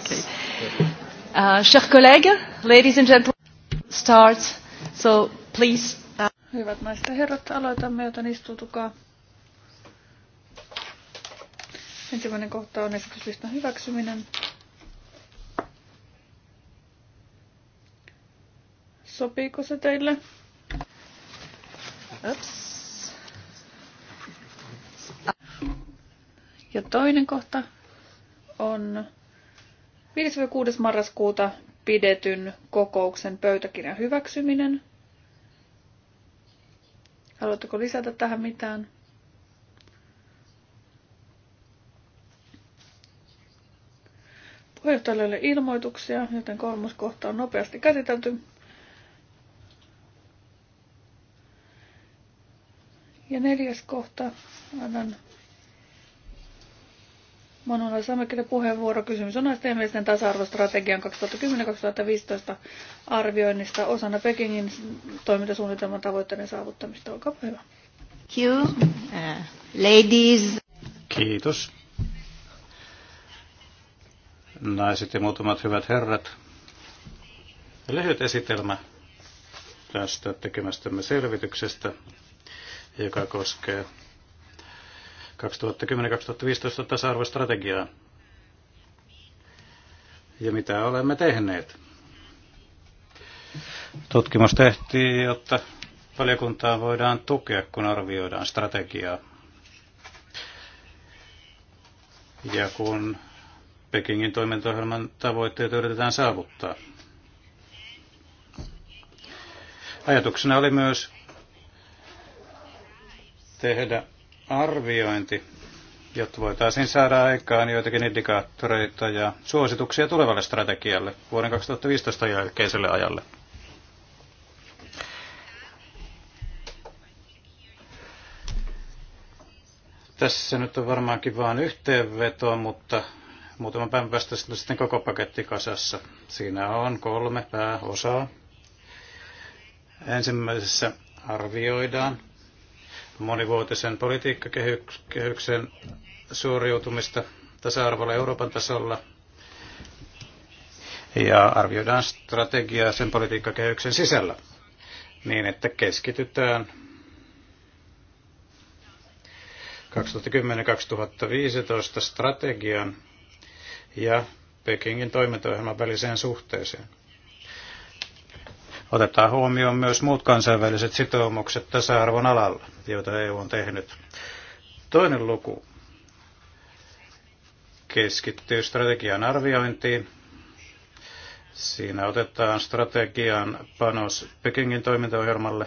Okay. Uh, Chers collègues, ladies and gentlemen, start. So please. Uh, Hyvät naiset ja herrat, aloitamme, joten istutukaa. Ensimmäinen kohta on esityslistan hyväksyminen. Sopiiko se teille? Ups. Ja toinen kohta on 5-6. marraskuuta pidetyn kokouksen pöytäkirjan hyväksyminen. Haluatteko lisätä tähän mitään? Puheenjohtajalle ilmoituksia, joten kolmas kohta on nopeasti käsitelty. Ja neljäs kohta annan Manuela Samekkinen puheenvuoro. Kysymys on naisten ja miesten tasa-arvostrategian 2010-2015 arvioinnista osana Pekingin toimintasuunnitelman tavoitteiden saavuttamista. Olkaa hyvä. You, uh, ladies. Kiitos. Naiset ja muutamat hyvät herrat. Lyhyt esitelmä tästä tekemästämme selvityksestä, joka koskee 2010-2015 tasa arvostrategiaa ja mitä olemme tehneet. Tutkimus tehtiin, jotta valiokuntaa voidaan tukea, kun arvioidaan strategiaa. Ja kun Pekingin toimintaohjelman tavoitteet yritetään saavuttaa. Ajatuksena oli myös tehdä arviointi, jotta voitaisiin saada aikaan joitakin indikaattoreita ja suosituksia tulevalle strategialle vuoden 2015 jälkeiselle ajalle. Tässä nyt on varmaankin vain yhteenveto, mutta muutaman päivän päästä sitten koko paketti kasassa. Siinä on kolme pääosaa. Ensimmäisessä arvioidaan monivuotisen politiikkakehyksen suoriutumista tasa-arvolla Euroopan tasolla ja arvioidaan strategiaa sen politiikkakehyksen sisällä niin, että keskitytään 2010-2015 strategian ja Pekingin toimintaohjelman väliseen suhteeseen. Otetaan huomioon myös muut kansainväliset sitoumukset tasa-arvon alalla, joita EU on tehnyt. Toinen luku keskittyy strategian arviointiin. Siinä otetaan strategian panos Pekingin toimintaohjelmalle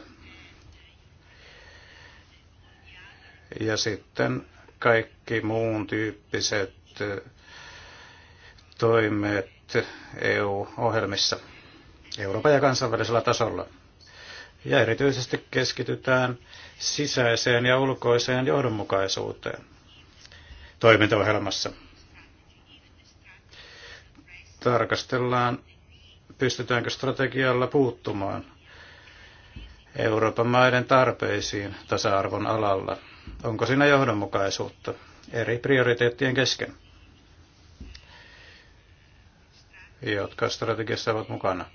ja sitten kaikki muun tyyppiset eh, toimet EU-ohjelmissa. Euroopan ja kansainvälisellä tasolla. Ja erityisesti keskitytään sisäiseen ja ulkoiseen johdonmukaisuuteen toimintaohjelmassa. Tarkastellaan, pystytäänkö strategialla puuttumaan Euroopan maiden tarpeisiin tasa-arvon alalla. Onko siinä johdonmukaisuutta eri prioriteettien kesken, jotka strategiassa ovat mukana?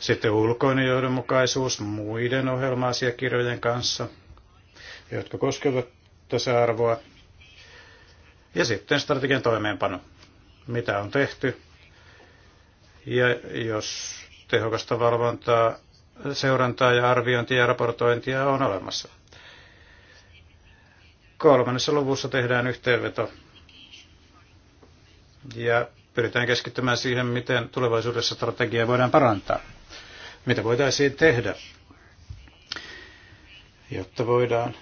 Sitten ulkoinen johdonmukaisuus muiden ohjelma-asiakirjojen kanssa, jotka koskevat tasa-arvoa. Ja sitten strategian toimeenpano, mitä on tehty. Ja jos tehokasta valvontaa, seurantaa ja arviointia ja raportointia on olemassa. Kolmannessa luvussa tehdään yhteenveto ja pyritään keskittymään siihen, miten tulevaisuudessa strategiaa voidaan parantaa. Mitä voitaisiin tehdä, jotta voidaan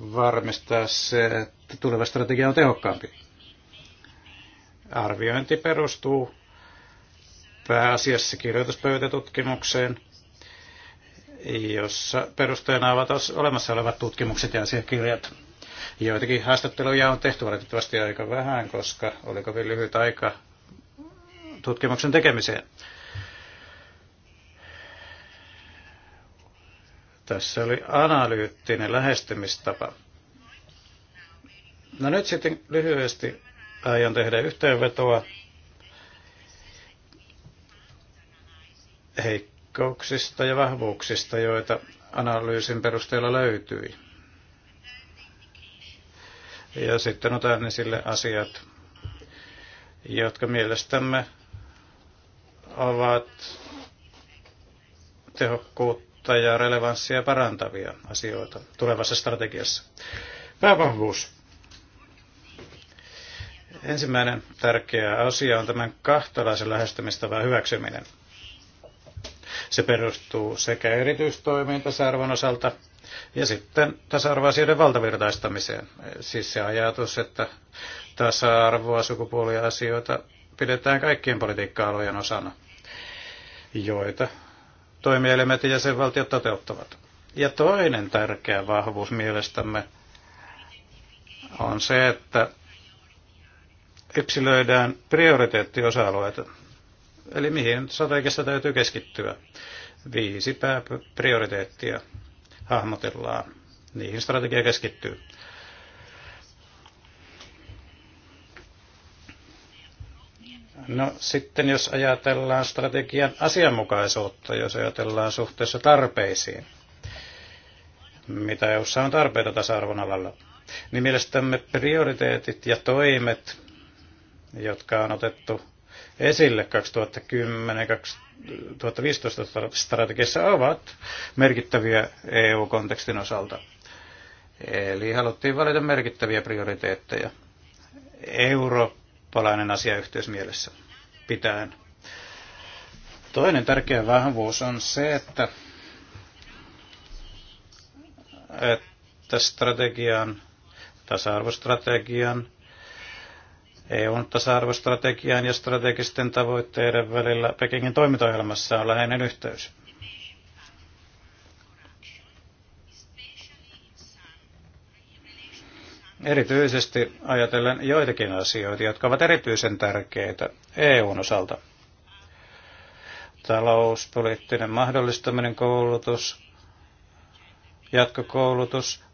varmistaa se, että tuleva strategia on tehokkaampi? Arviointi perustuu pääasiassa kirjoituspöytätutkimukseen, jossa perusteena ovat olemassa olevat tutkimukset ja asiakirjat. Joitakin haastatteluja on tehty valitettavasti aika vähän, koska oli kovin lyhyt aika tutkimuksen tekemiseen. Tässä oli analyyttinen lähestymistapa. No nyt sitten lyhyesti aion tehdä yhteenvetoa heikkouksista ja vahvuuksista, joita analyysin perusteella löytyi. Ja sitten otan esille asiat, jotka mielestämme ovat tehokkuutta uutta ja relevanssia parantavia asioita tulevassa strategiassa. Päävahvuus. Ensimmäinen tärkeä asia on tämän kahtalaisen lähestymistavan hyväksyminen. Se perustuu sekä erityistoimiin tasa osalta ja sitten tasa-arvoasioiden valtavirtaistamiseen. Siis se ajatus, että tasa-arvoa, asioita pidetään kaikkien politiikka-alojen osana, joita toimielimet ja jäsenvaltiot toteuttavat. Ja toinen tärkeä vahvuus mielestämme on se, että yksilöidään prioriteettiosa-alueita, eli mihin strategiassa täytyy keskittyä. Viisi pääprioriteettia hahmotellaan, niihin strategia keskittyy. No sitten jos ajatellaan strategian asianmukaisuutta, jos ajatellaan suhteessa tarpeisiin, mitä EUssa on tarpeita tasa-arvon alalla, niin mielestämme prioriteetit ja toimet, jotka on otettu esille 2010-2015 strategiassa ovat merkittäviä EU-kontekstin osalta. Eli haluttiin valita merkittäviä prioriteetteja. Euro palainen asia yhteismielessä pitäen. Toinen tärkeä vahvuus on se, että, että strategian, tasa-arvostrategian, EUn tasa-arvostrategian ja strategisten tavoitteiden välillä Pekingin toimintaohjelmassa on läheinen yhteys. erityisesti ajatellen joitakin asioita, jotka ovat erityisen tärkeitä EUn osalta. Talouspoliittinen mahdollistaminen, koulutus, jatkokoulutus,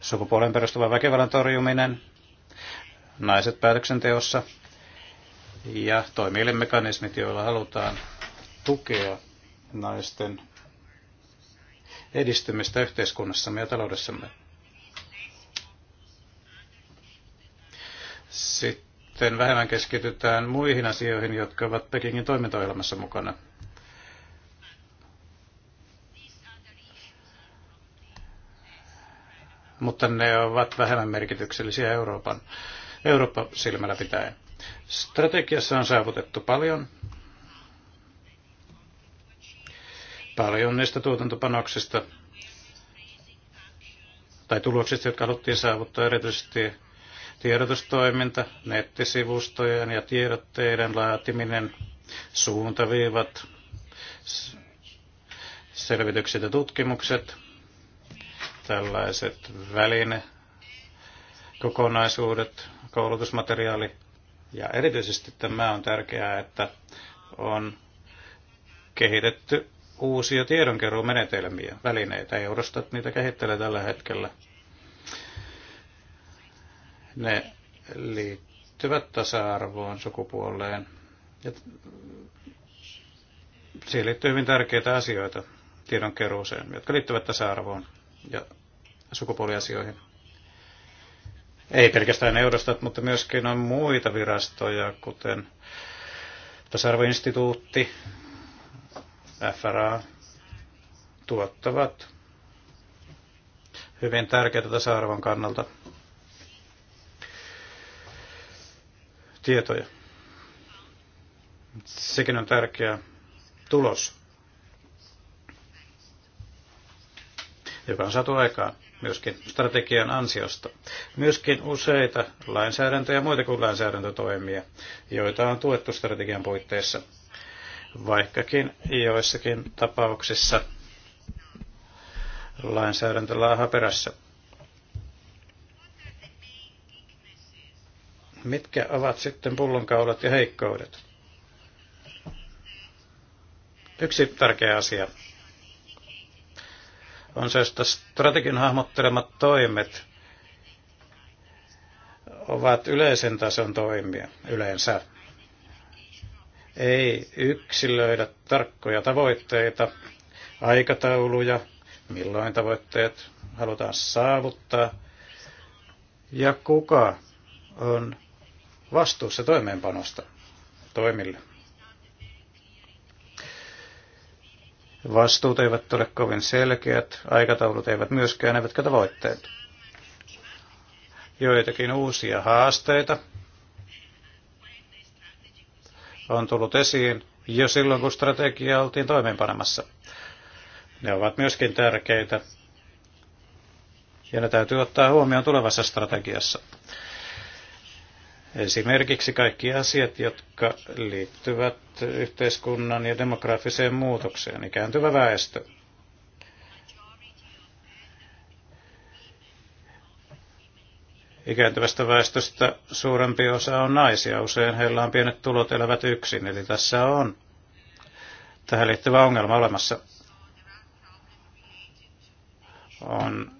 sukupuolen perustuva väkivallan torjuminen, naiset päätöksenteossa ja mekanismit joilla halutaan tukea naisten edistymistä yhteiskunnassamme ja taloudessamme. Sitten vähemmän keskitytään muihin asioihin, jotka ovat Pekingin toimintaohjelmassa mukana. Mutta ne ovat vähemmän merkityksellisiä Euroopan, Eurooppa silmällä pitäen. Strategiassa on saavutettu paljon. Paljon niistä tuotantopanoksista tai tuloksista, jotka haluttiin saavuttaa erityisesti Tiedotustoiminta, nettisivustojen ja tiedotteiden laatiminen, suuntaviivat, selvitykset ja tutkimukset, tällaiset väline, kokonaisuudet, koulutusmateriaali. Ja erityisesti tämä on tärkeää, että on kehitetty uusia tiedonkeruumenetelmiä, välineitä. Eurostat niitä kehittelee tällä hetkellä ne liittyvät tasa-arvoon, sukupuoleen. Ja siihen liittyy hyvin tärkeitä asioita tiedonkeruuseen, jotka liittyvät tasa-arvoon ja sukupuoliasioihin. Ei pelkästään Eurostat, mutta myöskin on muita virastoja, kuten tasa-arvoinstituutti, FRA, tuottavat hyvin tärkeitä tasa-arvon kannalta tietoja. Sekin on tärkeä tulos, joka on saatu aikaan myöskin strategian ansiosta. Myöskin useita lainsäädäntöjä ja muita kuin lainsäädäntötoimia, joita on tuettu strategian puitteissa, vaikkakin joissakin tapauksissa lainsäädäntöllä on perässä. Mitkä ovat sitten pullonkaulat ja heikkoudet? Yksi tärkeä asia on se, että strategin hahmottelemat toimet ovat yleisen tason toimia yleensä. Ei yksilöidä tarkkoja tavoitteita, aikatauluja, milloin tavoitteet halutaan saavuttaa ja kuka on vastuussa toimeenpanosta toimille. Vastuut eivät ole kovin selkeät, aikataulut eivät myöskään, eivätkä tavoitteet. Joitakin uusia haasteita on tullut esiin jo silloin, kun strategia oltiin toimeenpanemassa. Ne ovat myöskin tärkeitä ja ne täytyy ottaa huomioon tulevassa strategiassa. Esimerkiksi kaikki asiat, jotka liittyvät yhteiskunnan ja demografiseen muutokseen, ikääntyvä väestö. Ikääntyvästä väestöstä suurempi osa on naisia, usein heillä on pienet tulot, elävät yksin, eli tässä on tähän liittyvä ongelma olemassa. On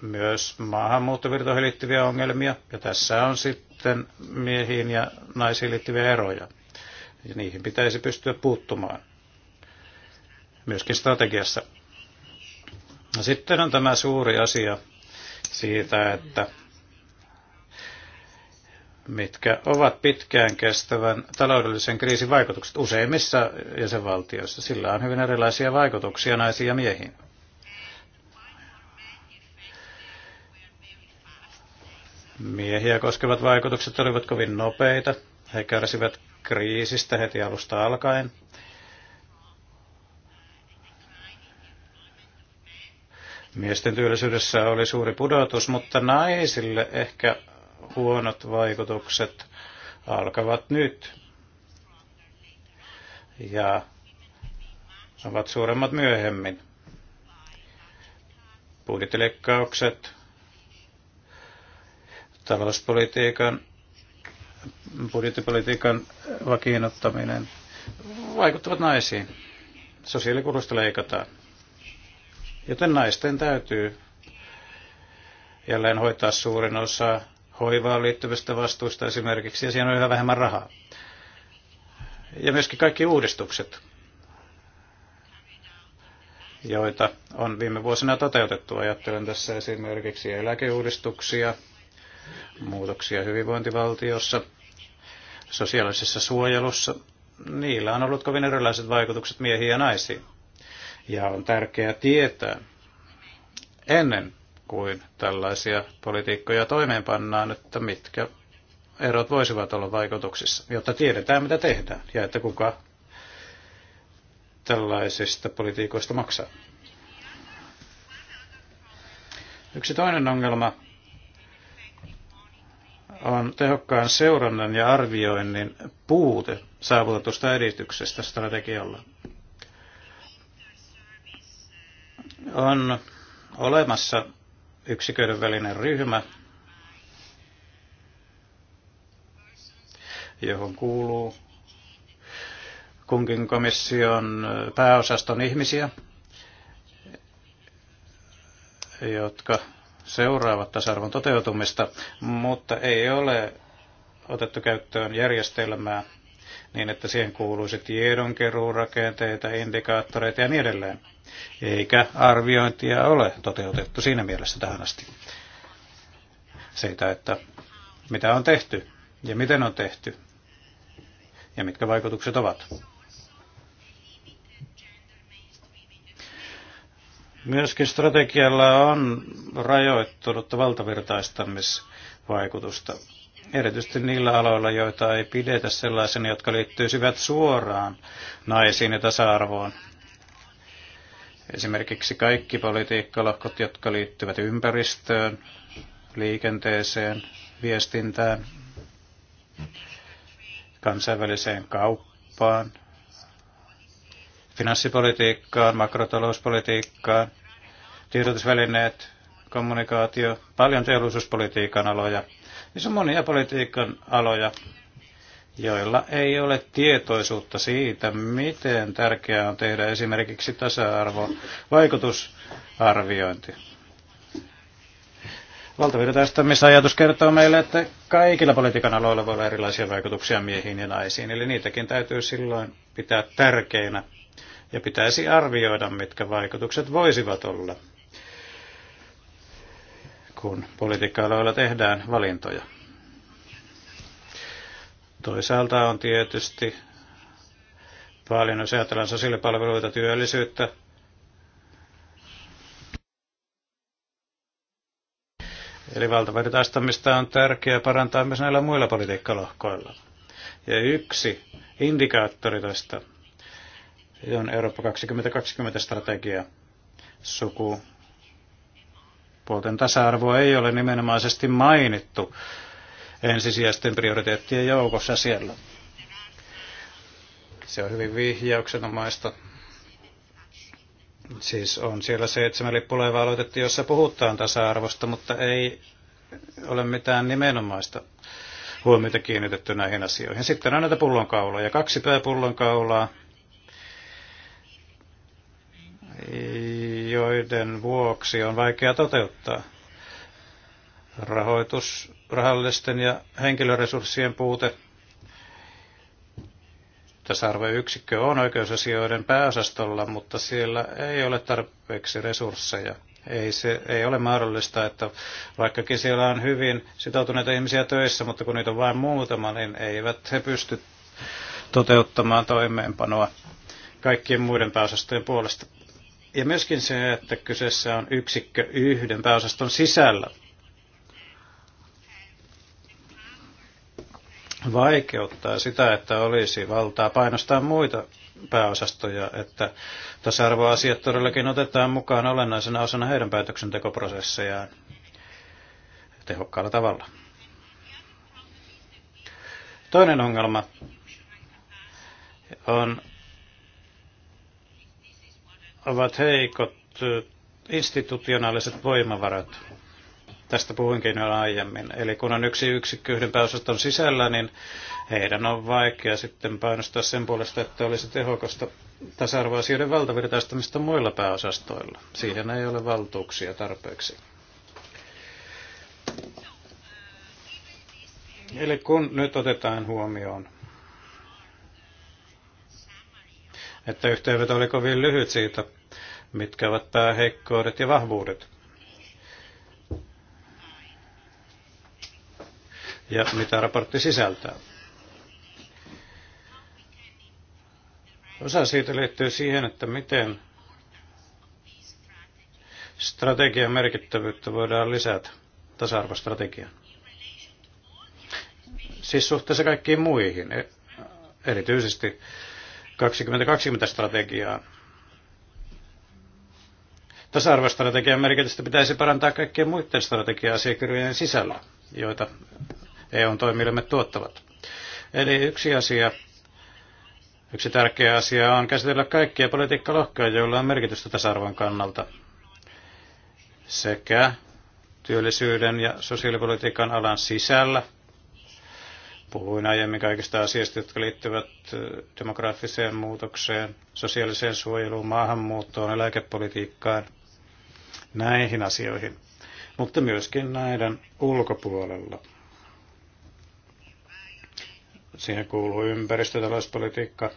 myös maahanmuuttovirtoihin liittyviä ongelmia, ja tässä on sitten sitten miehiin ja naisiin liittyviä eroja. Ja niihin pitäisi pystyä puuttumaan myöskin strategiassa. No sitten on tämä suuri asia siitä, että mitkä ovat pitkään kestävän taloudellisen kriisin vaikutukset useimmissa jäsenvaltioissa. Sillä on hyvin erilaisia vaikutuksia naisiin ja miehiin. Miehiä koskevat vaikutukset olivat kovin nopeita. He kärsivät kriisistä heti alusta alkaen. Miesten työllisyydessä oli suuri pudotus, mutta naisille ehkä huonot vaikutukset alkavat nyt ja ovat suuremmat myöhemmin. Budjettileikkaukset talouspolitiikan, budjettipolitiikan vakiinnuttaminen vaikuttavat naisiin. Sosiaalikulusta leikataan. Joten naisten täytyy jälleen hoitaa suurin osa hoivaan liittyvistä vastuista esimerkiksi, ja siinä on yhä vähemmän rahaa. Ja myöskin kaikki uudistukset, joita on viime vuosina toteutettu. Ajattelen tässä esimerkiksi eläkeuudistuksia, muutoksia hyvinvointivaltiossa, sosiaalisessa suojelussa. Niillä on ollut kovin erilaiset vaikutukset miehiin ja naisiin. Ja on tärkeää tietää ennen kuin tällaisia politiikkoja toimeenpannaan, että mitkä erot voisivat olla vaikutuksissa, jotta tiedetään mitä tehdään ja että kuka tällaisista politiikoista maksaa. Yksi toinen ongelma on tehokkaan seurannan ja arvioinnin puute saavutetusta edistyksestä strategialla. On olemassa yksiköiden välinen ryhmä, johon kuuluu kunkin komission pääosaston ihmisiä, jotka seuraavat tasa-arvon toteutumista, mutta ei ole otettu käyttöön järjestelmää niin, että siihen kuuluisi tiedonkeruurakenteita, indikaattoreita ja niin edelleen. Eikä arviointia ole toteutettu siinä mielessä tähän asti. Siitä, että mitä on tehty ja miten on tehty ja mitkä vaikutukset ovat. Myöskin strategialla on rajoittunutta valtavirtaistamisvaikutusta, erityisesti niillä aloilla, joita ei pidetä sellaisena, jotka liittyisivät suoraan naisiin ja tasa-arvoon. Esimerkiksi kaikki politiikkalohkot, jotka liittyvät ympäristöön, liikenteeseen, viestintään, kansainväliseen kauppaan, finanssipolitiikkaan, makrotalouspolitiikkaan, tiedotusvälineet, kommunikaatio, paljon teollisuuspolitiikan aloja. Niissä on monia politiikan aloja, joilla ei ole tietoisuutta siitä, miten tärkeää on tehdä esimerkiksi tasa-arvo vaikutusarviointi. ajatus kertoo meille, että kaikilla politiikan aloilla voi olla erilaisia vaikutuksia miehiin ja naisiin, eli niitäkin täytyy silloin pitää tärkeinä ja pitäisi arvioida, mitkä vaikutukset voisivat olla, kun politiikka-aloilla tehdään valintoja. Toisaalta on tietysti paljon, jos ajatellaan sosiaalipalveluita, työllisyyttä, Eli valtavirtaistamista on tärkeää parantaa myös näillä muilla politiikkalohkoilla. Ja yksi indikaattori tästä on Eurooppa 2020 strategia. Suku sukupuolten tasa-arvoa ei ole nimenomaisesti mainittu ensisijaisten prioriteettien joukossa siellä. Se on hyvin vihjauksenomaista. Siis on siellä seitsemän lippulaiva aloitettu, jossa puhutaan tasa-arvosta, mutta ei ole mitään nimenomaista huomiota kiinnitetty näihin asioihin. Sitten on näitä pullonkauloja. Kaksi pääpullonkaulaa, joiden vuoksi on vaikea toteuttaa. Rahoitus, rahallisten ja henkilöresurssien puute. Tasa-arvoyksikkö on oikeusasioiden pääosastolla, mutta siellä ei ole tarpeeksi resursseja. Ei, se, ei ole mahdollista, että vaikkakin siellä on hyvin sitoutuneita ihmisiä töissä, mutta kun niitä on vain muutama, niin eivät he pysty toteuttamaan toimeenpanoa kaikkien muiden pääosastojen puolesta. Ja myöskin se, että kyseessä on yksikkö yhden pääosaston sisällä. Vaikeuttaa sitä, että olisi valtaa painostaa muita pääosastoja, että tasa-arvoasiat todellakin otetaan mukaan olennaisena osana heidän päätöksentekoprosessejaan tehokkaalla tavalla. Toinen ongelma on ovat heikot eh, institutionaaliset voimavarat. Tästä puhuinkin jo aiemmin. Eli kun on yksi yksikkö yhden pääosaston sisällä, niin heidän on vaikea sitten painostaa sen puolesta, että olisi tehokasta tasa-arvoasioiden valtavirtaistamista muilla pääosastoilla. Siihen ei ole valtuuksia tarpeeksi. Eli kun nyt otetaan huomioon että yhteenveto oli kovin lyhyt siitä, mitkä ovat pääheikkoudet ja vahvuudet. Ja mitä raportti sisältää. Osa siitä liittyy siihen, että miten strategian merkittävyyttä voidaan lisätä, tasa arvostrategiaan Siis suhteessa kaikkiin muihin, e- erityisesti 2020-strategiaa. Tasa-arvostrategian merkitystä pitäisi parantaa kaikkien muiden strategia-asiakirjojen sisällä, joita eu toimijoimme tuottavat. Eli yksi asia, yksi tärkeä asia on käsitellä kaikkia politiikkalohkoja, joilla on merkitystä tasa-arvon kannalta sekä työllisyyden ja sosiaalipolitiikan alan sisällä – Puhuin aiemmin kaikista asioista, jotka liittyvät demografiseen muutokseen, sosiaaliseen suojeluun, maahanmuuttoon, eläkepolitiikkaan, näihin asioihin, mutta myöskin näiden ulkopuolella. Siihen kuuluu ympäristö, talouspolitiikka,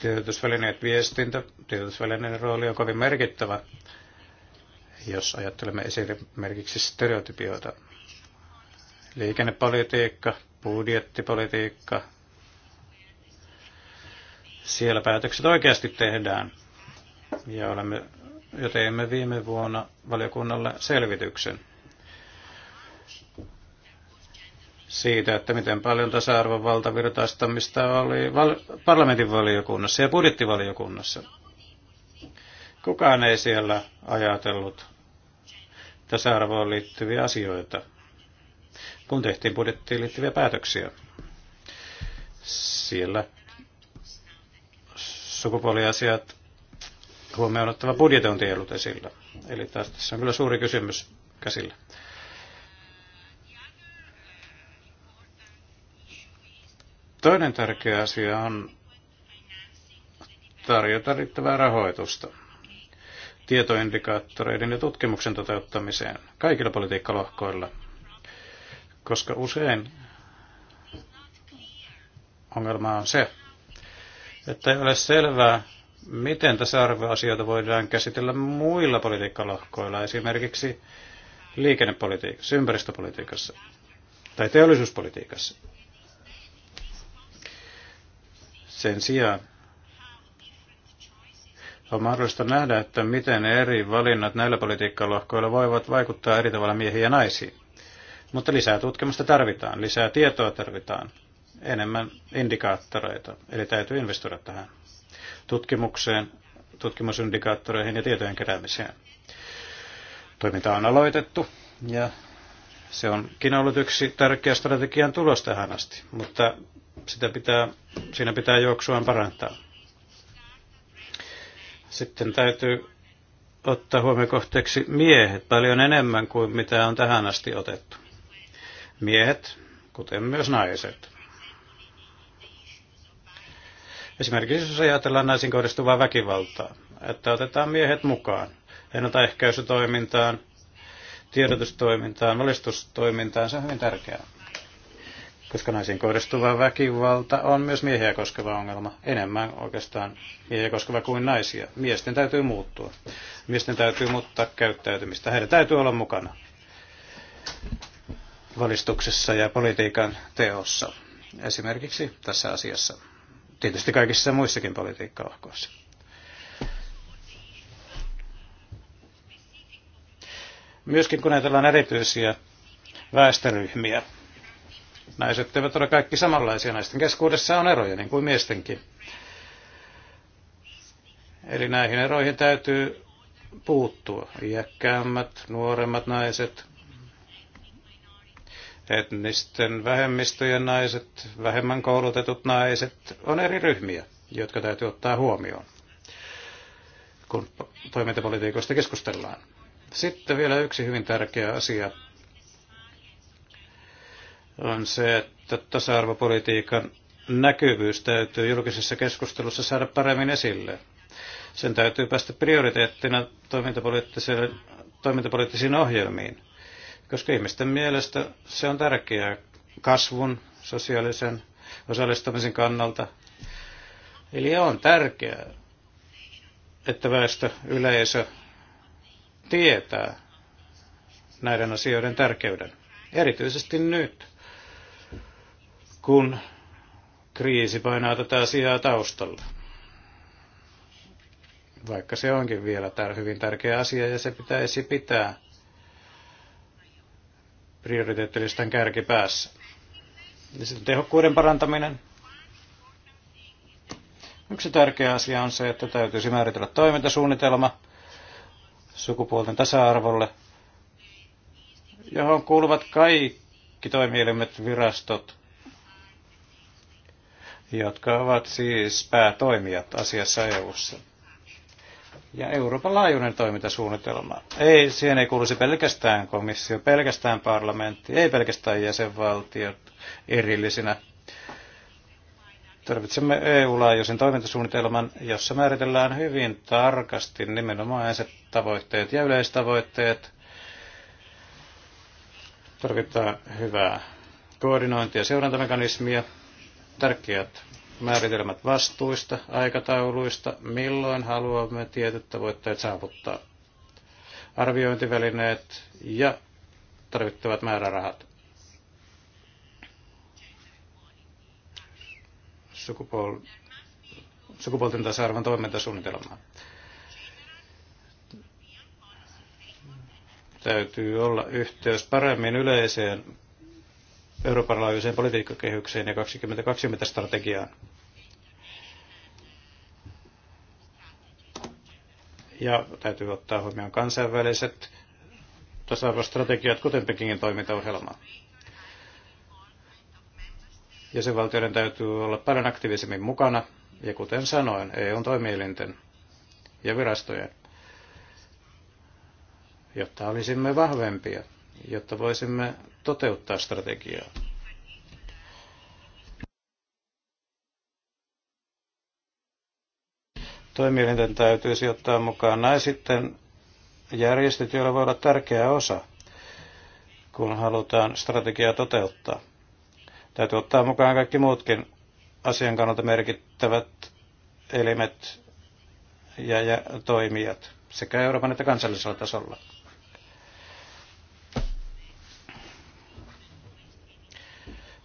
tiedotusvälineet viestintä. Tiedotusvälineiden rooli on kovin merkittävä jos ajattelemme esimerkiksi stereotypioita. Liikennepolitiikka, budjettipolitiikka, siellä päätökset oikeasti tehdään. Ja olemme, jo teimme viime vuonna valiokunnalle selvityksen siitä, että miten paljon tasa-arvon valtavirtaistamista oli val- parlamentin valiokunnassa ja budjettivaliokunnassa. Kukaan ei siellä ajatellut tasa-arvoon liittyviä asioita, kun tehtiin budjettiin liittyviä päätöksiä. Siellä sukupuoliasiat huomioon ottava budjetointi ei ollut esillä. Eli taas tässä on kyllä suuri kysymys käsillä. Toinen tärkeä asia on tarjota riittävää rahoitusta tietoindikaattoreiden ja tutkimuksen toteuttamiseen kaikilla politiikkalohkoilla, koska usein ongelma on se, että ei ole selvää, miten tässä arvoasioita voidaan käsitellä muilla politiikkalohkoilla, esimerkiksi liikennepolitiikassa, ympäristöpolitiikassa tai teollisuuspolitiikassa. Sen sijaan on mahdollista nähdä, että miten eri valinnat näillä politiikkalohkoilla voivat vaikuttaa eri tavalla miehiin ja naisiin. Mutta lisää tutkimusta tarvitaan, lisää tietoa tarvitaan, enemmän indikaattoreita, eli täytyy investoida tähän tutkimukseen, tutkimusindikaattoreihin ja tietojen keräämiseen. Toiminta on aloitettu ja se onkin ollut yksi tärkeä strategian tulos tähän asti, mutta sitä pitää, siinä pitää juoksuaan parantaa. Sitten täytyy ottaa huomioon kohteeksi miehet paljon enemmän kuin mitä on tähän asti otettu. Miehet, kuten myös naiset. Esimerkiksi jos ajatellaan naisiin kohdistuvaa väkivaltaa, että otetaan miehet mukaan ennaltaehkäisytoimintaan, tiedotustoimintaan, valistustoimintaan, se on hyvin tärkeää koska naisiin kohdistuva väkivalta on myös miehiä koskeva ongelma. Enemmän oikeastaan miehiä koskeva kuin naisia. Miesten täytyy muuttua. Miesten täytyy muuttaa käyttäytymistä. Heidän täytyy olla mukana valistuksessa ja politiikan teossa. Esimerkiksi tässä asiassa. Tietysti kaikissa muissakin politiikkaohkoissa. Myöskin kun ajatellaan erityisiä väestöryhmiä, Naiset eivät ole kaikki samanlaisia. Naisten keskuudessa on eroja, niin kuin miestenkin. Eli näihin eroihin täytyy puuttua. Iäkkäämmät, nuoremmat naiset, etnisten vähemmistöjen naiset, vähemmän koulutetut naiset, on eri ryhmiä, jotka täytyy ottaa huomioon, kun toimintapolitiikoista keskustellaan. Sitten vielä yksi hyvin tärkeä asia, on se, että tasa-arvopolitiikan näkyvyys täytyy julkisessa keskustelussa saada paremmin esille. Sen täytyy päästä prioriteettina toimintapoliittisiin ohjelmiin, koska ihmisten mielestä se on tärkeää kasvun, sosiaalisen osallistumisen kannalta. Eli on tärkeää, että väestö, yleisö tietää näiden asioiden tärkeyden, erityisesti nyt kun kriisi painaa tätä asiaa taustalla. Vaikka se onkin vielä tär- hyvin tärkeä asia ja se pitäisi pitää prioriteettilistan kärkipäässä. Ja sitten tehokkuuden parantaminen. Yksi tärkeä asia on se, että täytyisi määritellä toimintasuunnitelma sukupuolten tasa-arvolle, johon kuuluvat kaikki toimielimet, virastot, jotka ovat siis päätoimijat asiassa EU:ssa. Ja Euroopan laajuinen toimintasuunnitelma. Ei, siihen ei kuuluisi pelkästään komissio, pelkästään parlamentti, ei pelkästään jäsenvaltiot erillisinä. Tarvitsemme EU-laajuisen toimintasuunnitelman, jossa määritellään hyvin tarkasti nimenomaiset tavoitteet ja yleistavoitteet. Tarvitaan hyvää koordinointia ja seurantamekanismia, tärkeät määritelmät vastuista, aikatauluista, milloin haluamme tietyt tavoitteet saavuttaa, arviointivälineet ja tarvittavat määrärahat. Sukupol- sukupuolten tasa-arvon toimintasuunnitelmaa. Täytyy olla yhteys paremmin yleiseen Euroopan laajuiseen politiikkakehykseen ja 2020-strategiaan. Ja täytyy ottaa huomioon kansainväliset tasa-arvostrategiat, kuten Pekingin toimintaohjelma. Jäsenvaltioiden täytyy olla paljon aktiivisemmin mukana, ja kuten sanoin, EUn toimielinten ja virastojen, jotta olisimme vahvempia jotta voisimme toteuttaa strategiaa. Toimielinten täytyisi ottaa mukaan näin sitten järjestöt, joilla voi olla tärkeä osa, kun halutaan strategiaa toteuttaa. Täytyy ottaa mukaan kaikki muutkin asian kannalta merkittävät elimet ja, ja toimijat sekä Euroopan että kansallisella tasolla.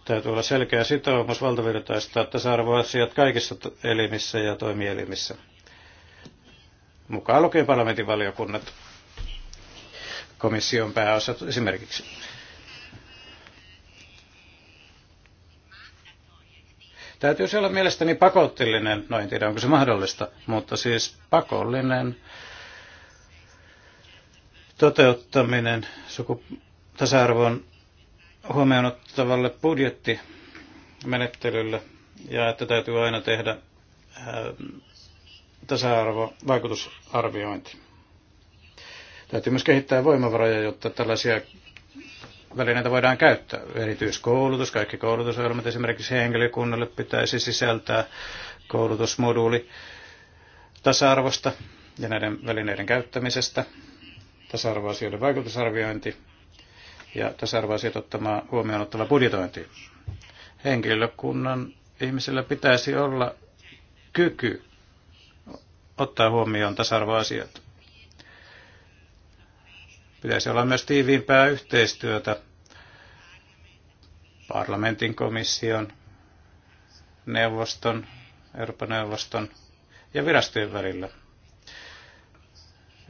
Täytyy olla selkeä sitoumus valtavirtaistaa tasa-arvoasiat kaikissa elimissä ja toimielimissä, mukaan lukien parlamentin valiokunnat, komission pääosat esimerkiksi. Täytyisi olla mielestäni pakottillinen, no en tiedä onko se mahdollista, mutta siis pakollinen toteuttaminen suku, tasa-arvon huomioon budjettimenettelylle ja että täytyy aina tehdä ähm, tasa-arvo vaikutusarviointi. Täytyy myös kehittää voimavaroja, jotta tällaisia välineitä voidaan käyttää. Erityiskoulutus, kaikki koulutusohjelmat esimerkiksi henkilökunnalle pitäisi sisältää koulutusmoduuli tasa-arvosta ja näiden välineiden käyttämisestä, tasa-arvoasioiden vaikutusarviointi ja tasa-arvoasiat ottamaan huomioon ottava budjetointi. Henkilökunnan ihmisillä pitäisi olla kyky ottaa huomioon tasa-arvoasiat. Pitäisi olla myös tiiviimpää yhteistyötä parlamentin komission, neuvoston, Euroopan neuvoston ja virastojen välillä –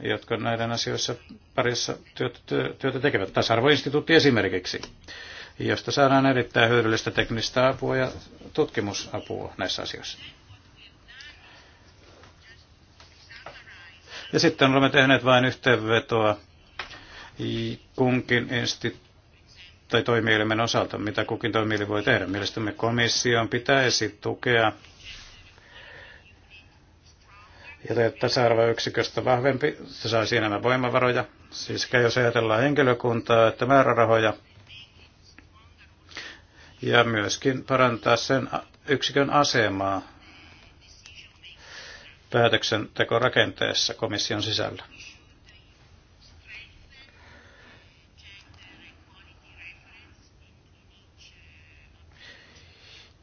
jotka näiden asioissa parissa työtä, työtä tekevät. Tasa-arvoinstituutti esimerkiksi, josta saadaan erittäin hyödyllistä teknistä apua ja tutkimusapua näissä asioissa. Ja sitten olemme tehneet vain yhteenvetoa kunkin instituutin tai toimielimen osalta, mitä kukin toimieli voi tehdä. Mielestämme komission pitäisi tukea ja tasa-arvoyksiköstä vahvempi, se saisi enemmän voimavaroja. Siis jos ajatellaan henkilökuntaa, että määrärahoja, ja myöskin parantaa sen yksikön asemaa päätöksentekorakenteessa komission sisällä.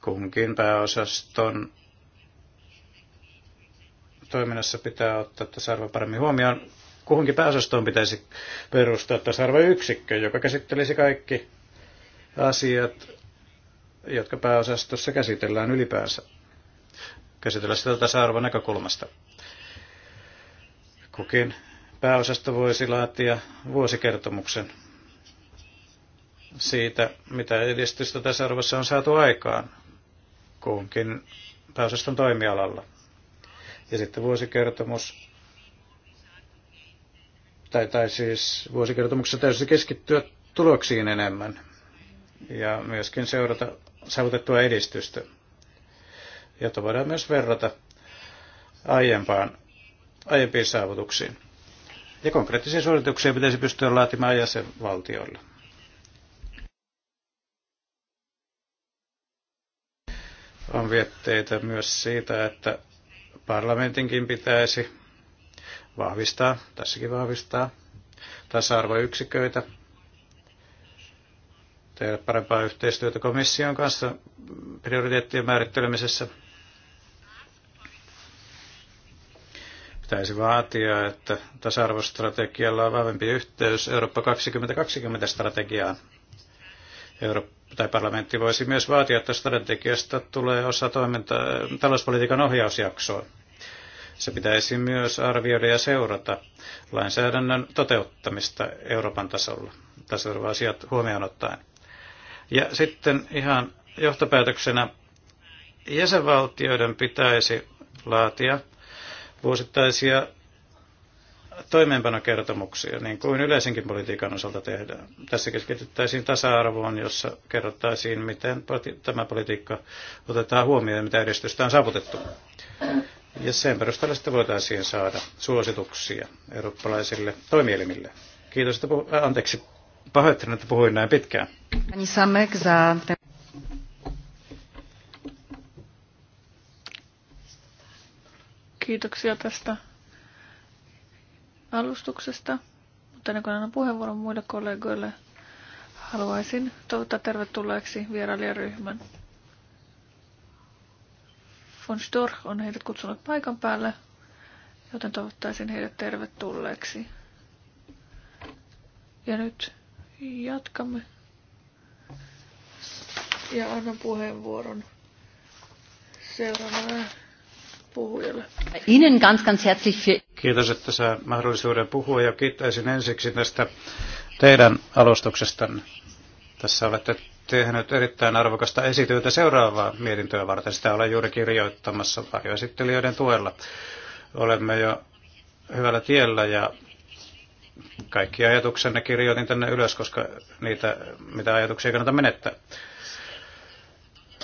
Kunkin pääosaston toiminnassa pitää ottaa tasa-arvo paremmin huomioon. Kuhunkin pääosastoon pitäisi perustaa tasa-arvoyksikkö, joka käsittelisi kaikki asiat, jotka pääosastossa käsitellään ylipäänsä. Käsitellä sitä tasa-arvon näkökulmasta. Kukin pääosasto voisi laatia vuosikertomuksen siitä, mitä edistystä tasa-arvossa on saatu aikaan kuhunkin pääosaston toimialalla. Ja sitten vuosikertomus, tai, tai siis vuosikertomuksessa täytyisi keskittyä tuloksiin enemmän ja myöskin seurata saavutettua edistystä, jota voidaan myös verrata aiempaan, aiempiin saavutuksiin. Ja konkreettisia suorituksia pitäisi pystyä laatimaan jäsenvaltioille. On vietteitä myös siitä, että Parlamentinkin pitäisi vahvistaa, tässäkin vahvistaa, tasa-arvoyksiköitä, tehdä parempaa yhteistyötä komission kanssa prioriteettien määrittelemisessä. Pitäisi vaatia, että tasa-arvostrategialla on vahvempi yhteys Eurooppa 2020-strategiaan. Eurooppa tai parlamentti voisi myös vaatia, että strategiasta tulee osa toiminta, talouspolitiikan ohjausjaksoa se pitäisi myös arvioida ja seurata lainsäädännön toteuttamista Euroopan tasolla, tasa asiat huomioon ottaen. Ja sitten ihan johtopäätöksenä jäsenvaltioiden pitäisi laatia vuosittaisia toimeenpanokertomuksia, niin kuin yleisenkin politiikan osalta tehdään. Tässä keskityttäisiin tasa-arvoon, jossa kerrottaisiin, miten tämä politiikka otetaan huomioon ja mitä edistystä on saavutettu. Ja sen perusteella sitten voitaisiin saada suosituksia eurooppalaisille toimielimille. Kiitos, että puh- äh, anteeksi, pahoittelen, että puhuin näin pitkään. Kiitoksia tästä alustuksesta. Mutta ennen kuin annan puheenvuoron muille kollegoille, haluaisin toivottaa tervetulleeksi vierailijaryhmän von Storch on heidät kutsunut paikan päälle, joten toivottaisin heidät tervetulleeksi. Ja nyt jatkamme. Ja annan puheenvuoron seuraavalle puhujalle. Ihnen ganz, ganz herzlich für... Kiitos, että saa mahdollisuuden puhua ja kiittäisin ensiksi tästä teidän alustuksestanne. Tässä olette tehnyt erittäin arvokasta esityötä seuraavaa mietintöä varten. Sitä olen juuri kirjoittamassa varjoesittelijöiden tuella. Olemme jo hyvällä tiellä ja kaikki ajatuksenne kirjoitin tänne ylös, koska niitä, mitä ajatuksia kannata menettää.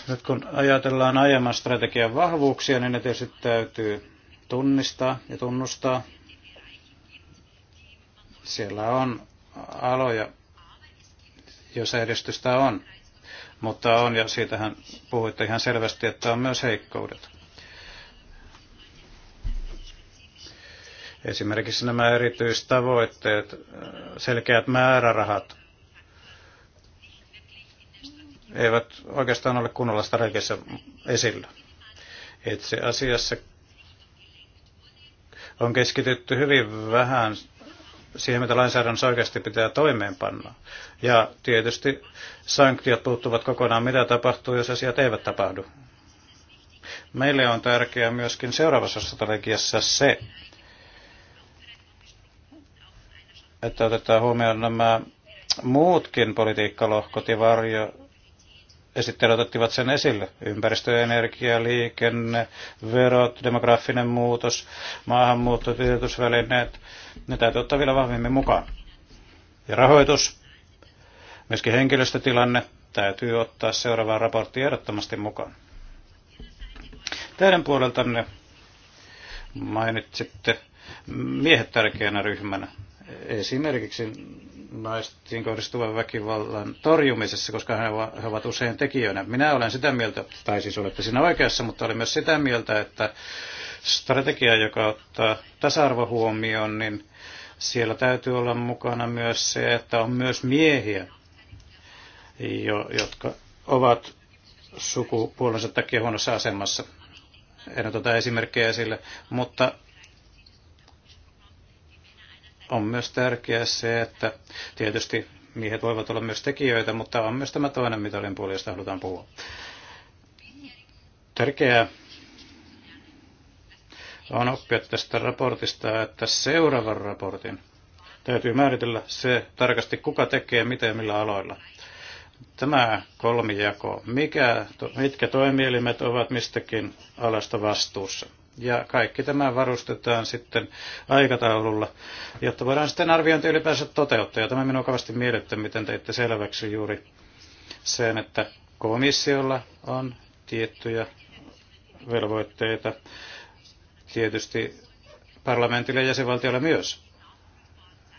Nyt kun ajatellaan aiemman strategian vahvuuksia, niin ne tietysti täytyy tunnistaa ja tunnustaa. Siellä on aloja, jos edistystä on. Mutta on, ja siitähän puhuitte ihan selvästi, että on myös heikkoudet. Esimerkiksi nämä erityistavoitteet, selkeät määrärahat, eivät oikeastaan ole kunnolla strategiassa esillä. Itse asiassa on keskitytty hyvin vähän siihen, mitä lainsäädännössä oikeasti pitää toimeenpanna. Ja tietysti sanktiot puuttuvat kokonaan, mitä tapahtuu, jos asiat eivät tapahdu. Meille on tärkeää myöskin seuraavassa strategiassa se, että otetaan huomioon nämä muutkin politiikkalohkot ja varjo, esittelijät ottivat sen esille. Ympäristö, energia, liikenne, verot, demografinen muutos, maahanmuutto, tiedotusvälineet, ne täytyy ottaa vielä vahvemmin mukaan. Ja rahoitus, myöskin henkilöstötilanne täytyy ottaa seuraavaan raporttiin ehdottomasti mukaan. Teidän puoleltanne mainitsitte miehet tärkeänä ryhmänä. Esimerkiksi naisiin kohdistuvan väkivallan torjumisessa, koska he ovat usein tekijöinä. Minä olen sitä mieltä, tai siis olette siinä oikeassa, mutta olen myös sitä mieltä, että strategia, joka ottaa tasa-arvo huomioon, niin siellä täytyy olla mukana myös se, että on myös miehiä, jo, jotka ovat sukupuolensa takia huonossa asemassa. En ota esimerkkejä esille, mutta on myös tärkeää se, että tietysti miehet voivat olla myös tekijöitä, mutta on myös tämä toinen mitalin puoli, josta halutaan puhua. Tärkeää on oppia tästä raportista, että seuraavan raportin täytyy määritellä se tarkasti, kuka tekee, miten, millä aloilla. Tämä kolmijako, mikä, mitkä toimielimet ovat mistäkin alasta vastuussa. Ja kaikki tämä varustetaan sitten aikataululla, jotta voidaan sitten arviointi ylipäänsä toteuttaa. Ja tämä minua kovasti miellyttää, miten teitte selväksi juuri sen, että komissiolla on tiettyjä velvoitteita tietysti parlamentille ja jäsenvaltiolle myös.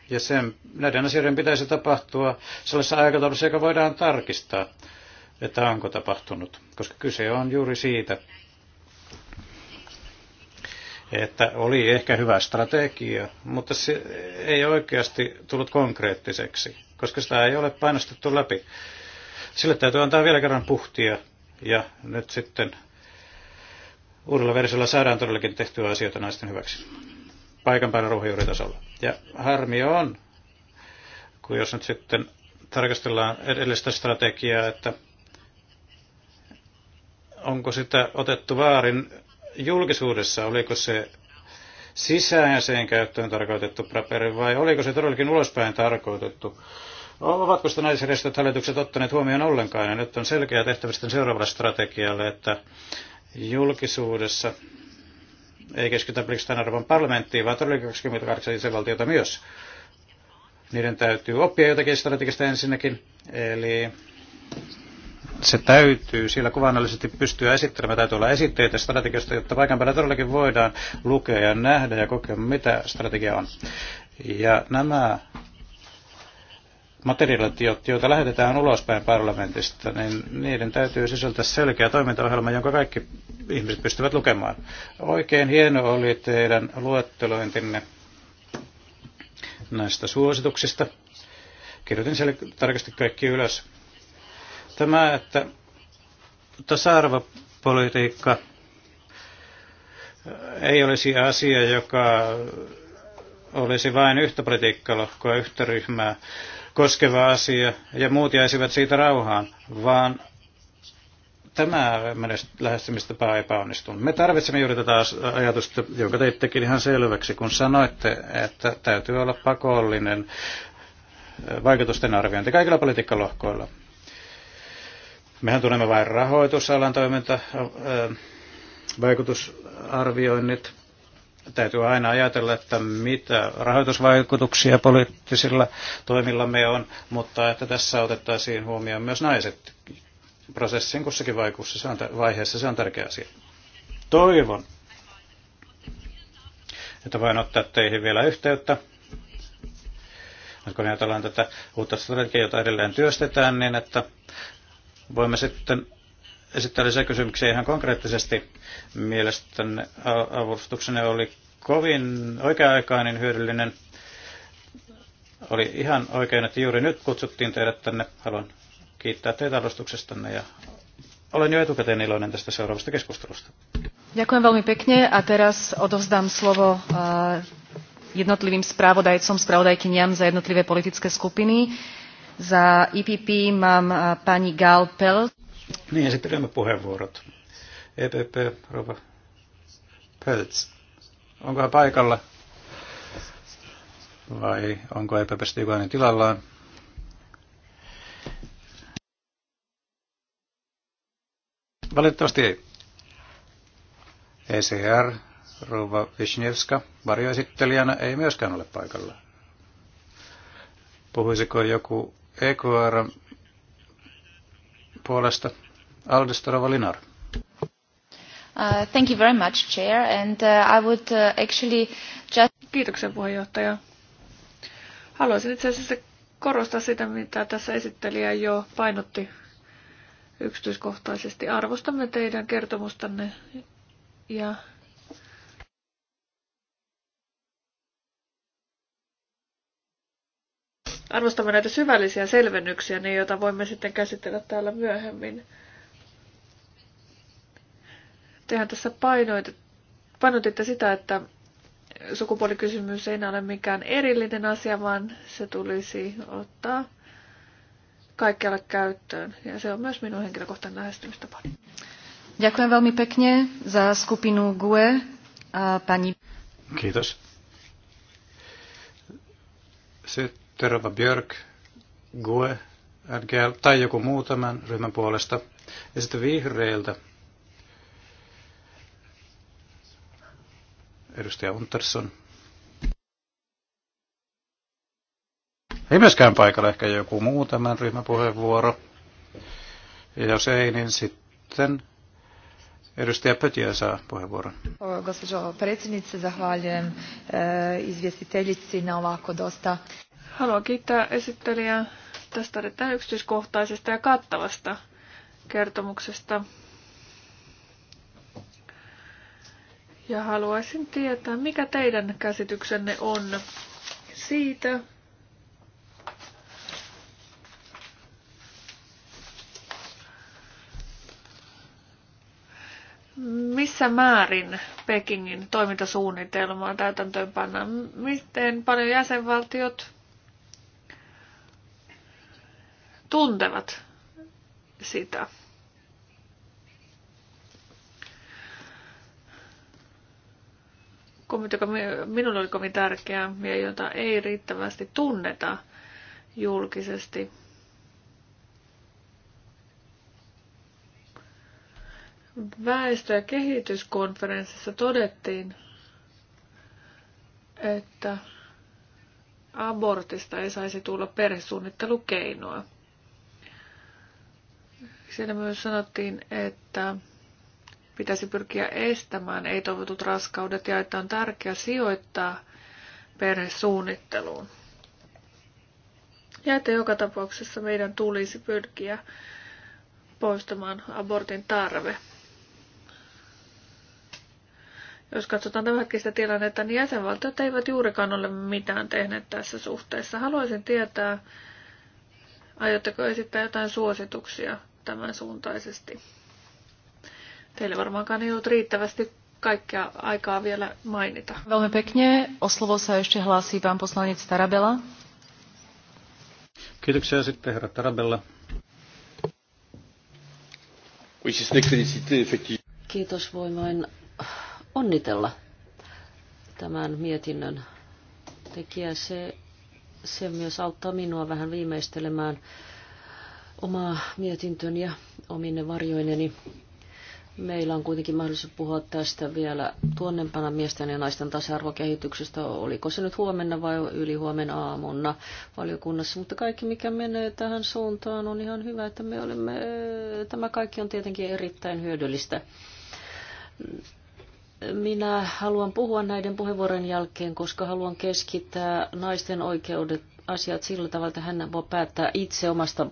Ja sen, näiden asioiden pitäisi tapahtua sellaisessa aikataulussa, joka voidaan tarkistaa, että onko tapahtunut, koska kyse on juuri siitä, että oli ehkä hyvä strategia, mutta se ei oikeasti tullut konkreettiseksi, koska sitä ei ole painostettu läpi. Sille täytyy antaa vielä kerran puhtia ja nyt sitten uudella versiolla saadaan todellakin tehtyä asioita naisten hyväksi paikan päällä ruohonjuuritasolla. Ja harmi on, kun jos nyt sitten tarkastellaan edellistä strategiaa, että onko sitä otettu vaarin julkisuudessa, oliko se sisäiseen käyttöön tarkoitettu paperi vai oliko se todellakin ulospäin tarkoitettu? Ovatko sitä naisjärjestöt hallitukset ottaneet huomioon ollenkaan? Ja nyt on selkeä tehtävä sitten seuraavalle strategialle, että julkisuudessa ei keskitytä pelkästään Euroopan parlamenttiin, vaan todellakin 28 jäsenvaltiota myös. Niiden täytyy oppia jotakin strategista ensinnäkin, eli se täytyy sillä kuvannollisesti pystyä esittelemään. Täytyy olla esitteitä strategiasta, jotta paikan päällä todellakin voidaan lukea ja nähdä ja kokea, mitä strategia on. Ja nämä materiaalit, joita lähetetään ulospäin parlamentista, niin niiden täytyy sisältää selkeä toimintaohjelma, jonka kaikki ihmiset pystyvät lukemaan. Oikein hieno oli teidän luettelointinne näistä suosituksista. Kirjoitin siellä tarkasti kaikki ylös. Tämä, että tasa-arvopolitiikka ei olisi asia, joka olisi vain yhtä politiikkalohkoa, yhtä ryhmää koskeva asia ja muut jäisivät siitä rauhaan, vaan tämä lähestymistapa epäonnistunut. Me tarvitsemme juuri tätä ajatusta, jonka teittekin ihan selväksi, kun sanoitte, että täytyy olla pakollinen vaikutusten arviointi kaikilla politiikkalohkoilla. Mehän tunnemme vain rahoitusalan toiminta, vaikutusarvioinnit. Täytyy aina ajatella, että mitä rahoitusvaikutuksia poliittisilla toimilla me on, mutta että tässä otettaisiin huomioon myös naiset prosessin kussakin vaiheessa. Se on tärkeä asia. Toivon, että voin ottaa teihin vielä yhteyttä. Nyt kun ajatellaan tätä uutta strategiaa, jota edelleen työstetään, niin että Voimme sitten esittää lisää kysymyksiä ihan konkreettisesti. Mielestäni avustuksenne oli kovin oikea-aikainen, hyödyllinen. Oli ihan oikein, että juuri nyt kutsuttiin teidät tänne. Haluan kiittää teitä alustuksestanne ja olen jo etukäteen iloinen tästä seuraavasta keskustelusta. Ďakujem veľmi pekne a teraz odovzdám slovo eh, jednotlivým správodajcom, správodajkyniam za jednotlivé politické skupiny. Za IPP e mam e, pani Gal Pell. Niin, ja sitten ryhmäpuheenvuorot. EPP, Rova Pelts. Onko hän paikalla? Vai onko EPPstä jokainen tilallaan? Valitettavasti ei. ECR, Rouva Vishnevska, varjoesittelijänä ei myöskään ole paikalla. Puhuisiko joku EQR puolesta Aldestora Valinar. Uh, thank you very much, Chair, and uh, I would uh, actually just... Kiitoksia puheenjohtaja. Haluaisin itse asiassa korostaa sitä, mitä tässä esittelijä jo painotti yksityiskohtaisesti. Arvostamme teidän kertomustanne ja arvostamme näitä syvällisiä selvennyksiä, niin joita voimme sitten käsitellä täällä myöhemmin. Tehän tässä painoit, painotitte sitä, että sukupuolikysymys ei ole mikään erillinen asia, vaan se tulisi ottaa kaikkialle käyttöön. Ja se on myös minun henkilökohtainen lähestymistapa. Ďakujem veľmi pekne za skupinu GUE. pani... Kiitos. Sitten Terova Björk, Gue, NGL tai joku muu tämän ryhmän puolesta. Ja sitten vihreiltä edustaja Untersson. Ei myöskään paikalla ehkä joku muu tämän ryhmäpuheenvuoro. Ja jos ei, niin sitten Edustaja Pötiö saa puheenvuoron. Gospodin presidentti, zahvaljujem e, izvjestiteljici na ovako dosta Haluan kiittää esittelijää tästä erittäin yksityiskohtaisesta ja kattavasta kertomuksesta. Ja haluaisin tietää, mikä teidän käsityksenne on siitä, missä määrin Pekingin toimintasuunnitelmaa täytäntöönpannaan? Miten paljon jäsenvaltiot tuntevat sitä. Kommentti, joka minulle oli kovin tärkeää ja jota ei riittävästi tunneta julkisesti. Väestö- ja kehityskonferenssissa todettiin, että abortista ei saisi tulla perhesuunnittelukeinoa. Siellä myös sanottiin, että pitäisi pyrkiä estämään ei-toivotut raskaudet ja että on tärkeää sijoittaa perhesuunnitteluun. Ja että joka tapauksessa meidän tulisi pyrkiä poistamaan abortin tarve. Jos katsotaan tämänhetkistä tilannetta, niin jäsenvaltiot eivät juurikaan ole mitään tehneet tässä suhteessa. Haluaisin tietää, aiotteko esittää jotain suosituksia tämän suuntaisesti. Teille varmaankaan ei ollut riittävästi kaikkea aikaa vielä mainita. Velmi pekne. O slovo sa ešte hlási pán poslanec Tarabella. Kiitoksia sitten herra Tarabella. Kiitos, voin vain onnitella tämän mietinnön tekijä. Se, se myös auttaa minua vähän viimeistelemään omaa mietintöni ja omine varjoineni. Meillä on kuitenkin mahdollisuus puhua tästä vielä tuonnempana miesten ja naisten tasa-arvokehityksestä. Oliko se nyt huomenna vai yli huomenna aamuna valiokunnassa? Mutta kaikki, mikä menee tähän suuntaan, on ihan hyvä, että me olemme... Tämä kaikki on tietenkin erittäin hyödyllistä minä haluan puhua näiden puheenvuorojen jälkeen, koska haluan keskittää naisten oikeudet asiat sillä tavalla, että hän voi päättää itse omasta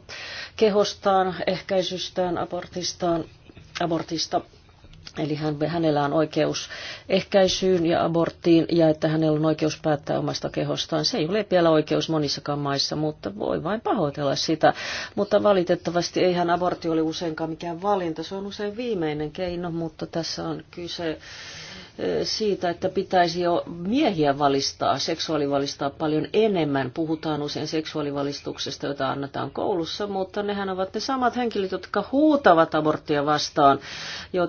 kehostaan, ehkäisystään, abortistaan, abortista. Eli hän, hänellä on oikeus ehkäisyyn ja aborttiin ja että hänellä on oikeus päättää omasta kehostaan. Se ei ole vielä oikeus monissakaan maissa, mutta voi vain pahoitella sitä. Mutta valitettavasti eihän abortti ole useinkaan mikään valinta. Se on usein viimeinen keino, mutta tässä on kyse siitä, että pitäisi jo miehiä valistaa, seksuaalivalistaa paljon enemmän. Puhutaan usein seksuaalivalistuksesta, jota annetaan koulussa, mutta nehän ovat ne samat henkilöt, jotka huutavat aborttia vastaan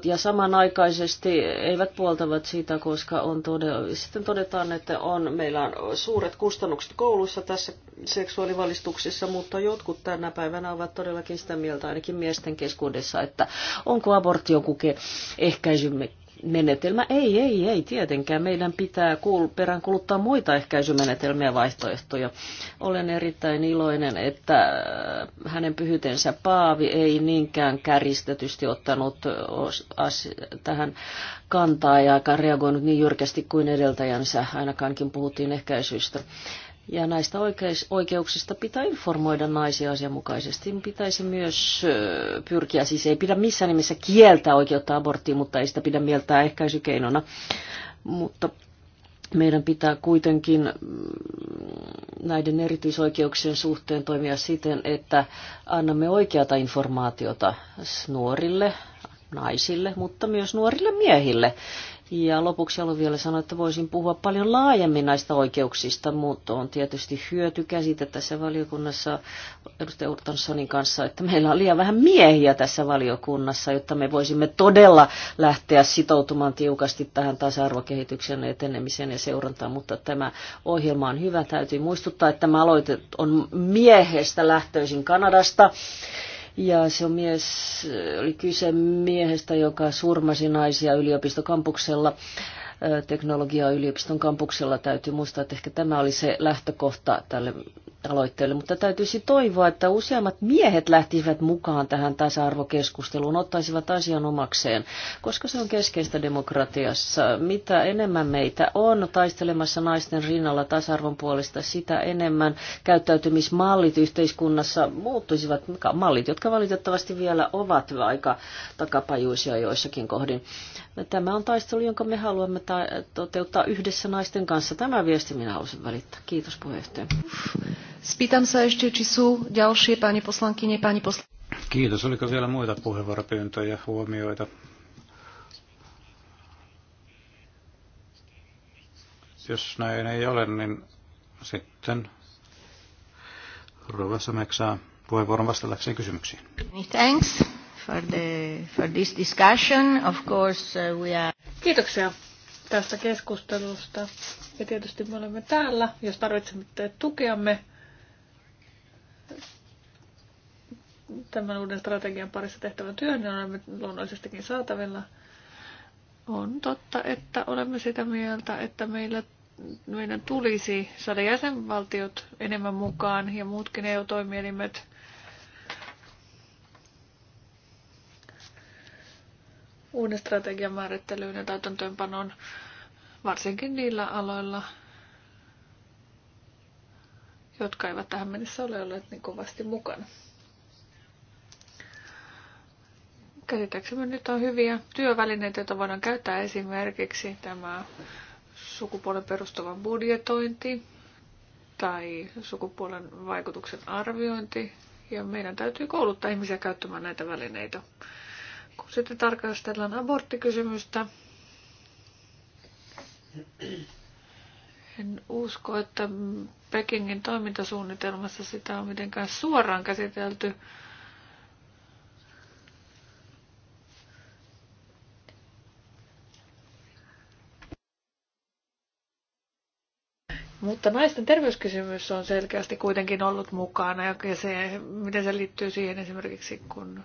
ja samanaikaisesti eivät puoltavat sitä, koska on todella, sitten todetaan, että on, meillä on suuret kustannukset koulussa tässä seksuaalivalistuksessa, mutta jotkut tänä päivänä ovat todellakin sitä mieltä, ainakin miesten keskuudessa, että onko abortti joku ehkäisymme menetelmä? Ei, ei, ei, tietenkään. Meidän pitää peräänkuluttaa muita ehkäisymenetelmiä ja vaihtoehtoja. Olen erittäin iloinen, että äh, hänen pyhytensä Paavi ei niinkään käristetysti ottanut tähän kantaa ja reagoinut niin jyrkästi kuin edeltäjänsä. Ainakaankin puhuttiin ehkäisyistä. Ja näistä oikeuksista pitää informoida naisia asianmukaisesti. Pitäisi myös pyrkiä, siis ei pidä missään nimessä kieltää oikeutta aborttiin, mutta ei sitä pidä mieltää ehkäisykeinona. Mutta meidän pitää kuitenkin mm, näiden erityisoikeuksien suhteen toimia siten, että annamme oikeata informaatiota nuorille, naisille, mutta myös nuorille miehille, ja lopuksi haluan vielä sanoa, että voisin puhua paljon laajemmin näistä oikeuksista, mutta on tietysti hyöty käsite tässä valiokunnassa edustaja Urtanssonin kanssa, että meillä on liian vähän miehiä tässä valiokunnassa, jotta me voisimme todella lähteä sitoutumaan tiukasti tähän tasa-arvokehityksen etenemiseen ja seurantaan, mutta tämä ohjelma on hyvä. Täytyy muistuttaa, että tämä aloite on miehestä lähtöisin Kanadasta. Ja se on mies, oli kyse miehestä, joka surmasi naisia yliopistokampuksella teknologiayliopiston kampuksella. Täytyy muistaa, että ehkä tämä oli se lähtökohta tälle aloitteelle, mutta täytyisi toivoa, että useammat miehet lähtisivät mukaan tähän tasa-arvokeskusteluun, ottaisivat asian omakseen, koska se on keskeistä demokratiassa. Mitä enemmän meitä on taistelemassa naisten rinnalla tasa-arvon puolesta, sitä enemmän käyttäytymismallit yhteiskunnassa muuttuisivat, mallit, jotka valitettavasti vielä ovat aika takapajuisia joissakin kohdin. Tämä on taistelu, jonka me haluamme ta- toteuttaa yhdessä naisten kanssa. Tämä viesti minä halusin välittää. Kiitos puheenjohtaja. Spýtam sa ešte, či sú ďalšie pani poslankyne, pani Kiitos. Oliko vielä muita puheenvuoropyyntöjä, huomioita? Jos näin ei ole, niin sitten Rova Sameksaa puheenvuoron vastallakseen kysymyksiin. Thanks for, the, for this discussion. Of course, uh, we are... Kiitoksia tästä keskustelusta. Ja tietysti me olemme täällä, jos tarvitsemme tukeamme tämän uuden strategian parissa tehtävän työhön, niin olemme luonnollisestikin saatavilla. On totta, että olemme sitä mieltä, että meillä, meidän tulisi saada jäsenvaltiot enemmän mukaan ja muutkin EU-toimielimet uuden strategian määrittelyyn ja täytäntöönpanoon, varsinkin niillä aloilla, jotka eivät tähän mennessä ole olleet niin kovasti mukana. Käsittääksemme nyt on hyviä työvälineitä, joita voidaan käyttää esimerkiksi tämä sukupuolen perustuva budjetointi tai sukupuolen vaikutuksen arviointi. Ja meidän täytyy kouluttaa ihmisiä käyttämään näitä välineitä. Kun sitten tarkastellaan aborttikysymystä, en usko, että Pekingin toimintasuunnitelmassa sitä on mitenkään suoraan käsitelty Mutta naisten terveyskysymys on selkeästi kuitenkin ollut mukana ja se, miten se liittyy siihen esimerkiksi, kun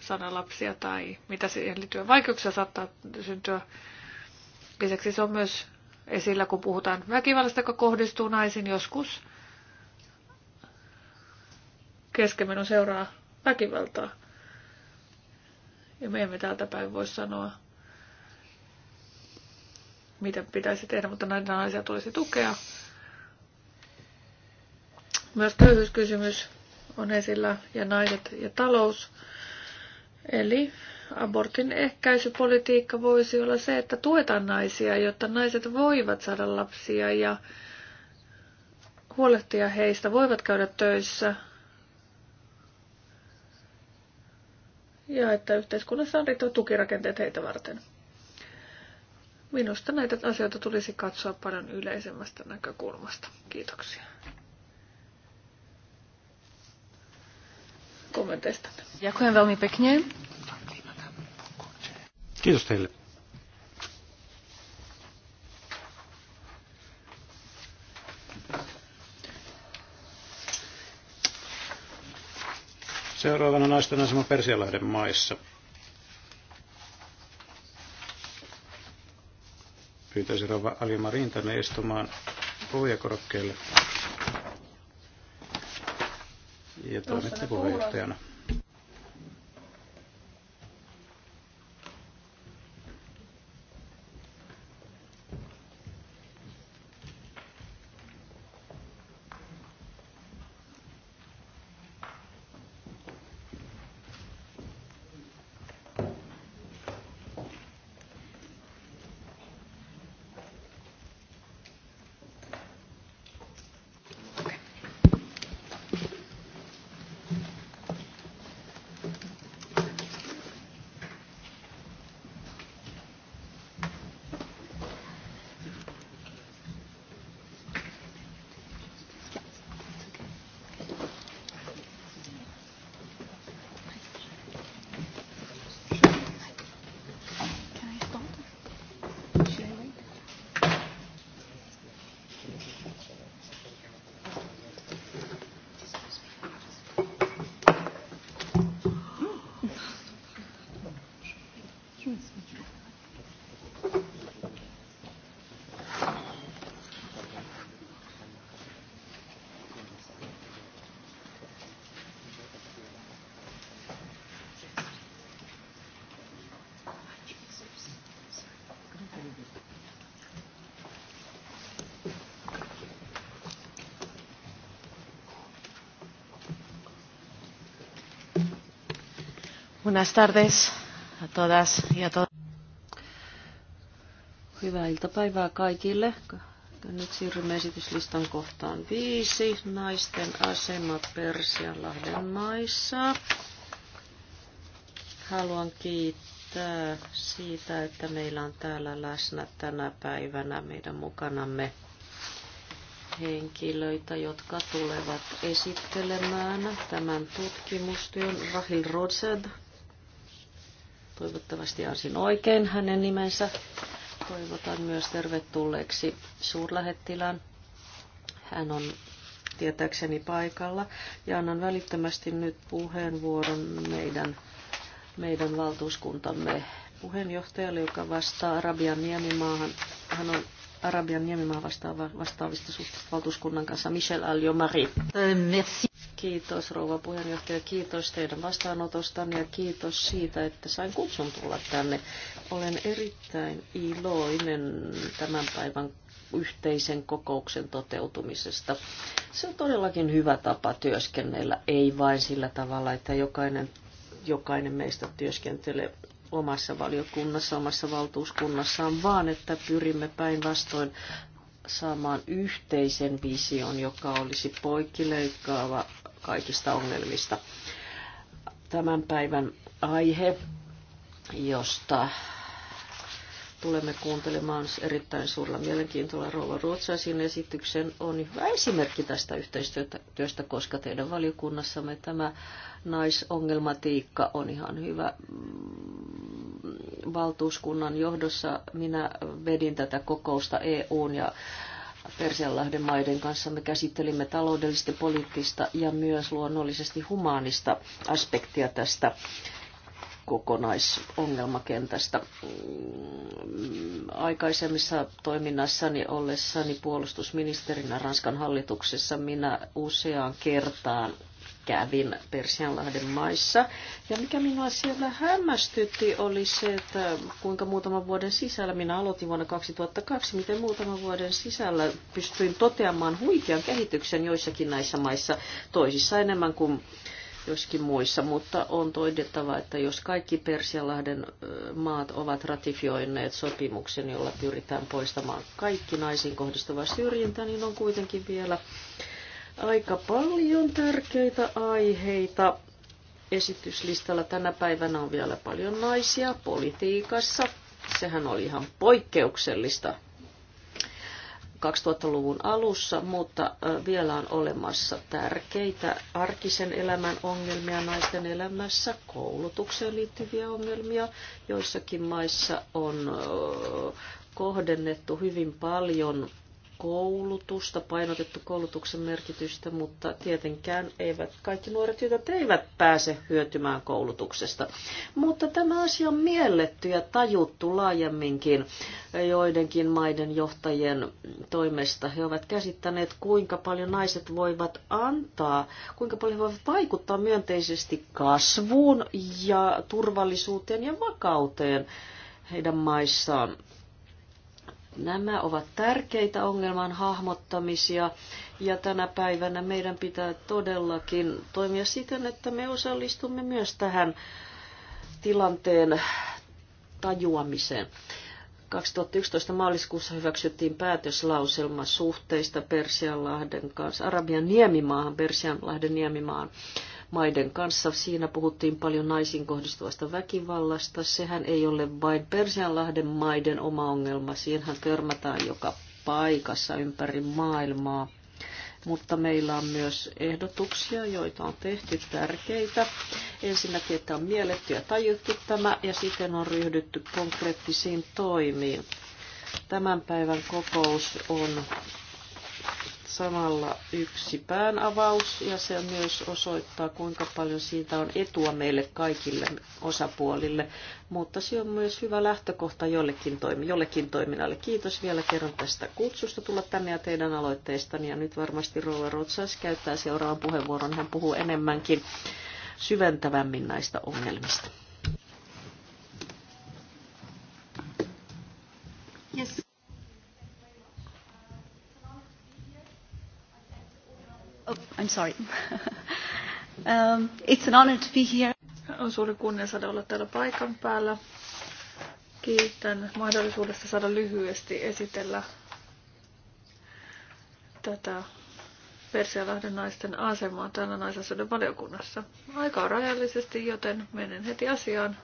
saadaan lapsia tai mitä siihen liittyy vaikeuksia saattaa syntyä. Lisäksi se on myös esillä, kun puhutaan väkivallasta, joka kohdistuu naisiin joskus. Keskemenon seuraa väkivaltaa. Ja me emme täältä päin voi sanoa, mitä pitäisi tehdä, mutta näitä naisia tulisi tukea myös köyhyyskysymys on esillä ja naiset ja talous. Eli abortin ehkäisypolitiikka voisi olla se, että tuetaan naisia, jotta naiset voivat saada lapsia ja huolehtia heistä, voivat käydä töissä. Ja että yhteiskunnassa on riittävät tukirakenteet heitä varten. Minusta näitä asioita tulisi katsoa paljon yleisemmästä näkökulmasta. Kiitoksia. kommenteista. Jakujem velmi pekne. Kiitos teille. Seuraavana naisten asema Persialahden maissa. Pyytäisin rouva Alima Rintanen istumaan puhujakorokkeelle ja toimitte puheenjohtajana. Buenas tardes a todas Hyvää iltapäivää kaikille. Nyt siirrymme esityslistan kohtaan viisi. Naisten asema Persianlahden maissa. Haluan kiittää siitä, että meillä on täällä läsnä tänä päivänä meidän mukanamme henkilöitä, jotka tulevat esittelemään tämän tutkimustyön. Rahil Rodsed, Toivottavasti arsin oikein hänen nimensä. Toivotan myös tervetulleeksi suurlähettilään. Hän on tietääkseni paikalla ja annan välittömästi nyt puheenvuoron meidän, meidän valtuuskuntamme puheenjohtajalle, joka vastaa Arabian niemimaahan. Hän on Arabian niemimaa vastaava, vastaavista suhteista valtuuskunnan kanssa Michel Aljomari. Euh, merci. Kiitos rouva puheenjohtaja, kiitos teidän vastaanotostanne ja kiitos siitä, että sain kutsun tulla tänne. Olen erittäin iloinen tämän päivän yhteisen kokouksen toteutumisesta. Se on todellakin hyvä tapa työskennellä, ei vain sillä tavalla, että jokainen, jokainen meistä työskentelee omassa valiokunnassa, omassa valtuuskunnassaan, vaan että pyrimme päinvastoin saamaan yhteisen vision, joka olisi poikkileikkaava kaikista ongelmista. Tämän päivän aihe, josta tulemme kuuntelemaan erittäin suurella mielenkiintoilla Rouva Ruotsaisin esityksen, on hyvä esimerkki tästä yhteistyöstä, koska teidän valiokunnassamme tämä naisongelmatiikka on ihan hyvä valtuuskunnan johdossa. Minä vedin tätä kokousta EUn ja Persianlahden maiden kanssa me käsittelimme taloudellista, poliittista ja myös luonnollisesti humaanista aspektia tästä kokonaisongelmakentästä. Mm, aikaisemmissa toiminnassani ollessani puolustusministerinä Ranskan hallituksessa minä useaan kertaan kävin Persianlahden maissa. Ja mikä minua siellä hämmästytti oli se, että kuinka muutaman vuoden sisällä, minä aloitin vuonna 2002, miten muutaman vuoden sisällä pystyin toteamaan huikean kehityksen joissakin näissä maissa, toisissa enemmän kuin joskin muissa, mutta on toidettava, että jos kaikki Persialahden maat ovat ratifioineet sopimuksen, jolla pyritään poistamaan kaikki naisiin kohdistuva syrjintä, niin on kuitenkin vielä Aika paljon tärkeitä aiheita. Esityslistalla tänä päivänä on vielä paljon naisia politiikassa. Sehän oli ihan poikkeuksellista 2000-luvun alussa, mutta vielä on olemassa tärkeitä arkisen elämän ongelmia naisten elämässä, koulutukseen liittyviä ongelmia. Joissakin maissa on kohdennettu hyvin paljon koulutusta, painotettu koulutuksen merkitystä, mutta tietenkään eivät kaikki nuoret tytöt eivät pääse hyötymään koulutuksesta. Mutta tämä asia on mielletty ja tajuttu laajemminkin joidenkin maiden johtajien toimesta. He ovat käsittäneet, kuinka paljon naiset voivat antaa, kuinka paljon voivat vaikuttaa myönteisesti kasvuun ja turvallisuuteen ja vakauteen heidän maissaan Nämä ovat tärkeitä ongelman hahmottamisia ja tänä päivänä meidän pitää todellakin toimia siten, että me osallistumme myös tähän tilanteen tajuamiseen. 2011 maaliskuussa hyväksyttiin päätöslauselma suhteista Persianlahden kanssa, Arabian niemimaahan, Persianlahden niemimaan maiden kanssa. Siinä puhuttiin paljon naisiin kohdistuvasta väkivallasta. Sehän ei ole vain Persianlahden maiden oma ongelma. Siihenhän törmätään joka paikassa ympäri maailmaa. Mutta meillä on myös ehdotuksia, joita on tehty tärkeitä. Ensinnäkin, että on mielletty ja tajuttu tämä ja sitten on ryhdytty konkreettisiin toimiin. Tämän päivän kokous on samalla yksi päänavaus ja se myös osoittaa, kuinka paljon siitä on etua meille kaikille osapuolille, mutta se on myös hyvä lähtökohta jollekin, toimi, jollekin toiminnalle. Kiitos vielä kerran tästä kutsusta tulla tänne ja teidän aloitteistani ja nyt varmasti Rova Rotsas käyttää seuraavan puheenvuoron. Hän puhuu enemmänkin syventävämmin näistä ongelmista. Yes. Oh, I'm sorry. um, it's an honor to be here. On suuri kunnia saada olla täällä paikan päällä. Kiitän mahdollisuudesta saada lyhyesti esitellä tätä Persialahden naisten asemaa täällä naisasioiden valiokunnassa. Aika on rajallisesti, joten menen heti asiaan.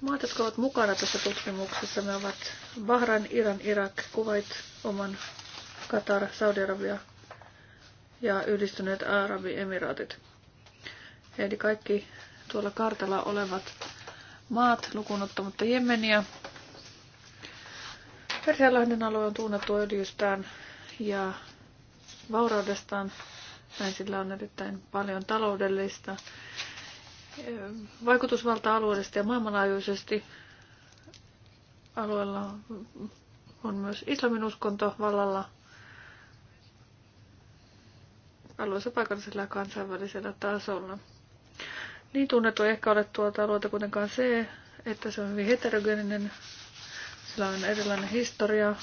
Maat, jotka ovat mukana tässä tutkimuksessa, me ovat Bahrain, Iran, Irak, Kuwait, Oman, Katar, Saudi-Arabia, ja yhdistyneet Arabi-emiraatit. Eli kaikki tuolla kartalla olevat maat, lukuun ottamatta Jemeniä. Persianlahden alue on tunnettu öljystään ja vauraudestaan. Näin sillä on erittäin paljon taloudellista eh, vaikutusvalta alueellisesti ja maailmanlaajuisesti. Alueella on myös islamin uskonto vallalla alueensa paikallisella ja kansainvälisellä tasolla. Niin tunnettu ehkä ole tuolta alueelta kuitenkaan se, että se on hyvin heterogeeninen, sillä on erilainen historia,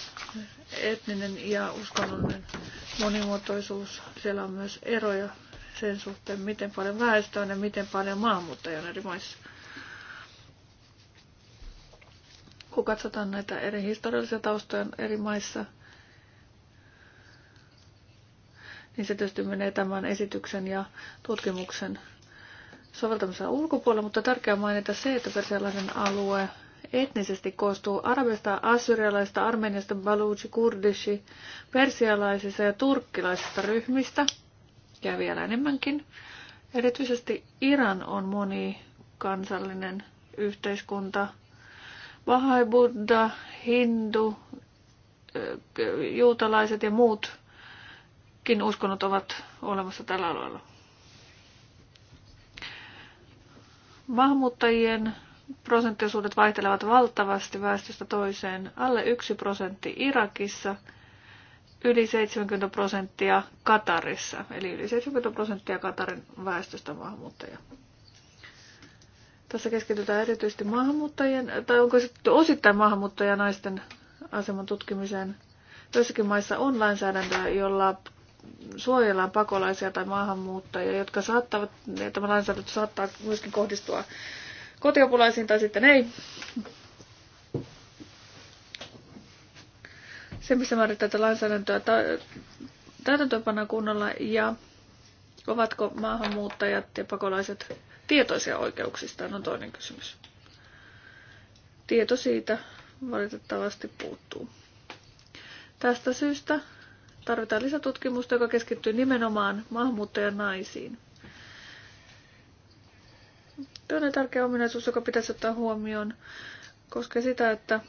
etninen ja uskonnollinen monimuotoisuus. Siellä on myös eroja sen suhteen, miten paljon väestöä on ja miten paljon maahanmuuttajia on eri maissa. Kun katsotaan näitä eri historiallisia taustoja eri maissa – niin se tietysti menee tämän esityksen ja tutkimuksen soveltamisen ulkopuolelle, mutta tärkeää mainita se, että persialainen alue etnisesti koostuu arabista, assyrialaista, armeniasta, baluchi, kurdishi, persialaisista ja turkkilaisista ryhmistä ja vielä enemmänkin. Erityisesti Iran on monikansallinen yhteiskunta. Bahai, Buddha, Hindu, eh, juutalaiset ja muut muutkin uskonnot ovat olemassa tällä alueella. Maahanmuuttajien prosenttiosuudet vaihtelevat valtavasti väestöstä toiseen. Alle 1 prosentti Irakissa, yli 70 prosenttia Katarissa, eli yli 70 prosenttia Katarin väestöstä maahanmuuttajia. Tässä keskitytään erityisesti maahanmuuttajien, tai onko sitten osittain maahanmuuttajanaisten aseman tutkimiseen. Joissakin maissa on lainsäädäntöä, jolla suojellaan pakolaisia tai maahanmuuttajia, jotka saattavat, tämä lainsäädäntö saattaa myöskin kohdistua kotiopulaisiin tai sitten ei. Se, missä määrittää tätä lainsäädäntöä täytäntöönpana kunnolla ja ovatko maahanmuuttajat ja pakolaiset tietoisia oikeuksistaan on toinen kysymys. Tieto siitä valitettavasti puuttuu. Tästä syystä tarvitaan lisätutkimusta, joka keskittyy nimenomaan naisiin. Toinen tärkeä ominaisuus, joka pitäisi ottaa huomioon, koskee sitä, että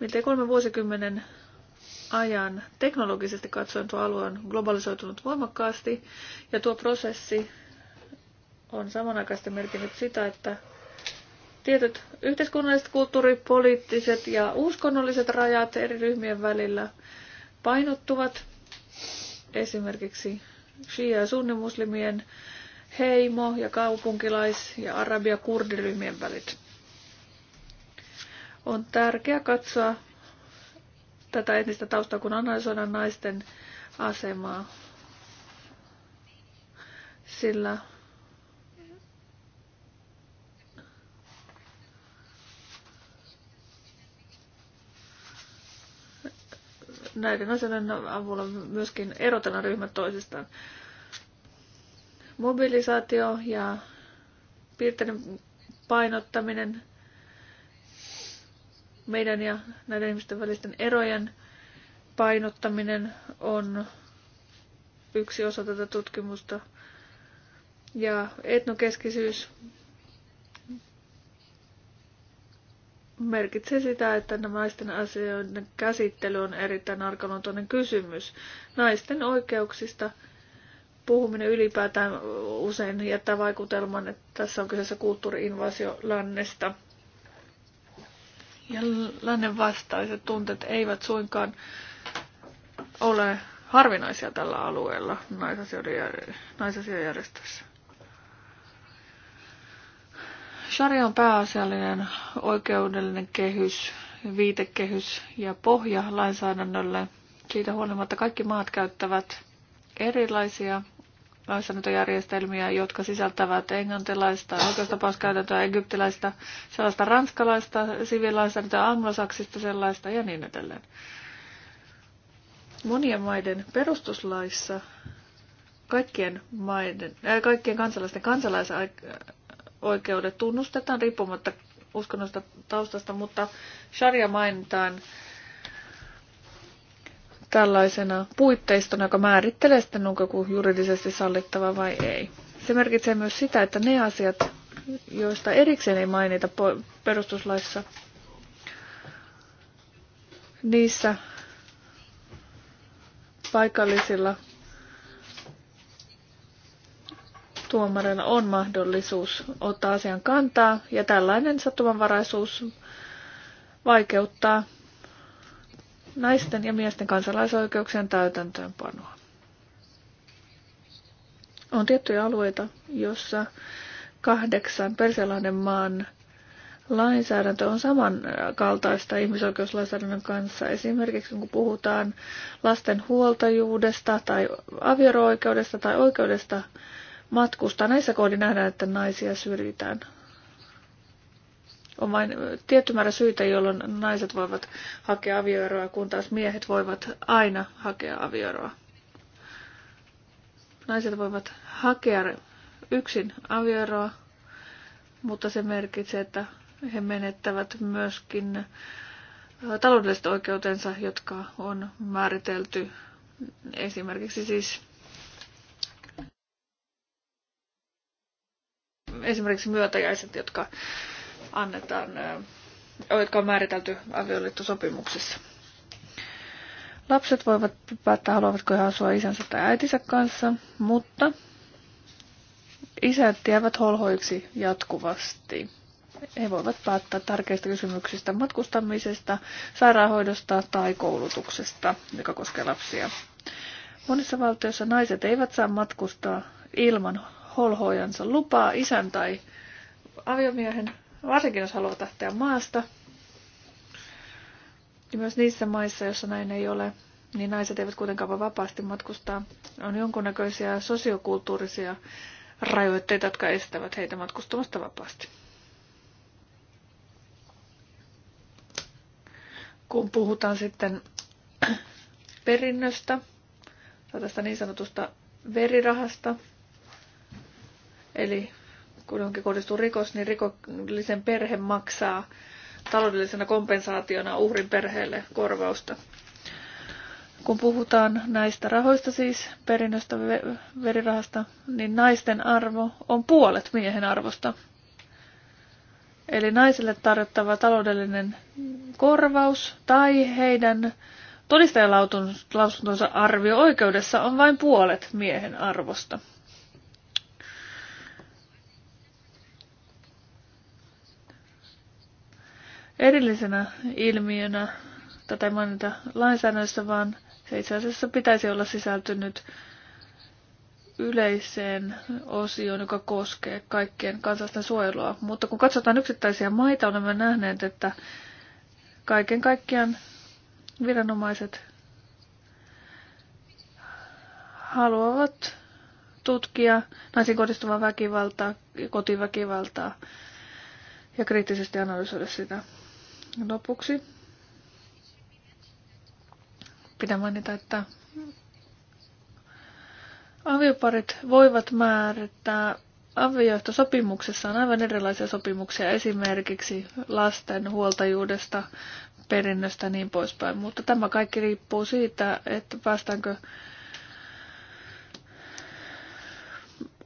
miltei kolme vuosikymmenen ajan teknologisesti katsoen tuo alue on globalisoitunut voimakkaasti ja tuo prosessi on samanaikaisesti merkinnyt sitä, että tietyt yhteiskunnalliset, kulttuuripoliittiset ja uskonnolliset rajat eri ryhmien välillä painottuvat. Esimerkiksi shia- ja sunnimuslimien heimo- ja kaupunkilais- ja arabia- kurdiryhmien välit. On tärkeää katsoa tätä etnistä taustaa, kun analysoidaan naisten asemaa, sillä näiden asioiden avulla myöskin erotella ryhmät toisistaan. Mobilisaatio ja piirteiden painottaminen meidän ja näiden ihmisten välisten erojen painottaminen on yksi osa tätä tutkimusta. Ja etnokeskisyys merkitsee sitä, että naisten asioiden käsittely on erittäin arkaluontoinen kysymys. Naisten oikeuksista puhuminen ylipäätään usein jättää vaikutelman, että tässä on kyseessä kulttuuriinvasio lännestä. Ja lännen vastaiset tunteet eivät suinkaan ole harvinaisia tällä alueella naisasioiden järjestössä. Sarja on pääasiallinen oikeudellinen kehys, viitekehys ja pohja lainsäädännölle. Siitä huolimatta kaikki maat käyttävät erilaisia lainsäädäntöjärjestelmiä, jotka sisältävät englantilaista oikeustapauskäytäntöä, egyptiläistä, sellaista ranskalaista sivilainsäädäntöä, anglosaksista sellaista ja niin edelleen. Monien maiden perustuslaissa kaikkien, maiden, äh, kaikkien kansalaisten kansalaisai, oikeudet tunnustetaan riippumatta uskonnosta taustasta, mutta sharia mainitaan tällaisena puitteistona, joka määrittelee sitten, onko joku juridisesti sallittava vai ei. Se merkitsee myös sitä, että ne asiat, joista erikseen ei mainita perustuslaissa, niissä paikallisilla tuomarilla on mahdollisuus ottaa asian kantaa ja tällainen sattumanvaraisuus vaikeuttaa naisten ja miesten kansalaisoikeuksien täytäntöönpanoa. On tiettyjä alueita, joissa kahdeksan Persialahden maan lainsäädäntö on samankaltaista ihmisoikeuslainsäädännön kanssa. Esimerkiksi kun puhutaan lasten huoltajuudesta tai avioroikeudesta tai oikeudesta matkustaa. Näissä kohdin nähdään, että naisia syrjitään. On vain tietty määrä syitä, jolloin naiset voivat hakea avioeroa, kun taas miehet voivat aina hakea avioeroa. Naiset voivat hakea yksin avioeroa, mutta se merkitsee, että he menettävät myöskin taloudelliset oikeutensa, jotka on määritelty esimerkiksi siis esimerkiksi myötäjäiset, jotka annetaan, jotka on määritelty avioliittosopimuksessa. Lapset voivat päättää, haluavatko he asua isänsä tai äitinsä kanssa, mutta isät jäävät holhoiksi jatkuvasti. He voivat päättää tärkeistä kysymyksistä matkustamisesta, sairaanhoidosta tai koulutuksesta, joka koskee lapsia. Monissa valtioissa naiset eivät saa matkustaa ilman holhojansa lupaa, isän tai aviomiehen, varsinkin jos haluaa tähteä maasta. Ja myös niissä maissa, joissa näin ei ole, niin naiset eivät kuitenkaan voi vapaasti matkustaa. On jonkunnäköisiä sosiokulttuurisia rajoitteita, jotka estävät heitä matkustamasta vapaasti. Kun puhutaan sitten perinnöstä tai tästä niin sanotusta verirahasta, Eli kun johonkin kohdistuu rikos, niin rikollisen perhe maksaa taloudellisena kompensaationa uhrin perheelle korvausta. Kun puhutaan näistä rahoista, siis perinnöstä, verirahasta, niin naisten arvo on puolet miehen arvosta. Eli naisille tarjottava taloudellinen korvaus tai heidän todistajalausuntonsa arvio oikeudessa on vain puolet miehen arvosta. erillisenä ilmiönä. Tätä ei mainita lainsäädännössä, vaan se itse asiassa pitäisi olla sisältynyt yleiseen osioon, joka koskee kaikkien kansallisten suojelua. Mutta kun katsotaan yksittäisiä maita, olemme nähneet, että kaiken kaikkiaan viranomaiset haluavat tutkia naisiin kohdistuvaa väkivaltaa, kotiväkivaltaa ja kriittisesti analysoida sitä. Lopuksi pitää mainita, että avioparit voivat määrittää avioehtosopimuksessa on aivan erilaisia sopimuksia esimerkiksi lasten huoltajuudesta, perinnöstä ja niin poispäin. Mutta tämä kaikki riippuu siitä, että päästäänkö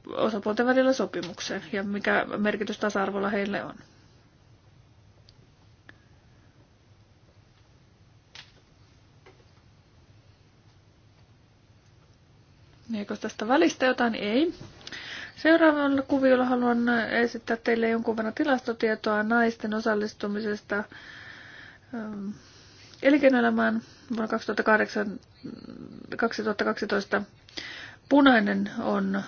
osapuolten välillä sopimukseen ja mikä merkitys tasa-arvolla heille on. Eikö tästä välistä jotain? Ei. Seuraavalla kuviolla haluan esittää teille jonkun verran tilastotietoa naisten osallistumisesta ähm, elinkeinoelämään vuonna 2008, 2012. Punainen on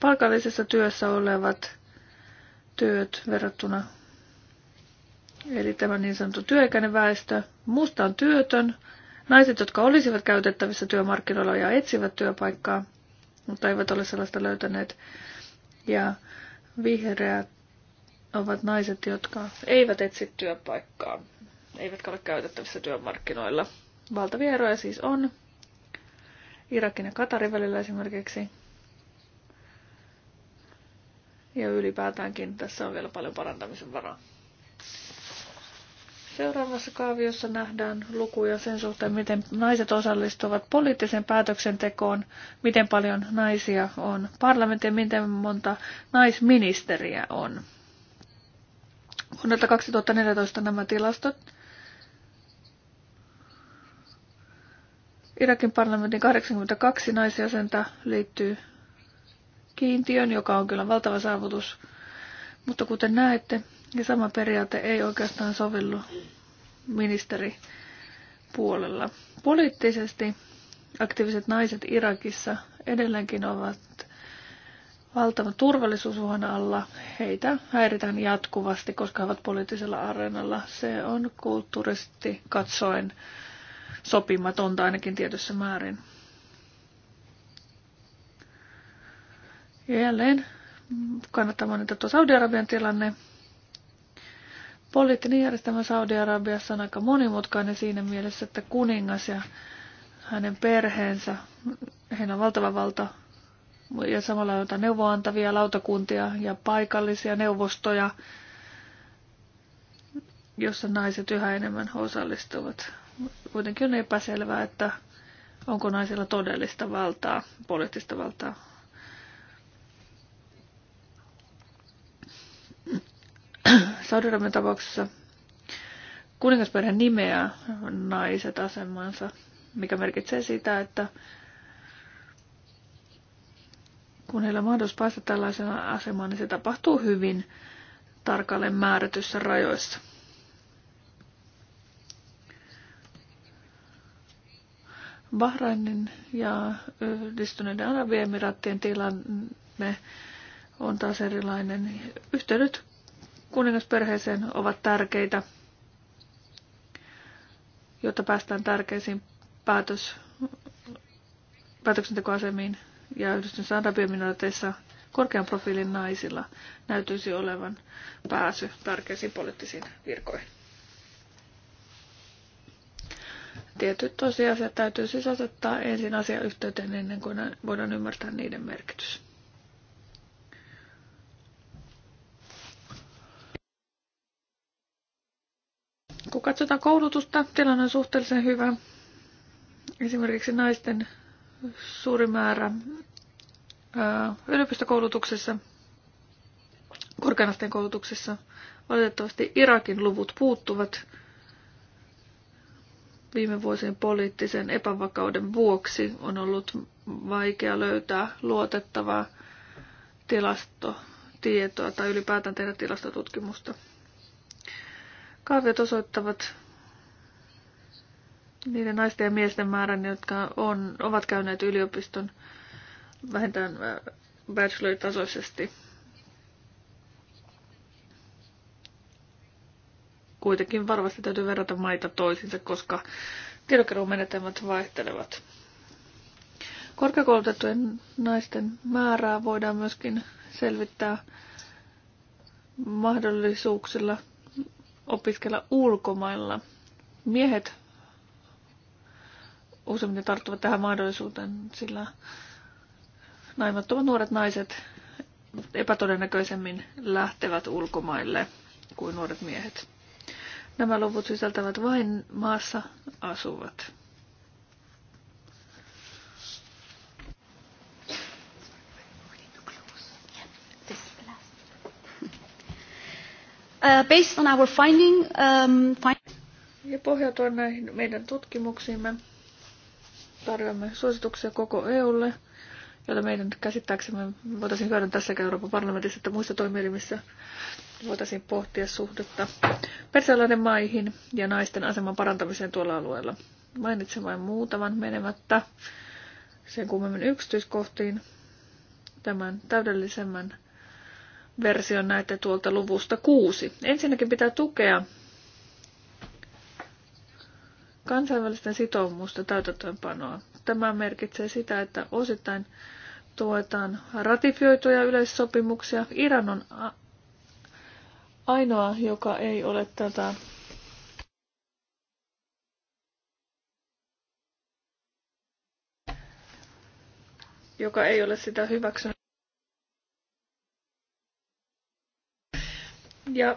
palkallisessa työssä olevat työt verrattuna, eli tämä niin sanottu työikäinen väestö. Musta on työtön, Naiset, jotka olisivat käytettävissä työmarkkinoilla ja etsivät työpaikkaa, mutta eivät ole sellaista löytäneet. Ja vihreät ovat naiset, jotka eivät etsi työpaikkaa, eivätkä ole käytettävissä työmarkkinoilla. Valtavia eroja siis on. Irakin ja Katarin välillä esimerkiksi. Ja ylipäätäänkin tässä on vielä paljon parantamisen varaa. Seuraavassa kaaviossa nähdään lukuja sen suhteen, miten naiset osallistuvat poliittiseen päätöksentekoon, miten paljon naisia on parlamentti ja miten monta naisministeriä on. Vuodelta 2014 nämä tilastot. Irakin parlamentin 82 naisjäsentä liittyy kiintiön, joka on kyllä valtava saavutus. Mutta kuten näette, ja sama periaate ei oikeastaan sovellu ministeripuolella. Poliittisesti aktiiviset naiset Irakissa edelleenkin ovat valtavan turvallisuusuhan alla. Heitä häiritään jatkuvasti, koska he ovat poliittisella areenalla. Se on kulttuurisesti katsoen sopimatonta ainakin tietyssä määrin. Ja jälleen kannattaa mainita tuo Saudi-Arabian tilanne. Poliittinen järjestelmä Saudi-Arabiassa on aika monimutkainen siinä mielessä, että kuningas ja hänen perheensä, heillä on valtava valta ja samalla on neuvoantavia lautakuntia ja paikallisia neuvostoja, jossa naiset yhä enemmän osallistuvat. Kuitenkin on epäselvää, että onko naisilla todellista valtaa, poliittista valtaa Saudi-Arabian tapauksessa kuningasperhe nimeää naiset asemansa, mikä merkitsee sitä, että kun heillä on mahdollisuus päästä tällaisena asemaan, niin se tapahtuu hyvin tarkalleen määrätyssä rajoissa. Bahrainin ja Yhdistyneiden Arabiemiraattien tilanne on taas erilainen. Yhteydet kuningasperheeseen ovat tärkeitä, jotta päästään tärkeisiin päätös, päätöksentekoasemiin ja yhdistyneissä arabiaminaateissa korkean profiilin naisilla näytyisi olevan pääsy tärkeisiin poliittisiin virkoihin. Tietyt tosiasiat täytyy siis asettaa ensin asiayhteyteen ennen kuin voidaan ymmärtää niiden merkitys. Kun katsotaan koulutusta, tilanne on suhteellisen hyvä. Esimerkiksi naisten suuri määrä yliopistokoulutuksessa, korkeanasteen koulutuksessa. Valitettavasti Irakin luvut puuttuvat viime vuosien poliittisen epävakauden vuoksi on ollut vaikea löytää luotettavaa tilastotietoa tai ylipäätään tehdä tilastotutkimusta. Kartat osoittavat niiden naisten ja miesten määrän, jotka on, ovat käyneet yliopiston vähintään äh, bachelor-tasoisesti. Kuitenkin varmasti täytyy verrata maita toisiinsa, koska tiedokeruumenetelmät vaihtelevat. Korkeakoulutettujen naisten määrää voidaan myöskin selvittää mahdollisuuksilla opiskella ulkomailla. Miehet useimmiten tarttuvat tähän mahdollisuuteen, sillä naimattomat nuoret naiset epätodennäköisemmin lähtevät ulkomaille kuin nuoret miehet. Nämä luvut sisältävät vain maassa asuvat. Uh, based on our finding, um, find- ja pohjautuen näihin meidän tutkimuksiimme tarjoamme suosituksia koko EUlle, joita meidän käsittääksemme voitaisiin hyödyntää sekä Euroopan parlamentissa että muissa toimielimissä. Voitaisiin pohtia suhdetta persialainen maihin ja naisten aseman parantamiseen tuolla alueella. Mainitsen vain muutaman menemättä sen kummemmin yksityiskohtiin tämän täydellisemmän version näette tuolta luvusta kuusi. Ensinnäkin pitää tukea kansainvälisten sitoumusten täytäntöönpanoa. Tämä merkitsee sitä, että osittain tuetaan ratifioituja yleissopimuksia. Iran on ainoa, joka ei ole tätä joka ei ole sitä hyväksynyt. Ja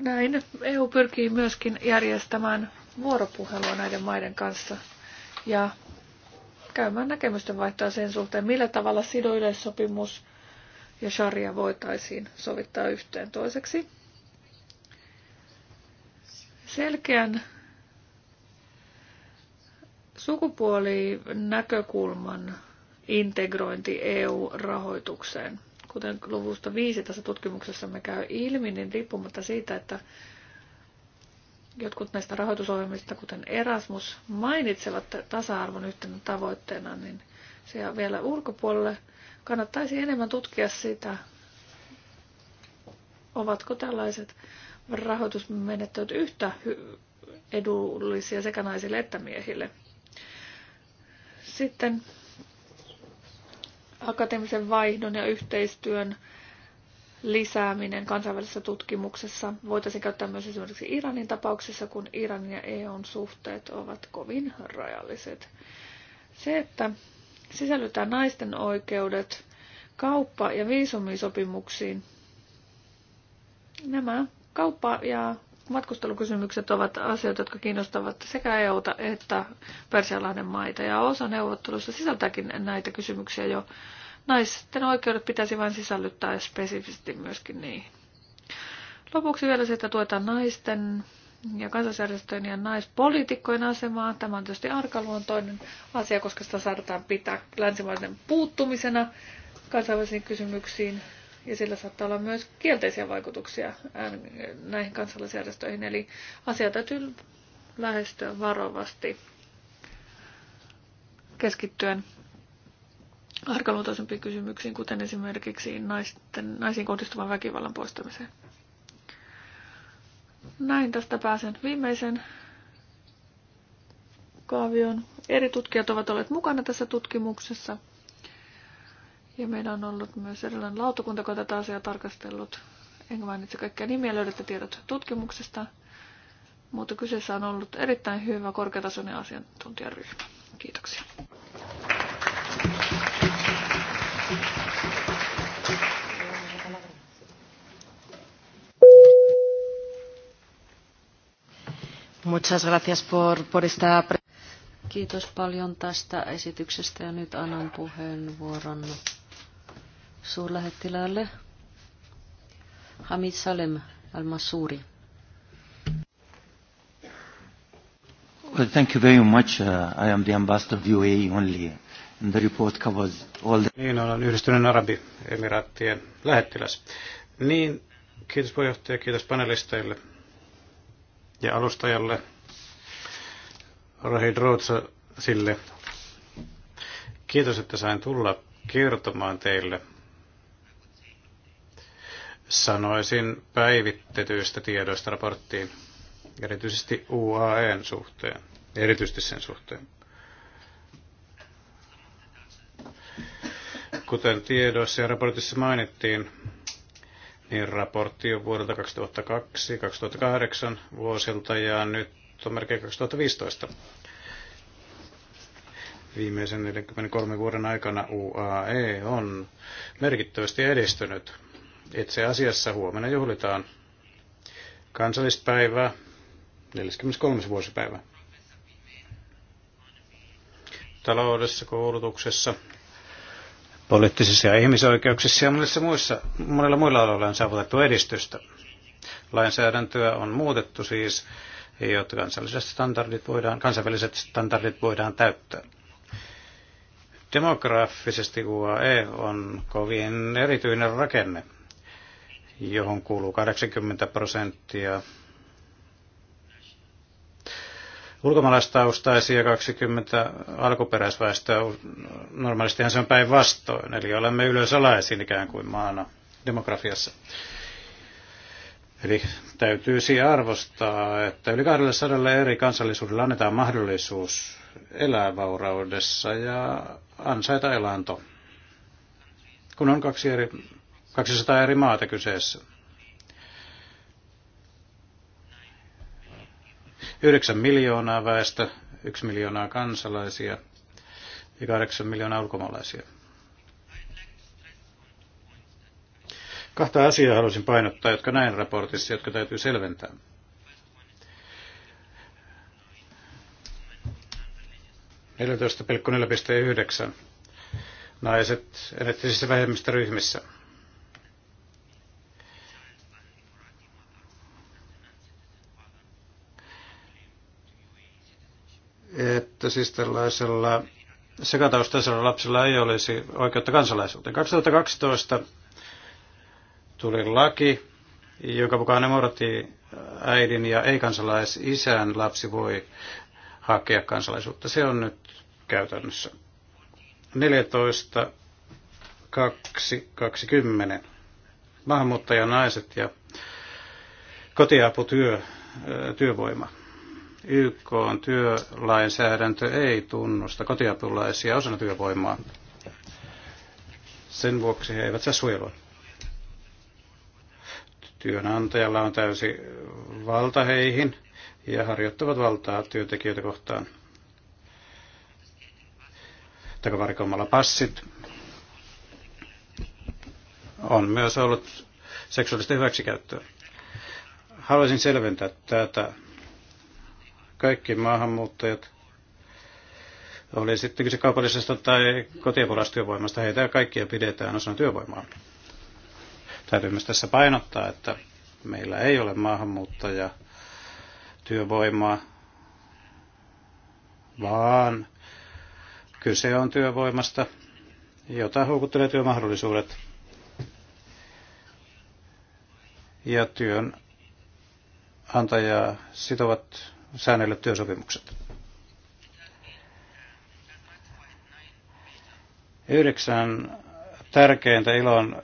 näin EU pyrkii myöskin järjestämään vuoropuhelua näiden maiden kanssa ja käymään näkemysten vaihtoa sen suhteen, millä tavalla sidoyleissopimus ja sharia voitaisiin sovittaa yhteen toiseksi. Selkeän sukupuolinäkökulman integrointi EU-rahoitukseen – Kuten luvusta viisi tässä me käy ilmi, niin riippumatta siitä, että jotkut näistä rahoitusohjelmista, kuten Erasmus, mainitsevat tasa-arvon yhtenä tavoitteena, niin se vielä ulkopuolelle kannattaisi enemmän tutkia sitä, ovatko tällaiset rahoitusmenettelyt yhtä edullisia sekä naisille että miehille. Sitten akateemisen vaihdon ja yhteistyön lisääminen kansainvälisessä tutkimuksessa voitaisiin käyttää myös esimerkiksi Iranin tapauksessa, kun Iranin ja EUn suhteet ovat kovin rajalliset. Se, että sisällytään naisten oikeudet kauppa- ja viisumisopimuksiin, nämä kauppa- ja Matkustelukysymykset ovat asioita, jotka kiinnostavat sekä EUta että persialainen maita, ja osa neuvotteluista sisältääkin näitä kysymyksiä jo. Naisten oikeudet pitäisi vain sisällyttää spesifisesti myöskin niihin. Lopuksi vielä se, että tuetaan naisten ja kansallisjärjestöjen ja naispoliitikkojen asemaa. Tämä on tietysti arkaluontoinen asia, koska sitä saadaan pitää länsimaiden puuttumisena kansainvälisiin kysymyksiin ja sillä saattaa olla myös kielteisiä vaikutuksia näihin kansalaisjärjestöihin. Eli asia täytyy lähestyä varovasti keskittyen arkaluontoisempiin kysymyksiin, kuten esimerkiksi naisten, naisiin kohdistuvan väkivallan poistamiseen. Näin tästä pääsen viimeisen kaavion Eri tutkijat ovat olleet mukana tässä tutkimuksessa – ja meillä on ollut myös erilainen lautakunta, joka tätä asiaa tarkastellut. Enkä mainitse kaikkia nimiä, löydätte tiedot tutkimuksesta. Mutta kyseessä on ollut erittäin hyvä korkeatasoinen asiantuntijaryhmä. Kiitoksia. Muchas gracias por, por esta... Kiitos paljon tästä esityksestä ja nyt annan puheenvuoron suurlähettiläälle Hamid Salem al-Masuri. Well, thank you very much. Uh, I am the ambassador of UAE only. And the report covers all the... Niin, olen yhdistyneen Arabi-emiraattien lähettiläs. Niin, kiitos puheenjohtaja, kiitos panelisteille ja alustajalle Rahid Rootsa sille. Kiitos, että sain tulla kertomaan teille sanoisin päivittetyistä tiedoista raporttiin, erityisesti UAEn suhteen, erityisesti sen suhteen. Kuten tiedoissa ja raportissa mainittiin, niin raportti on vuodelta 2002-2008 vuosilta ja nyt on melkein 2015. Viimeisen 43 vuoden aikana UAE on merkittävästi edistynyt itse asiassa huomenna juhlitaan kansallispäivää, 43. vuosipäivä. Taloudessa, koulutuksessa, poliittisissa ja ihmisoikeuksissa ja monissa muissa, monilla muilla aloilla on saavutettu edistystä. Lainsäädäntöä on muutettu siis, jotta kansalliset standardit voidaan, kansainväliset standardit voidaan täyttää. Demograafisesti UAE on kovin erityinen rakenne johon kuuluu 80 prosenttia ulkomaalaistaustaisia 20 alkuperäisväestöä. Normaalistihan se on päinvastoin, eli olemme ylösalaisin ikään kuin maana demografiassa. Eli täytyy siihen arvostaa, että yli 200 eri kansallisuudella annetaan mahdollisuus elää vauraudessa ja ansaita elanto. Kun on kaksi eri 200 eri maata kyseessä. 9 miljoonaa väestö, 1 miljoonaa kansalaisia ja 8 miljoonaa ulkomaalaisia. Kahta asiaa halusin painottaa, jotka näin raportissa, jotka täytyy selventää. neljätoista 14,4,9 naiset etnisissä vähemmistöryhmissä. ryhmissä. että siis tällaisella sekataustaisella lapsella ei olisi oikeutta kansalaisuuteen. 2012 tuli laki, joka mukaan emorti äh, äidin ja ei-kansalaisisän lapsi voi hakea kansalaisuutta. Se on nyt käytännössä 14 2, 20. Maahanmuuttajanaiset ja kotiaputyö, äh, työvoima. YK on työlainsäädäntö ei tunnusta kotiapulaisia osana työvoimaa. Sen vuoksi he eivät saa suojelua. Työnantajalla on täysi valta heihin ja harjoittavat valtaa työntekijöitä kohtaan. Takavarikoimalla passit on myös ollut seksuaalista hyväksikäyttöä. Haluaisin selventää tätä kaikki maahanmuuttajat, oli sitten kyse kaupallisesta tai työvoimasta, heitä kaikkia pidetään osana työvoimaa. Täytyy myös tässä painottaa, että meillä ei ole maahanmuuttaja työvoimaa, vaan kyse on työvoimasta, jota houkuttelee työmahdollisuudet ja työnantajaa sitovat säännellyt työsopimukset. 9 tärkeintä ilon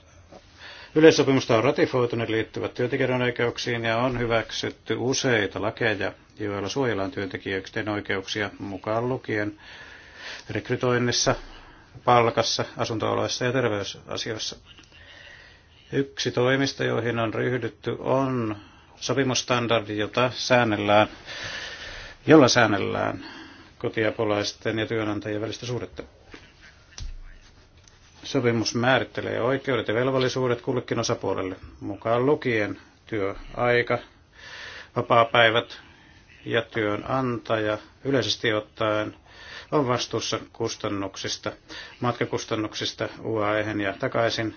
yleissopimusta on ratifioitu, ne liittyvät työntekijöiden oikeuksiin ja on hyväksytty useita lakeja, joilla suojellaan työntekijöiden oikeuksia mukaan lukien rekrytoinnissa, palkassa, asuntooloissa ja terveysasioissa. Yksi toimista, joihin on ryhdytty, on sopimusstandardi, jota säännellään, jolla säännellään kotiapulaisten ja työnantajien välistä suhdetta. Sopimus määrittelee oikeudet ja velvollisuudet kullekin osapuolelle, mukaan lukien työaika, vapaa päivät ja työnantaja yleisesti ottaen on vastuussa kustannuksista, matkakustannuksista UAEhen ja takaisin,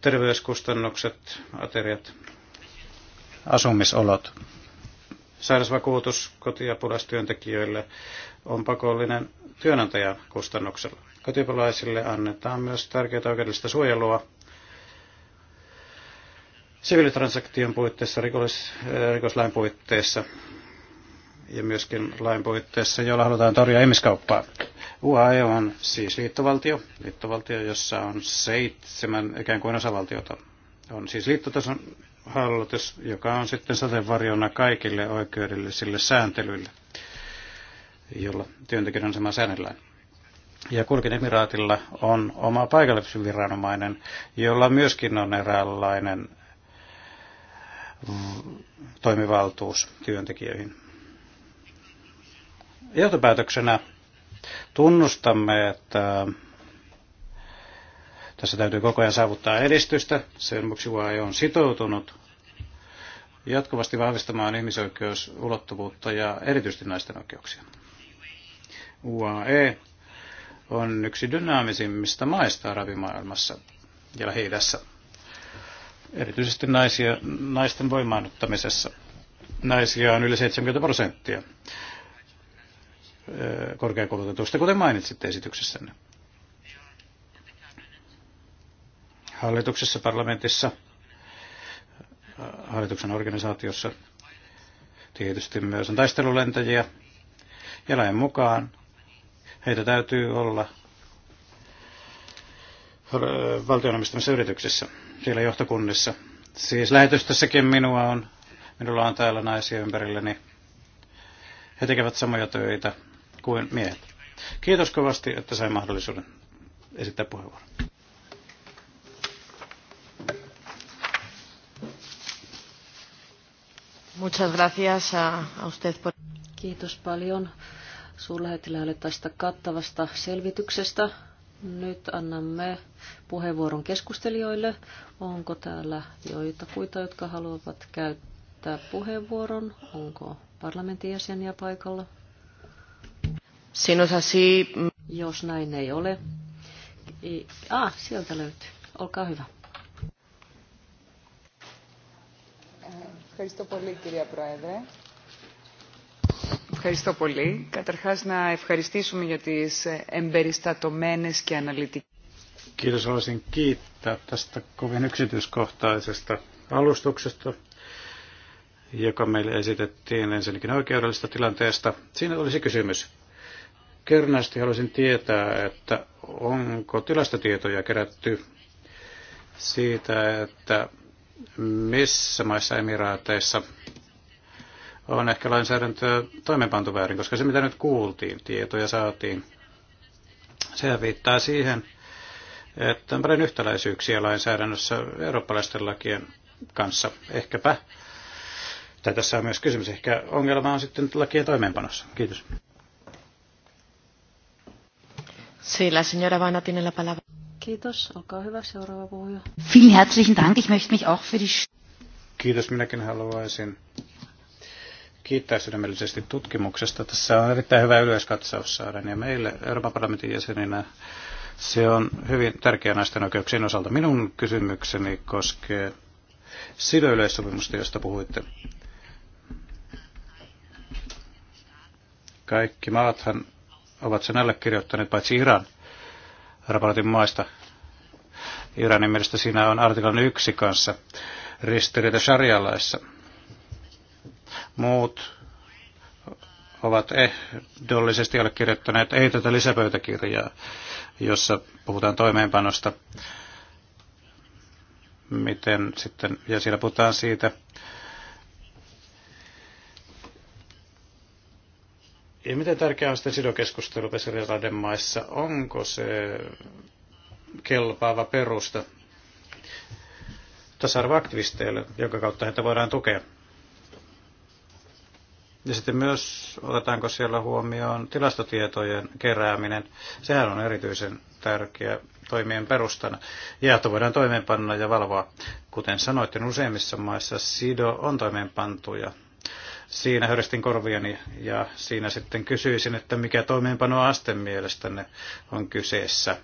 terveyskustannukset, ateriat, asumisolot. Sairausvakuutus kotiapulaistyöntekijöille on pakollinen työnantajan kustannuksella. Kotiapulaisille annetaan myös tärkeää oikeudellista suojelua Sivilitransaktion puitteissa, rikollis, eh, rikoslain puitteissa ja myöskin lain puitteissa, jolla halutaan torjua ihmiskauppaa. UAE on siis liittovaltio, liittovaltio, jossa on seitsemän ikään kuin osavaltiota. On siis liittotason hallitus, joka on sitten sateenvarjona kaikille oikeudellisille sääntelyille, jolla työntekijöiden asema säännellään. Ja Kulkin emiraatilla on oma paikallisviranomainen, jolla myöskin on eräänlainen toimivaltuus työntekijöihin. Johtopäätöksenä tunnustamme, että tässä täytyy koko ajan saavuttaa edistystä, sen vuoksi UAE on sitoutunut jatkuvasti vahvistamaan ihmisoikeusulottuvuutta ja erityisesti naisten oikeuksia. UAE on yksi dynaamisimmista maista arabimaailmassa ja lähi Erityisesti naisia, naisten voimaannuttamisessa. Naisia on yli 70 prosenttia eh, korkeakoulutetuista, kuten mainitsitte esityksessänne. hallituksessa, parlamentissa, hallituksen organisaatiossa tietysti myös on taistelulentäjiä. Ja lain mukaan heitä täytyy olla valtion omistamissa yrityksissä, siellä johtokunnissa. Siis lähetystössäkin minua on, minulla on täällä naisia ympärilläni. He tekevät samoja töitä kuin miehet. Kiitos kovasti, että sain mahdollisuuden esittää puheenvuoron. Muchas gracias a, a usted por... Kiitos paljon suurlähettiläälle tästä kattavasta selvityksestä. Nyt annamme puheenvuoron keskustelijoille. Onko täällä joitakuita, jotka haluavat käyttää puheenvuoron? Onko parlamentin jäseniä paikalla? Sinusasi... No mm. Jos näin ei ole. Ah, sieltä löytyy. Olkaa hyvä. Ευχαριστώ πολύ κυρία Πρόεδρε. Ευχαριστώ πολύ. Καταρχάς να ευχαριστήσουμε για τις εμπεριστατωμένες και αναλυτικές. Kiitos, haluaisin kiittää tästä kovin yksityiskohtaisesta alustuksesta, joka meille esitettiin ensinnäkin oikeudellisesta tilanteesta. Siinä olisi kysymys. Kernaasti haluaisin tietää, että onko tilastotietoja kerätty siitä, että missä maissa emiraateissa on ehkä lainsäädäntöä toimeenpantu väärin, koska se mitä nyt kuultiin, tietoja saatiin, se viittaa siihen, että on paljon yhtäläisyyksiä lainsäädännössä eurooppalaisten lakien kanssa. Ehkäpä, tai tässä on myös kysymys, ehkä ongelma on sitten lakien toimeenpanossa. Kiitos. Sillä, señora Vanatinella palaa. Kiitos. Vielen herzlichen Dank. Ich möchte mich auch für die... Kiitos. Minäkin haluaisin kiittää sydämellisesti tutkimuksesta. Tässä on erittäin hyvä yleiskatsaus saada. Ja meille Euroopan parlamentin jäseninä se on hyvin tärkeä naisten oikeuksien osalta. Minun kysymykseni koskee sidoyleissopimusta, josta puhuitte. Kaikki maathan ovat sen allekirjoittaneet, paitsi Iran – raportin maista. Iranin mielestä siinä on artiklan yksi kanssa ristiriita sarjalaissa. Muut ovat ehdollisesti allekirjoittaneet ei tätä lisäpöytäkirjaa, jossa puhutaan toimeenpanosta, miten sitten, ja siellä puhutaan siitä, Ja miten tärkeää on sitten sidokeskustelu Vesiriraden maissa? Onko se kelpaava perusta tasa-arvoaktivisteille, jonka kautta heitä voidaan tukea? Ja sitten myös otetaanko siellä huomioon tilastotietojen kerääminen. Sehän on erityisen tärkeä toimien perustana. Ja että voidaan toimeenpanna ja valvoa. Kuten sanoitte, niin useimmissa maissa SIDO on toimeenpantu ja siinä höristin korviani ja siinä sitten kysyisin, että mikä toimeenpanoaste mielestänne on kyseessä.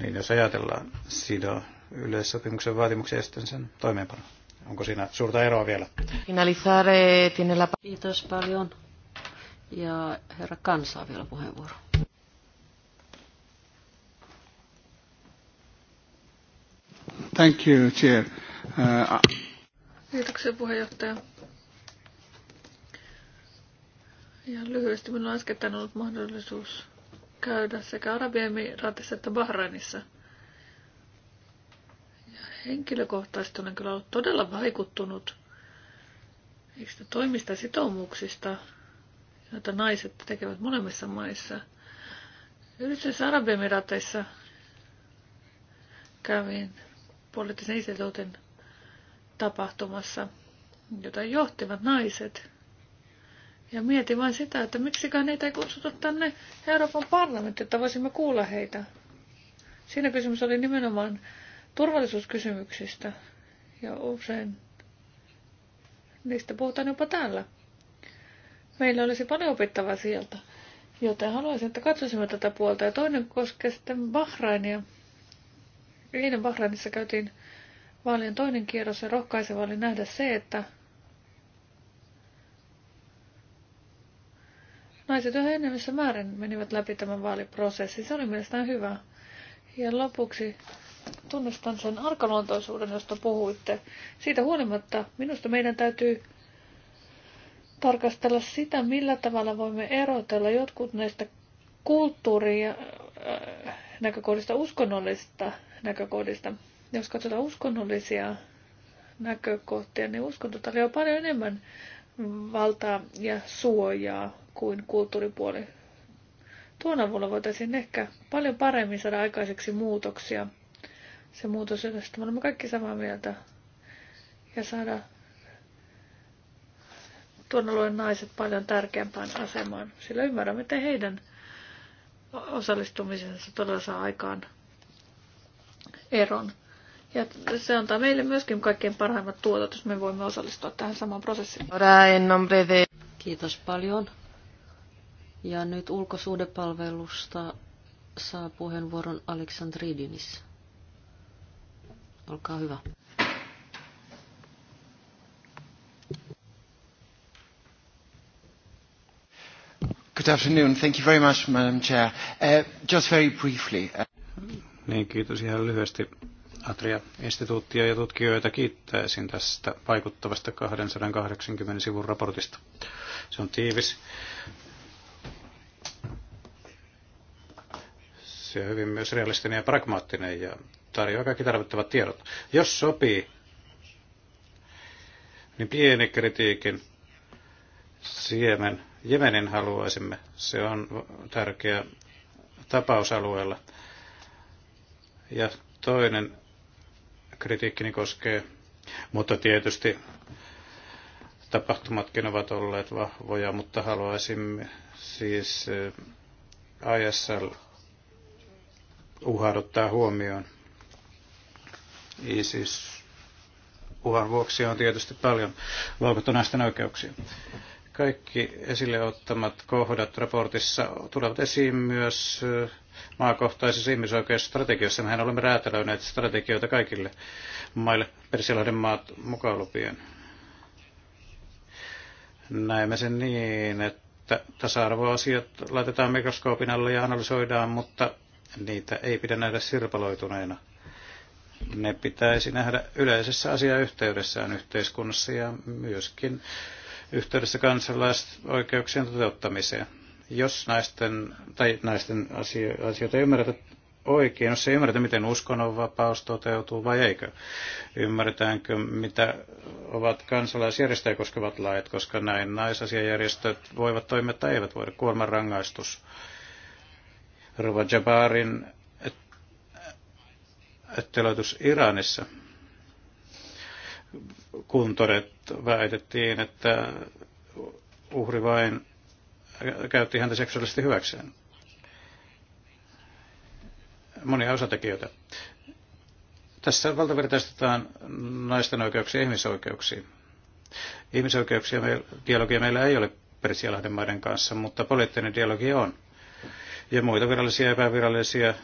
Niin jos ajatellaan SIDO yleissopimuksen vaatimuksen ja sitten sen toimeenpano. Onko siinä suurta eroa vielä? Finalizar eh, tiene Kiitos paljon. Ja herra Kansaa vielä puheenvuoro. Thank you, Chair. Kiitoksia puheenjohtaja. Ihan lyhyesti minulla on ollut mahdollisuus käydä sekä Arabiemiraatissa että Bahrainissa. Ja henkilökohtaisesti olen kyllä ollut todella vaikuttunut niistä toimista sitoumuksista, joita naiset tekevät molemmissa maissa. Yhdistyissä Arabiemiraatissa kävin poliittisen instituutin tapahtumassa, jota johtivat naiset. Ja mietin vain sitä, että miksikään heitä ei kutsuta tänne Euroopan parlamenttiin, että voisimme kuulla heitä. Siinä kysymys oli nimenomaan turvallisuuskysymyksistä. Ja usein niistä puhutaan jopa täällä. Meillä olisi paljon opittavaa sieltä. Joten haluaisin, että katsoisimme tätä puolta. Ja toinen koskee sitten Bahrainia. Eilen Bahrainissa käytiin vaalien toinen kierros ja rohkaiseva oli nähdä se, että naiset yhä enemmissä määrin menivät läpi tämän vaaliprosessin. Se oli mielestäni hyvä. Ja lopuksi tunnustan sen arkaluontoisuuden, josta puhuitte. Siitä huolimatta minusta meidän täytyy tarkastella sitä, millä tavalla voimme erotella jotkut näistä kulttuuria äh, näkökohdista, uskonnollisista näkökohdista jos katsotaan uskonnollisia näkökohtia, niin uskonto tarjoaa paljon enemmän valtaa ja suojaa kuin kulttuuripuoli. Tuon avulla voitaisiin ehkä paljon paremmin saada aikaiseksi muutoksia. Se muutos, josta me olemme kaikki samaa mieltä. Ja saada tuon alueen naiset paljon tärkeämpään asemaan, sillä ymmärrämme, että heidän osallistumisensa todella saa aikaan eron ja se antaa meille myöskin kaikkein parhaimmat tuotot, jos me voimme osallistua tähän samaan prosessiin. Kiitos paljon. Ja nyt ulkosuudepalvelusta saa puheenvuoron Aleksandridinis. Olkaa hyvä. Good afternoon. Thank you very much, Madam Chair. Uh, just very briefly. Uh- niin, kiitos ihan lyhyesti Atria-instituuttia ja tutkijoita kiittäisin tästä vaikuttavasta 280 sivun raportista. Se on tiivis. Se on hyvin myös realistinen ja pragmaattinen ja tarjoaa kaikki tarvittavat tiedot. Jos sopii, niin pieni kritiikin siemen Jemenin haluaisimme. Se on tärkeä tapausalueella. Ja toinen kritiikkini koskee. Mutta tietysti tapahtumatkin ovat olleet vahvoja, mutta haluaisin siis eh, ISL ottaa huomioon. ISIS uhan vuoksi on tietysti paljon valkotunaisten oikeuksia. Kaikki esille ottamat kohdat raportissa tulevat esiin myös eh, maakohtaisessa ihmisoikeusstrategiassa. Mehän olemme räätälöineet strategioita kaikille maille, Persialahden maat mukaan lupien. Näemme sen niin, että tasa-arvoasiat laitetaan mikroskoopin alle ja analysoidaan, mutta niitä ei pidä nähdä sirpaloituneena. Ne pitäisi nähdä yleisessä asiayhteydessään yhteiskunnassa ja myöskin yhteydessä kansalaisoikeuksien toteuttamiseen. Jos naisten, tai naisten asioita ei ymmärretä oikein, jos ei ymmärretä, miten uskonnonvapaus toteutuu vai eikö. Ymmärretäänkö, mitä ovat kansalaisjärjestöjä koskevat lait, koska näin naisasiajärjestöt voivat toimia tai eivät voida. Kuorman rangaistus. Ruva Jabarin etteloitus Iranissa kuntoret väitettiin, että uhri vain käytti häntä seksuaalisesti hyväkseen. Monia osatekijöitä. Tässä valtavirtaistetaan naisten oikeuksia ja ihmisoikeuksiin. Ihmisoikeuksia dialogia meillä ei ole Persialahden maiden kanssa, mutta poliittinen dialogi on. Ja muita virallisia ja epävirallisia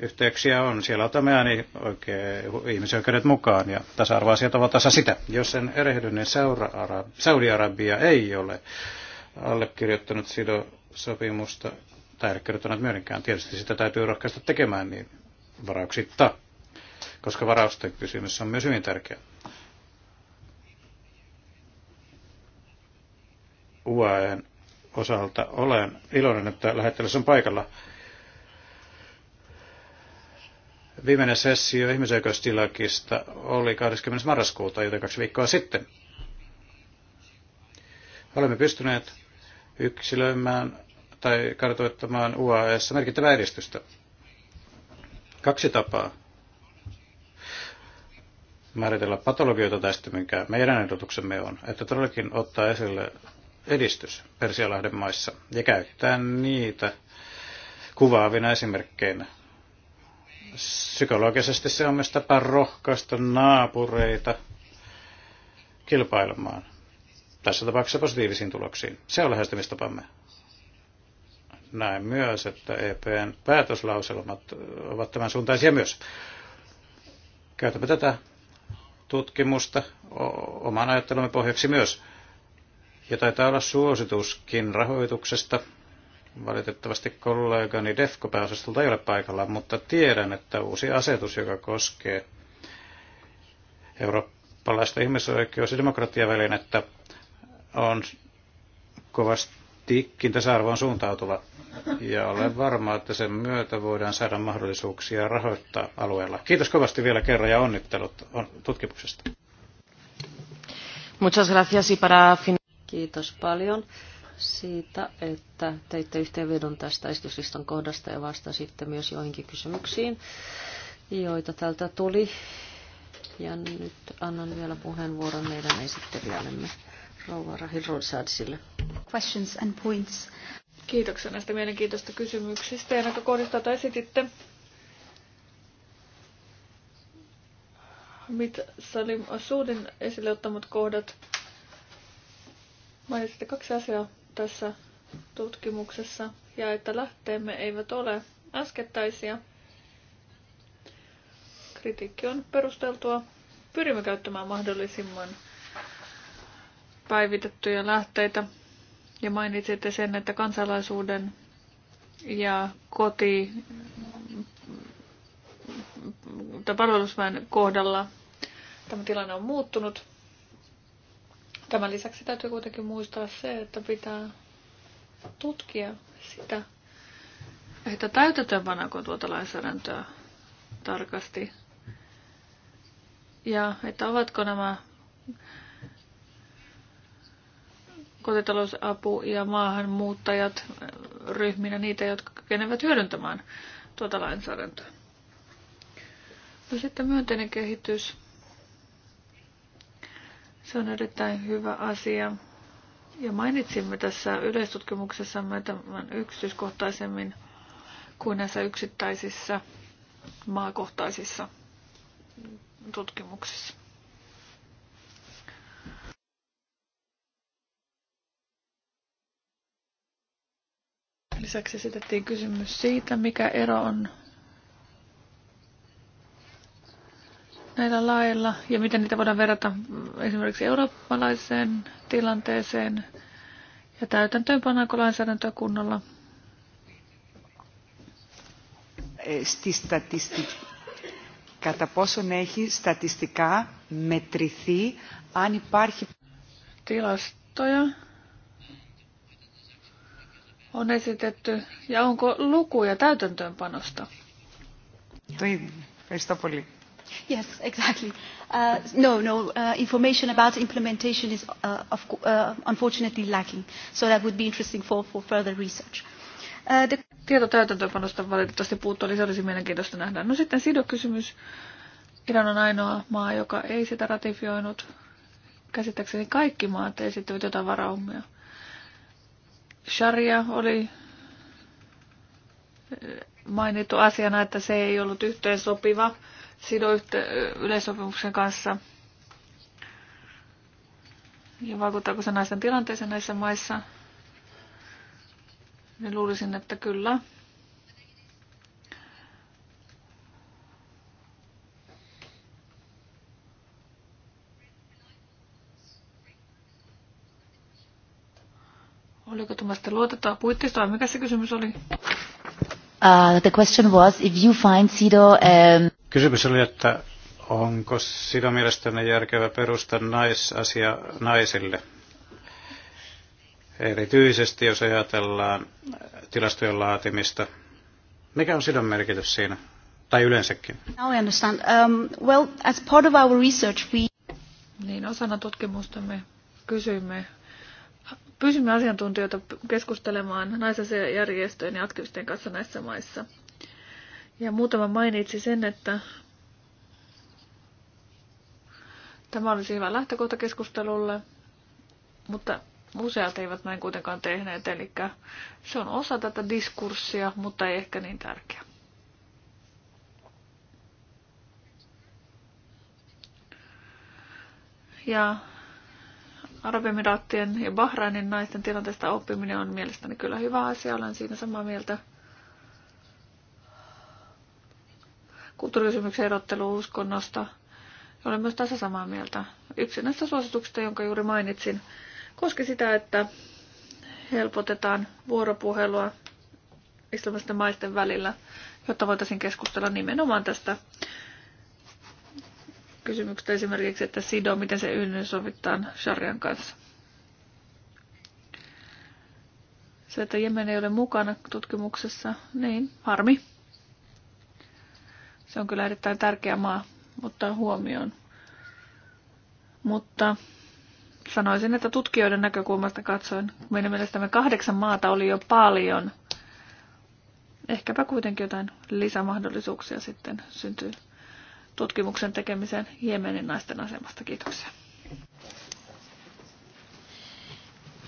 yhteyksiä on. Siellä otamme ääni oikein ihmisoikeudet mukaan ja tasa-arvoasiat ovat tasa sitä. Jos sen erehdy, niin Saudi-Arabia ei ole allekirjoittanut sidosopimusta tai allekirjoittanut myödenkään. Tietysti sitä täytyy rohkaista tekemään niin varauksitta, koska varausten kysymys on myös hyvin tärkeä. UAEn osalta olen iloinen, että lähettiläs on paikalla Viimeinen sessio ihmisoikeustilakista oli 20. marraskuuta, joten kaksi viikkoa sitten. Olemme pystyneet yksilöimään tai kartoittamaan UAS merkittävää edistystä. Kaksi tapaa määritellä patologioita tästä, minkä meidän ehdotuksemme on, että todellakin ottaa esille edistys Persialahden maissa ja käyttää niitä kuvaavina esimerkkeinä psykologisesti se on myös tapa rohkaista naapureita kilpailemaan. Tässä tapauksessa positiivisiin tuloksiin. Se on lähestymistapamme. Näin myös, että EPn päätöslauselmat ovat tämän suuntaisia myös. Käytämme tätä tutkimusta oman ajattelumme pohjaksi myös. Ja taitaa olla suosituskin rahoituksesta Valitettavasti kollegani DEFCO-pääosastolta ei ole paikalla, mutta tiedän, että uusi asetus, joka koskee eurooppalaista ihmisoikeus- ja demokratiavälinettä, on kovastikin tasa-arvoon suuntautuva. Ja olen varma, että sen myötä voidaan saada mahdollisuuksia rahoittaa alueella. Kiitos kovasti vielä kerran ja onnittelut tutkimuksesta. Muchas gracias y para Kiitos paljon siitä, että teitte yhteenvedon tästä esityslistan kohdasta ja vastasitte myös joihinkin kysymyksiin, joita tältä tuli. Ja nyt annan vielä puheenvuoron meidän esittelijällemme rouva Rahil Rodsadsille. Questions and points. Kiitoksia näistä mielenkiintoista kysymyksistä ja näkökohdista, joita esititte. Mit Salim Asuudin esille ottamat kohdat. Mainitsitte kaksi asiaa tässä tutkimuksessa ja että lähteemme eivät ole äskettäisiä. Kritiikki on perusteltua. Pyrimme käyttämään mahdollisimman päivitettyjä lähteitä ja mainitsitte sen, että kansalaisuuden ja koti tai palvelusväen kohdalla tämä tilanne on muuttunut. Tämän lisäksi täytyy kuitenkin muistaa se, että pitää tutkia sitä, että täytetään vanhako tuota lainsäädäntöä tarkasti. Ja että ovatko nämä kotitalousapu ja maahanmuuttajat ryhminä niitä, jotka kenevät hyödyntämään tuota lainsäädäntöä. No sitten myönteinen kehitys se on erittäin hyvä asia. Ja mainitsimme tässä yleistutkimuksessamme tämän yksityiskohtaisemmin kuin näissä yksittäisissä maakohtaisissa tutkimuksissa. Lisäksi esitettiin kysymys siitä, mikä ero on näillä lailla ja miten niitä voidaan verrata esimerkiksi eurooppalaiseen tilanteeseen ja täytäntöönpanaanko lainsäädäntöä kunnolla? Κατά πόσον έχει στατιστικά μετρηθεί αν υπάρχει... Tilastoja on esitetty ja onko lukuja täytäntöönpanosta? Ευχαριστώ πολύ. Yes, exactly. Uh, no, no, uh, information about implementation is uh, of, uh, unfortunately lacking, so that would be interesting for, for further research. Uh, Tieto täytäntöpanosta valitettavasti puuttuu, eli se olisi mielenkiintoista nähdä. No sitten sidokysymys. Iran on ainoa maa, joka ei sitä ratifioinut. Käsittääkseni kaikki maat esittivät jotain varaumia. Sharia oli eh, mainittu asiana, että se ei ollut yhteensopiva sido yleisopimuksen kanssa ja vaikuttaako se naisten tilanteeseen näissä maissa, niin luulisin, että kyllä. Oliko tuommoista luotettava puitteisto vai mikä se kysymys oli? Uh, the question was if you find Sido um... Kysymys oli, että onko sinun mielestäni järkevä perusta naisasia naisille? Erityisesti jos ajatellaan tilastojen laatimista. Mikä on sinun merkitys siinä? Tai yleensäkin? Now I understand. Um, well, as part of our research we... Niin, osana me kysymme pysymme asiantuntijoita keskustelemaan naisasiajärjestöjen ja aktivisten kanssa näissä maissa. Ja muutama mainitsi sen, että tämä olisi hyvä lähtökohta keskustelulle, mutta useat eivät näin kuitenkaan tehneet, eli se on osa tätä diskurssia, mutta ei ehkä niin tärkeä. Ja Arabemiraattien ja Bahrainin naisten tilanteesta oppiminen on mielestäni kyllä hyvä asia, olen siinä samaa mieltä. kulttuurikysymyksen erottelu uskonnosta. Olen myös tässä samaa mieltä. Yksi näistä suosituksista, jonka juuri mainitsin, koski sitä, että helpotetaan vuoropuhelua islamisten maisten välillä, jotta voitaisiin keskustella nimenomaan tästä kysymyksestä esimerkiksi, että sido, miten se sovittaa sarjan kanssa. Se, että Jemen ei ole mukana tutkimuksessa, niin harmi. Se on kyllä erittäin tärkeä maa ottaa huomioon. Mutta sanoisin, että tutkijoiden näkökulmasta katsoen meidän mielestämme kahdeksan maata oli jo paljon. Ehkäpä kuitenkin jotain lisämahdollisuuksia sitten syntyy tutkimuksen tekemiseen Jemenin naisten asemasta. Kiitoksia.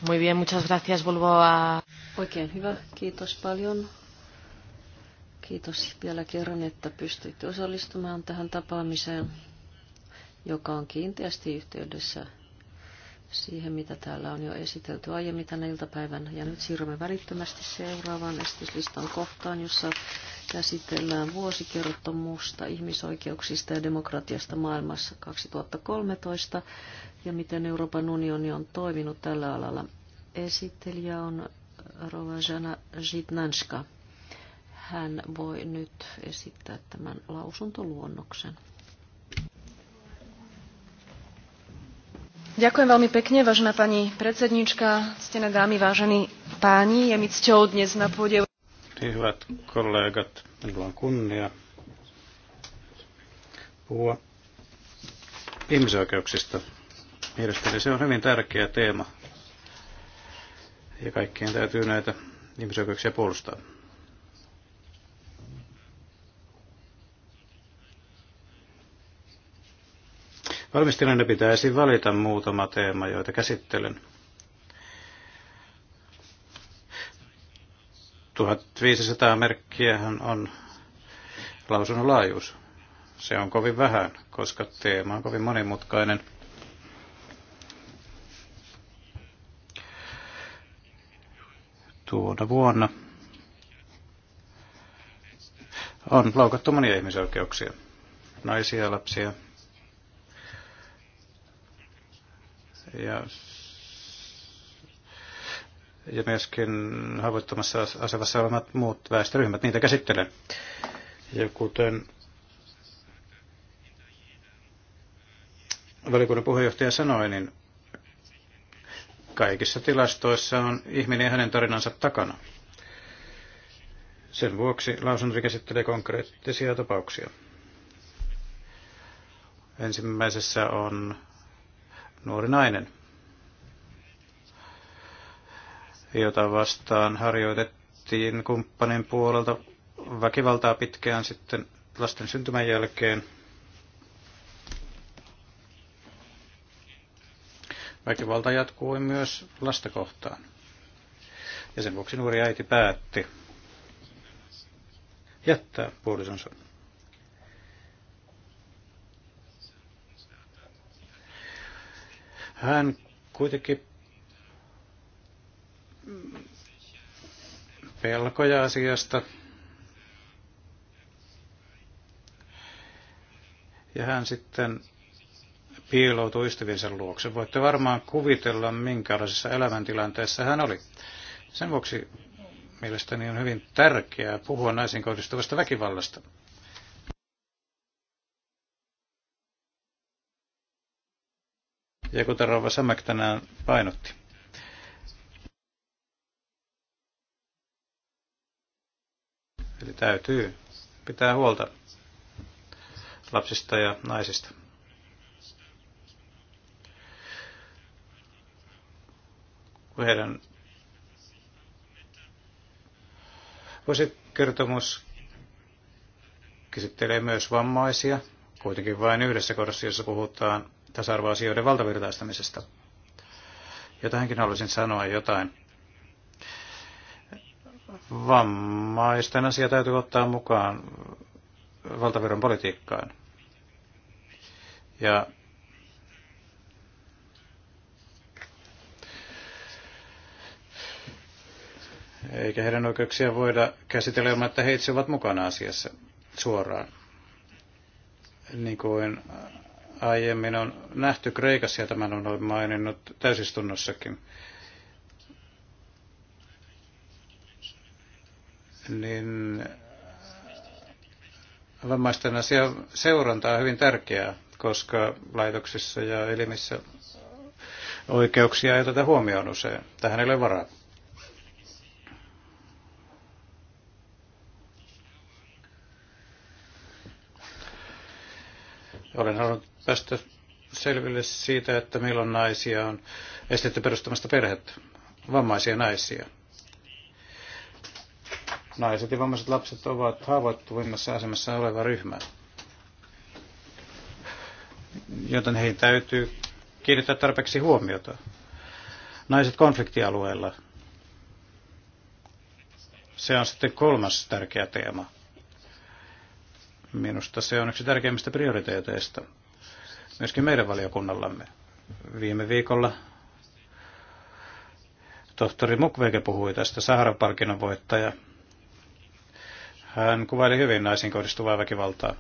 Muy bien, muchas gracias. Vuelvo a... Oikein hyvä, kiitos paljon. Kiitos vielä kerran, että pystyit osallistumaan tähän tapaamiseen, joka on kiinteästi yhteydessä siihen, mitä täällä on jo esitelty aiemmin tänä iltapäivänä. Ja nyt siirrymme välittömästi seuraavaan esityslistan kohtaan, jossa käsitellään vuosikertomusta ihmisoikeuksista ja demokratiasta maailmassa 2013 ja miten Euroopan unioni on toiminut tällä alalla. Esittelijä on Jana Žitnanska hän voi nyt esittää tämän lausuntoluonnoksen. Ďakujem veľmi pekne, vážená pani predsednička, ctené dámy, vážení páni. Je mi cťou dnes na pôde... Hyvät kollegat, minulla on kunnia puhua ihmisoikeuksista. Mielestäni se on hyvin tärkeä teema ja kaikkien täytyy näitä ihmisoikeuksia puolustaa. Valmistelijana pitäisi valita muutama teema, joita käsittelen. 1500 merkkiä on lausunnon laajuus. Se on kovin vähän, koska teema on kovin monimutkainen. Tuona vuonna on loukattu monia ihmisoikeuksia, naisia, lapsia, ja, ja myöskin haavoittumassa asemassa olevat muut väestöryhmät, niitä käsittelen. Ja kuten valiokunnan puheenjohtaja sanoi, niin kaikissa tilastoissa on ihminen ja hänen tarinansa takana. Sen vuoksi lausuntori käsittelee konkreettisia tapauksia. Ensimmäisessä on nuori nainen, jota vastaan harjoitettiin kumppanin puolelta väkivaltaa pitkään sitten lasten syntymän jälkeen. Väkivalta jatkui myös lasta kohtaan. Ja sen vuoksi nuori äiti päätti jättää puolisonsa. Hän kuitenkin pelkoja asiasta. Ja hän sitten piiloutui ystäviensä luokse. Voitte varmaan kuvitella, minkälaisessa elämäntilanteessa hän oli. Sen vuoksi mielestäni on hyvin tärkeää puhua naisiin kohdistuvasta väkivallasta. Ja kuten Rova Samek tänään painotti. Eli täytyy pitää huolta lapsista ja naisista. Kun heidän vuosikertomus käsittelee myös vammaisia, kuitenkin vain yhdessä kohdassa, jossa puhutaan tasa-arvoasioiden valtavirtaistamisesta. Ja tähänkin haluaisin sanoa jotain. Vammaisten asia täytyy ottaa mukaan valtaviran politiikkaan. Ja eikä heidän oikeuksia voida käsitellä ilman, että he itse ovat mukana asiassa suoraan. Niin kuin aiemmin on nähty Kreikassa, ja tämän on maininnut täysistunnossakin, niin vammaisten asia seuranta on hyvin tärkeää, koska laitoksissa ja elimissä oikeuksia ei tätä huomioon usein. Tähän ei ole varaa. Olen halunnut päästä selville siitä, että milloin naisia on estetty perustamasta perhettä, vammaisia naisia. Naiset ja vammaiset lapset ovat haavoittuvimmassa asemassa oleva ryhmä, joten heihin täytyy kiinnittää tarpeeksi huomiota. Naiset konfliktialueella. Se on sitten kolmas tärkeä teema. Minusta se on yksi tärkeimmistä prioriteeteista myöskin meidän valiokunnallamme. Viime viikolla tohtori Mukwege puhui tästä Sahara-palkinnon voittaja. Hän kuvaili hyvin naisiin kohdistuvaa väkivaltaa.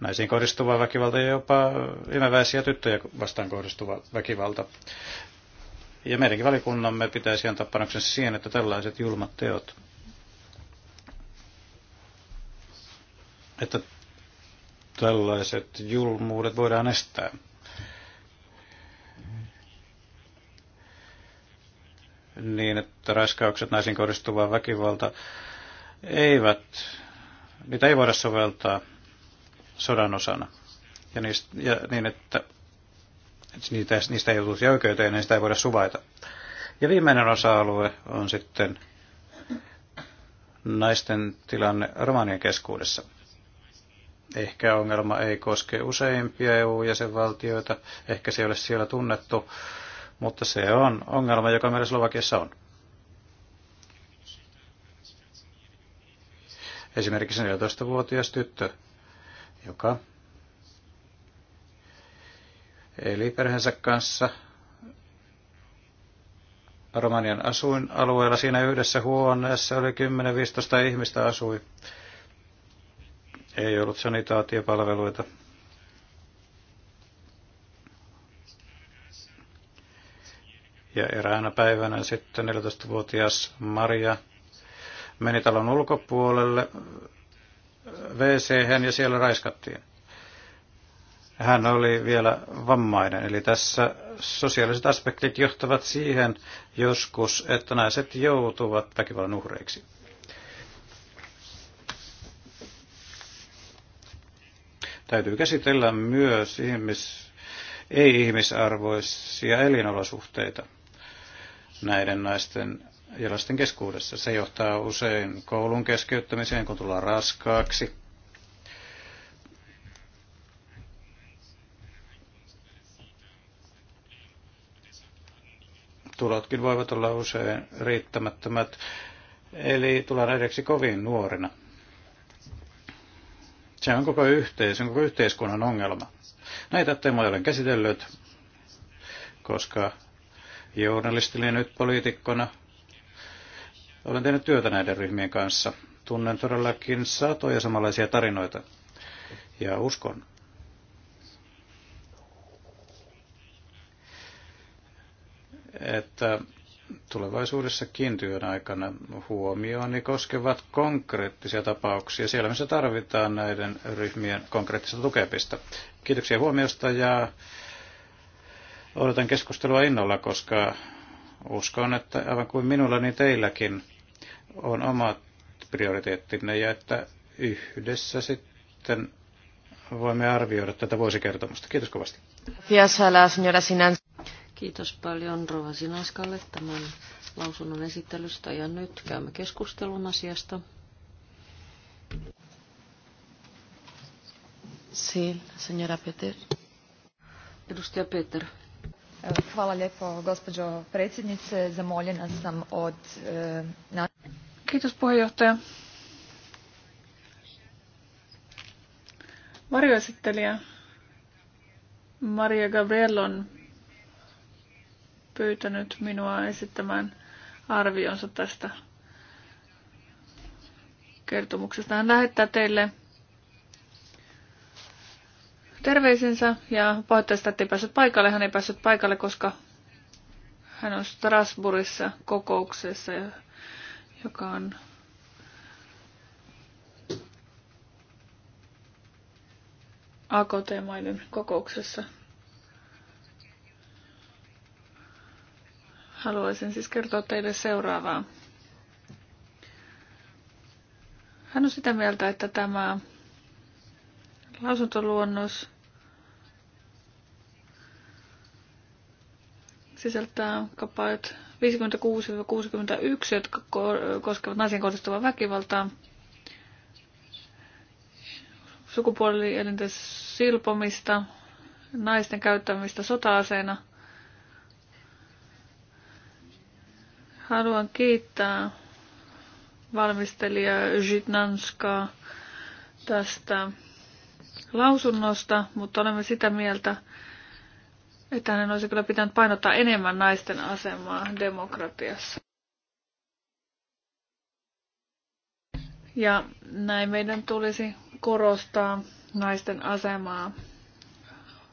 Naisiin kohdistuvaa väkivaltaa ja jopa imeväisiä tyttöjä vastaan kohdistuva väkivalta. Ja meidänkin valikunnamme pitäisi antaa panoksen siihen, että tällaiset julmat teot, että tällaiset julmuudet voidaan estää. Niin, että raiskaukset, naisiin kohdistuva väkivalta eivät, niitä ei voida soveltaa sodan osana. Ja, niistä, ja niin, että niitä, niistä ei joutuisi oikeuteen niin sitä ei voida suvaita. Ja viimeinen osa-alue on sitten naisten tilanne romanien keskuudessa – Ehkä ongelma ei koske useimpia EU-jäsenvaltioita, ehkä se ei ole siellä tunnettu, mutta se on ongelma, joka meillä Slovakiassa on. Esimerkiksi 14-vuotias tyttö, joka eli perheensä kanssa Romanian asuinalueella. Siinä yhdessä huoneessa oli 10-15 ihmistä asui ei ollut sanitaatiopalveluita. Ja eräänä päivänä sitten 14-vuotias Maria meni talon ulkopuolelle wc ja siellä raiskattiin. Hän oli vielä vammainen, eli tässä sosiaaliset aspektit johtavat siihen joskus, että naiset joutuvat väkivallan uhreiksi. Täytyy käsitellä myös ihmis, ei-ihmisarvoisia elinolosuhteita näiden naisten ja lasten keskuudessa. Se johtaa usein koulun keskeyttämiseen, kun tullaan raskaaksi. Tulotkin voivat olla usein riittämättömät, eli tullaan edeksi kovin nuorina. Se on koko yhteisön, koko yhteiskunnan ongelma. Näitä teemoja olen käsitellyt, koska journalistilin nyt poliitikkona olen tehnyt työtä näiden ryhmien kanssa. Tunnen todellakin satoja samanlaisia tarinoita ja uskon. että tulevaisuudessakin työn aikana huomioon, niin koskevat konkreettisia tapauksia siellä, missä tarvitaan näiden ryhmien konkreettista tukepista. Kiitoksia huomiosta ja odotan keskustelua innolla, koska uskon, että aivan kuin minulla, niin teilläkin on omat prioriteettinne ja että yhdessä sitten voimme arvioida tätä vuosikertomusta. Kiitos kovasti. Kiitos, señora Sinan. Kiitos paljon Rova Sinaskalle tämän lausunnon esittelystä ja nyt käymme keskustelun asiasta. Sí, señora Peter. Edustaja Peter. Hvala lijepo, gospođo predsjednice. Zamoljena sam od... E, Kiitos puheenjohtaja. Varjoesittelijä Maria Gabriel on pyytänyt minua esittämään arvionsa tästä kertomuksesta. Hän lähettää teille terveisensä ja sitä, että ei päässyt paikalle. Hän ei päässyt paikalle, koska hän on Strasbourgissa kokouksessa, joka on AKT-maiden kokouksessa Haluaisin siis kertoa teille seuraavaa. Hän on sitä mieltä, että tämä lausuntoluonnos sisältää kappaleet 56-61, jotka koskevat naisiin kohdistuvaa väkivaltaa, sukupuolielinten silpomista, naisten käyttämistä sota-aseena – Haluan kiittää valmistelija Jitnanskaa tästä lausunnosta, mutta olemme sitä mieltä, että hänen olisi kyllä pitänyt painottaa enemmän naisten asemaa demokratiassa. Ja näin meidän tulisi korostaa naisten asemaa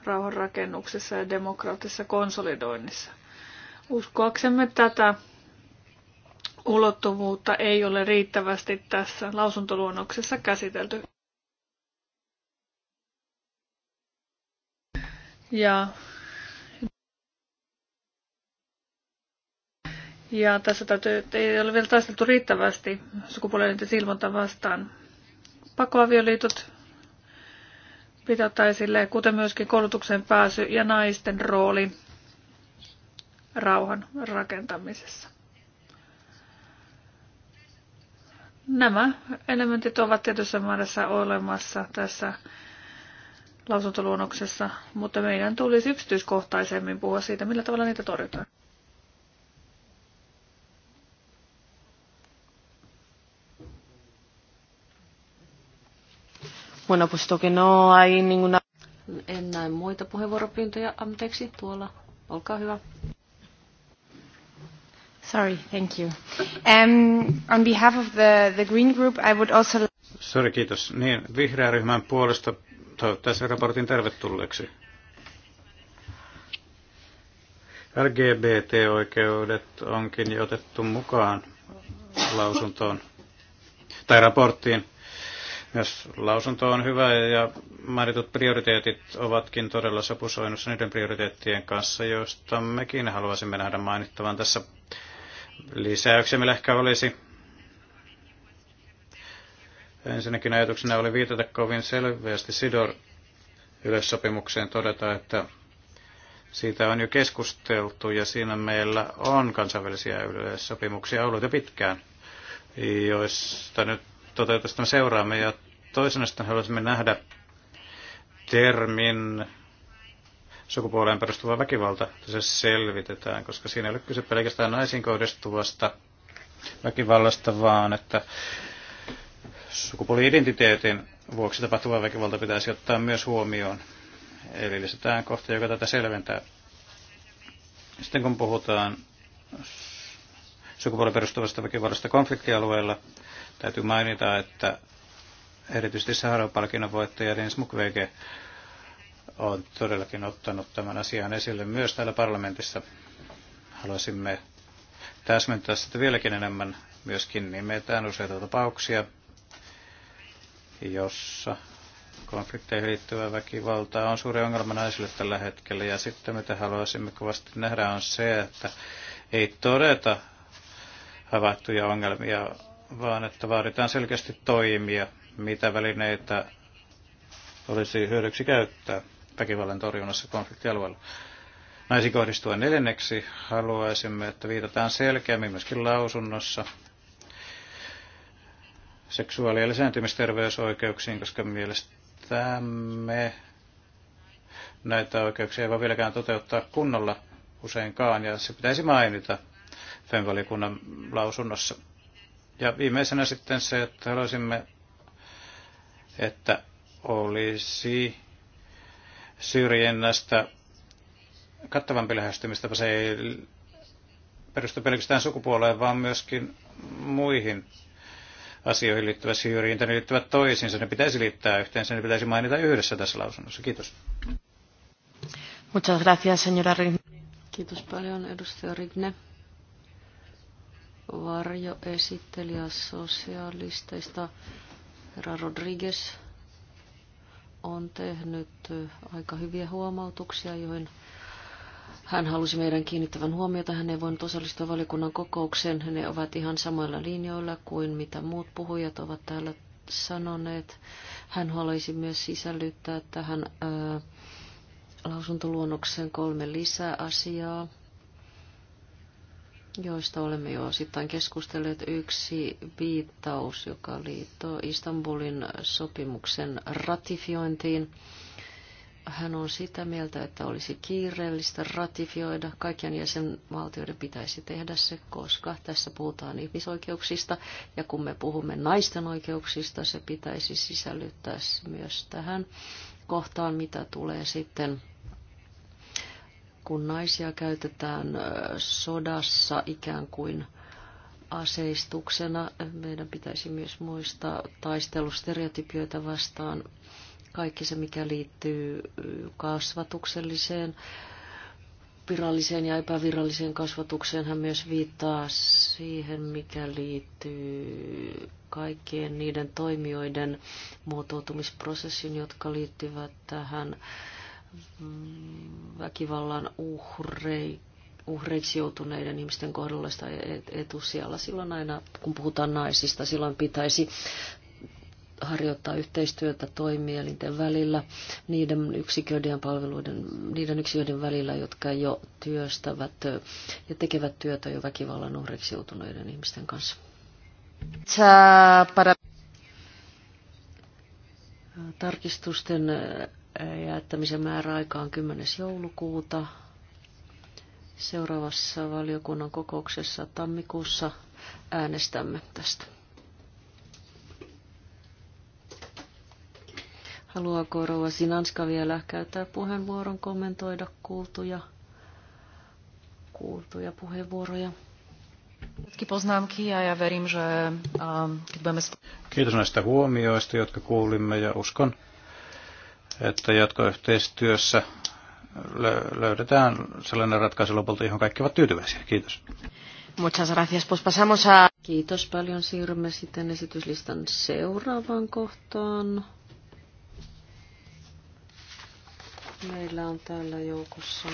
rauhanrakennuksessa ja demokraattisessa konsolidoinnissa. Uskoaksemme tätä ulottuvuutta ei ole riittävästi tässä lausuntoluonnoksessa käsitelty. Ja, ja tässä täytyy, ei ole vielä taisteltu riittävästi sukupuolielinten silvonta vastaan. Pakoavioliitot pitää ottaa esille, kuten myöskin koulutuksen pääsy ja naisten rooli rauhan rakentamisessa. Nämä elementit ovat tietyssä määrässä olemassa tässä lausuntoluonnoksessa, mutta meidän tulisi yksityiskohtaisemmin puhua siitä, millä tavalla niitä torjutaan. Bueno, pues toki no hay ninguna... En näe muita puheenvuoropyyntöjä. Anteeksi, tuolla. Olkaa hyvä. Sorry, thank you. Um, on behalf of the, the Green Group, I would also... Sorry, kiitos. Niin, vihreän ryhmän puolesta toivottaisi raportin tervetulleeksi. LGBT-oikeudet onkin jo otettu mukaan lausuntoon tai raporttiin. Myös lausunto on hyvä ja mainitut prioriteetit ovatkin todella sopusoinnussa niiden prioriteettien kanssa, joista mekin haluaisimme nähdä mainittavan tässä Lisäyksemme ehkä olisi. Ensinnäkin ajatuksena oli viitata kovin selvästi Sidor yleissopimukseen todeta, että siitä on jo keskusteltu ja siinä meillä on kansainvälisiä yleissopimuksia ollut jo pitkään, joista nyt toteutusta seuraamme. Ja toisena sitten haluaisimme nähdä termin sukupuoleen perustuva väkivalta, se selvitetään, koska siinä ei ole kyse pelkästään naisiin kohdistuvasta väkivallasta, vaan että sukupuoli-identiteetin vuoksi tapahtuva väkivalta pitäisi ottaa myös huomioon. Eli lisätään kohta, joka tätä selventää. Sitten kun puhutaan sukupuolen perustuvasta väkivallasta konfliktialueella, täytyy mainita, että erityisesti Sahara-palkinnon voittaja Dennis Mukwege on todellakin ottanut tämän asian esille myös täällä parlamentissa. Haluaisimme täsmentää sitä vieläkin enemmän. Myöskin nimetään useita tapauksia, jossa konflikteihin liittyvä väkivalta on suuri ongelma naisille tällä hetkellä. Ja sitten mitä haluaisimme kovasti nähdä on se, että ei todeta havaittuja ongelmia, vaan että vaaditaan selkeästi toimia, mitä välineitä olisi hyödyksi käyttää väkivallan torjunnassa konfliktialueella. Naisiin kohdistuen neljänneksi haluaisimme, että viitataan selkeämmin myöskin lausunnossa seksuaali- ja lisääntymisterveysoikeuksiin, koska mielestämme näitä oikeuksia ei voi vieläkään toteuttaa kunnolla useinkaan, ja se pitäisi mainita FEM-valikunnan lausunnossa. Ja viimeisenä sitten se, että haluaisimme, että olisi syrjinnästä. Kattavampi lähestymistapa se ei perustu pelkästään sukupuoleen, vaan myöskin muihin asioihin liittyvä syrjintä. Ne liittyvät toisiinsa, ne pitäisi liittää yhteen, ne pitäisi mainita yhdessä tässä lausunnossa. Kiitos. Muchas gracias, señora Rigne. Kiitos paljon, edustaja Rigne. Varjo esittelijä sosiaalisteista, herra Rodriguez on tehnyt aika hyviä huomautuksia, joihin hän halusi meidän kiinnittävän huomiota. Hän ei voinut osallistua valiokunnan kokoukseen. Ne ovat ihan samoilla linjoilla kuin mitä muut puhujat ovat täällä sanoneet. Hän haluaisi myös sisällyttää tähän ää, lausuntoluonnokseen kolme lisää asiaa joista olemme jo osittain keskustelleet. Yksi viittaus, joka liittoo Istanbulin sopimuksen ratifiointiin. Hän on sitä mieltä, että olisi kiireellistä ratifioida. Kaikkien jäsenvaltioiden pitäisi tehdä se, koska tässä puhutaan ihmisoikeuksista. Ja kun me puhumme naisten oikeuksista, se pitäisi sisällyttää myös tähän kohtaan, mitä tulee sitten kun naisia käytetään sodassa ikään kuin aseistuksena, meidän pitäisi myös muistaa taistelustereotypioita vastaan kaikki se, mikä liittyy kasvatukselliseen, viralliseen ja epäviralliseen kasvatukseen. Hän myös viittaa siihen, mikä liittyy kaikkien niiden toimijoiden muotoutumisprosessiin, jotka liittyvät tähän väkivallan uhrei, uhreiksi joutuneiden ihmisten kohdalla sitä etusijalla. Silloin aina, kun puhutaan naisista, silloin pitäisi harjoittaa yhteistyötä toimielinten välillä, niiden yksiköiden ja palveluiden, niiden yksiköiden välillä, jotka jo työstävät ja tekevät työtä jo väkivallan uhreiksi joutuneiden ihmisten kanssa. Tarkistusten jäättämisen määräaika on 10. joulukuuta. Seuraavassa valiokunnan kokouksessa tammikuussa äänestämme tästä. Haluaako Rouva Sinanska vielä käyttää puheenvuoron, kommentoida kuultuja, kuultuja puheenvuoroja? Kiitos näistä huomioista, jotka kuulimme ja uskon, että jatkoyhteistyössä löydetään sellainen ratkaisu lopulta, johon kaikki ovat tyytyväisiä. Kiitos. Muchas gracias. Pues pasamos a... Kiitos paljon. Siirrymme sitten esityslistan seuraavaan kohtaan. Meillä on täällä joukossa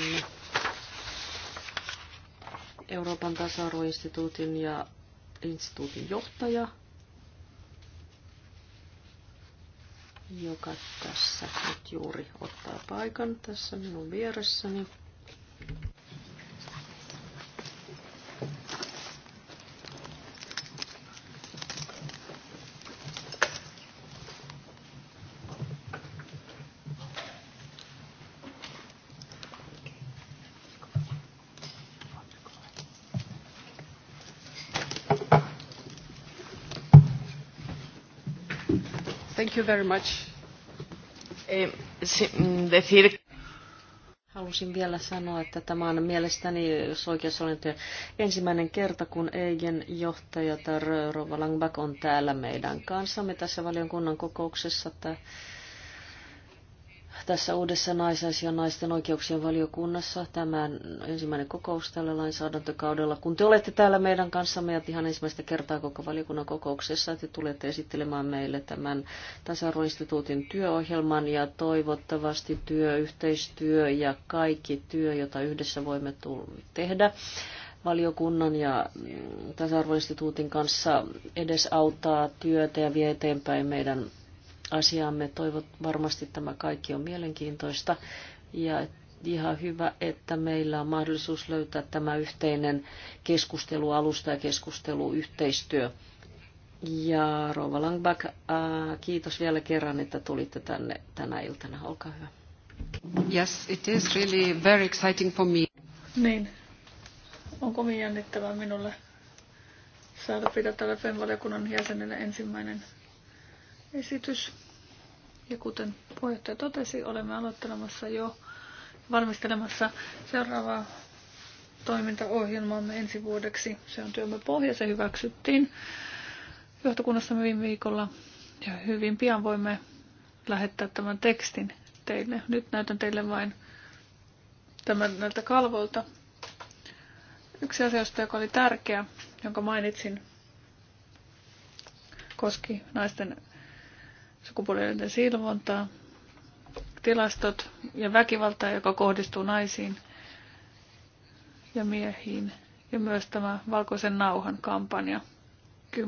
Euroopan tasa-arvoinstituutin ja instituutin johtaja – joka tässä nyt juuri ottaa paikan tässä minun vieressäni. Haluaisin eh, Halusin vielä sanoa, että tämä on mielestäni, jos oikeassa olen, ensimmäinen kerta, kun Eigen johtaja Rova Langback on täällä meidän kanssamme tässä valiokunnan kokouksessa. Että tässä uudessa naisais- ja naisten oikeuksien valiokunnassa. Tämän ensimmäinen kokous tällä lainsäädäntökaudella. Kun te olette täällä meidän kanssamme ja ihan ensimmäistä kertaa koko valiokunnan kokouksessa, te tulette esittelemään meille tämän tasa-arvoinstituutin työohjelman ja toivottavasti työ, yhteistyö ja kaikki työ, jota yhdessä voimme tehdä valiokunnan ja mm, tasa-arvoinstituutin kanssa edesauttaa työtä ja vie eteenpäin meidän asiaamme. Toivot varmasti tämä kaikki on mielenkiintoista ja ihan hyvä, että meillä on mahdollisuus löytää tämä yhteinen keskustelualusta ja keskusteluyhteistyö. Ja Rova Langback, äh, kiitos vielä kerran, että tulitte tänne tänä iltana. Olkaa hyvä. Yes, it is really very exciting for me. Niin. On kovin jännittävää minulle saada pitää tällä FEM-valiokunnan jäsenenä ensimmäinen esitys. Ja kuten puheenjohtaja totesi, olemme aloittelemassa jo valmistelemassa seuraavaa toimintaohjelmaamme ensi vuodeksi. Se on työmme pohja, se hyväksyttiin johtokunnassamme viime viikolla ja hyvin pian voimme lähettää tämän tekstin teille. Nyt näytän teille vain tämän näiltä kalvoilta. Yksi asia, joka oli tärkeä, jonka mainitsin, koski naisten sukupuolinen silvontaa, tilastot ja väkivaltaa, joka kohdistuu naisiin ja miehiin. Ja myös tämä valkoisen nauhan kampanja 10.12.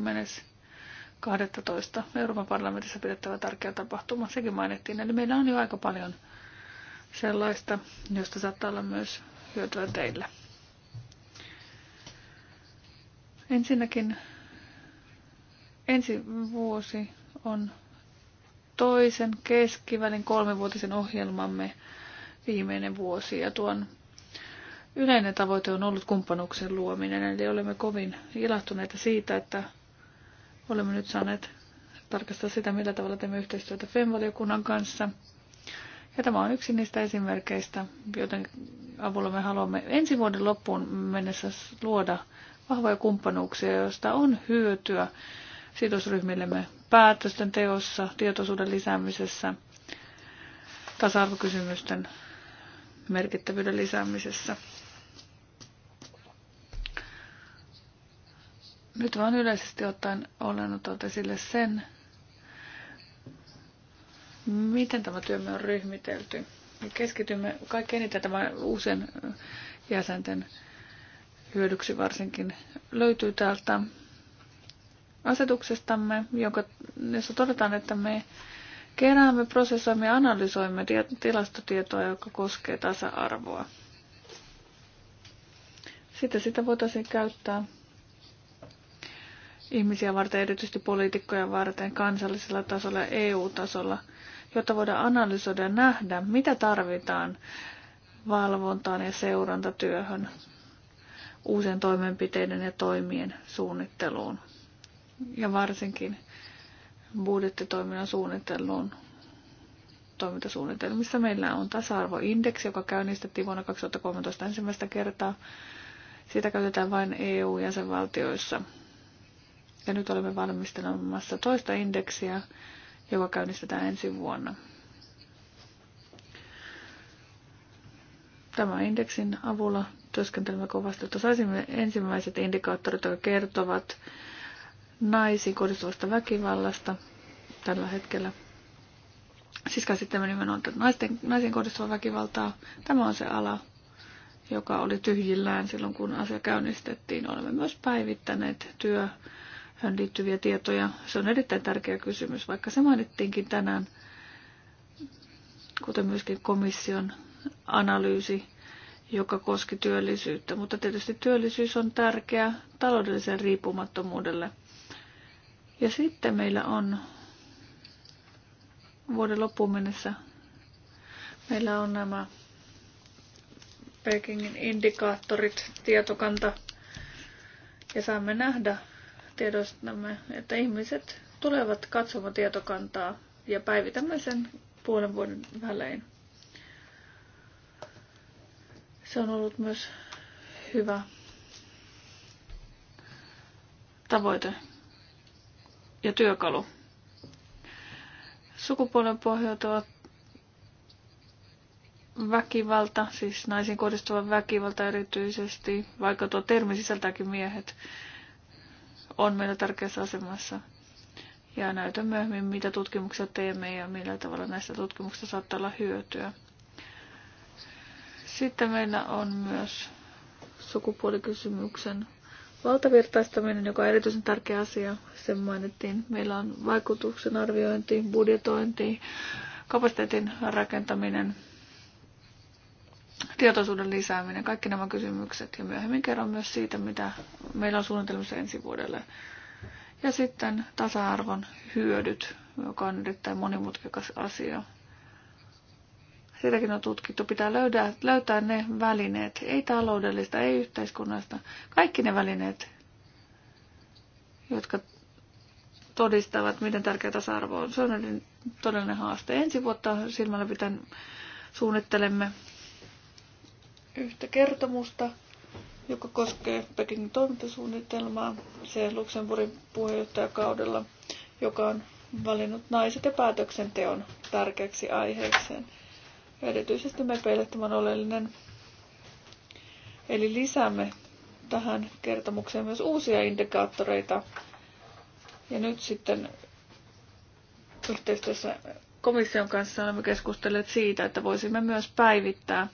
Euroopan parlamentissa pidettävä tärkeä tapahtuma. Sekin mainittiin. Eli meillä on jo aika paljon sellaista, josta saattaa olla myös hyötyä teille. Ensinnäkin ensi vuosi on toisen keskivälin kolmivuotisen ohjelmamme viimeinen vuosi ja tuon yleinen tavoite on ollut kumppanuksen luominen, eli olemme kovin ilahtuneita siitä, että olemme nyt saaneet tarkastaa sitä, millä tavalla teemme yhteistyötä FEM-valiokunnan kanssa. Ja tämä on yksi niistä esimerkkeistä, joten avulla me haluamme ensi vuoden loppuun mennessä luoda vahvoja kumppanuuksia, joista on hyötyä sidosryhmillemme päätösten teossa, tietoisuuden lisäämisessä, tasa-arvokysymysten merkittävyyden lisäämisessä. Nyt vaan yleisesti ottaen olen ottanut esille sen, miten tämä työmme on ryhmitelty. Me keskitymme kaikkein eniten tämän uusien jäsenten hyödyksi varsinkin löytyy täältä asetuksestamme, jonka, jossa todetaan, että me keräämme, prosessoimme ja analysoimme tilastotietoa, joka koskee tasa-arvoa. Sitten sitä voitaisiin käyttää ihmisiä varten, erityisesti poliitikkoja varten, kansallisella tasolla ja EU-tasolla, jotta voidaan analysoida ja nähdä, mitä tarvitaan valvontaan ja seurantatyöhön, uusien toimenpiteiden ja toimien suunnitteluun ja varsinkin budjettitoiminnan suunnittelun toimintasuunnitelmissa meillä on tasa-arvoindeksi, joka käynnistettiin vuonna 2013 ensimmäistä kertaa. Sitä käytetään vain EU-jäsenvaltioissa. Ja nyt olemme valmistelemassa toista indeksiä, joka käynnistetään ensi vuonna. Tämän indeksin avulla työskentelemme kovasti, että saisimme ensimmäiset indikaattorit, jotka kertovat naisiin kohdistuvasta väkivallasta tällä hetkellä. Siis käsittämme nimenomaan naisten, naisiin kohdistuvaa väkivaltaa. Tämä on se ala, joka oli tyhjillään silloin, kun asia käynnistettiin. Olemme myös päivittäneet työhön liittyviä tietoja. Se on erittäin tärkeä kysymys, vaikka se mainittiinkin tänään, kuten myöskin komission analyysi, joka koski työllisyyttä. Mutta tietysti työllisyys on tärkeä taloudelliseen riippumattomuudelle – ja sitten meillä on vuoden loppuun mennessä meillä on nämä Pekingin indikaattorit, tietokanta. Ja saamme nähdä tiedostamme, että ihmiset tulevat katsomaan tietokantaa ja päivitämme sen puolen vuoden välein. Se on ollut myös hyvä tavoite ja työkalu. Sukupuolen ovat väkivalta, siis naisiin kohdistuva väkivalta erityisesti, vaikka tuo termi sisältääkin miehet, on meillä tärkeässä asemassa. Ja näytän myöhemmin, mitä tutkimuksia teemme ja millä tavalla näistä tutkimuksista saattaa olla hyötyä. Sitten meillä on myös sukupuolikysymyksen Valtavirtaistaminen, joka on erityisen tärkeä asia, sen mainittiin. Meillä on vaikutuksen arviointi, budjetointi, kapasiteetin rakentaminen, tietoisuuden lisääminen, kaikki nämä kysymykset. Ja myöhemmin kerron myös siitä, mitä meillä on suunnitelmissa ensi vuodelle. Ja sitten tasa-arvon hyödyt, joka on erittäin monimutkikas asia sitäkin on tutkittu, pitää löydää, löytää ne välineet, ei taloudellista, ei yhteiskunnasta, kaikki ne välineet, jotka todistavat, miten tärkeä tasa-arvo on. Se on todellinen haaste. Ensi vuotta silmällä pitäen suunnittelemme yhtä kertomusta, joka koskee Pekingin toimintasuunnitelmaa. Se Luxemburgin puheenjohtajakaudella, joka on valinnut naiset ja päätöksenteon tärkeäksi aiheekseen. Erityisesti me peille tämä on oleellinen. Eli lisäämme tähän kertomukseen myös uusia indikaattoreita. Ja nyt sitten yhteistyössä komission kanssa olemme keskustelleet siitä, että voisimme myös päivittää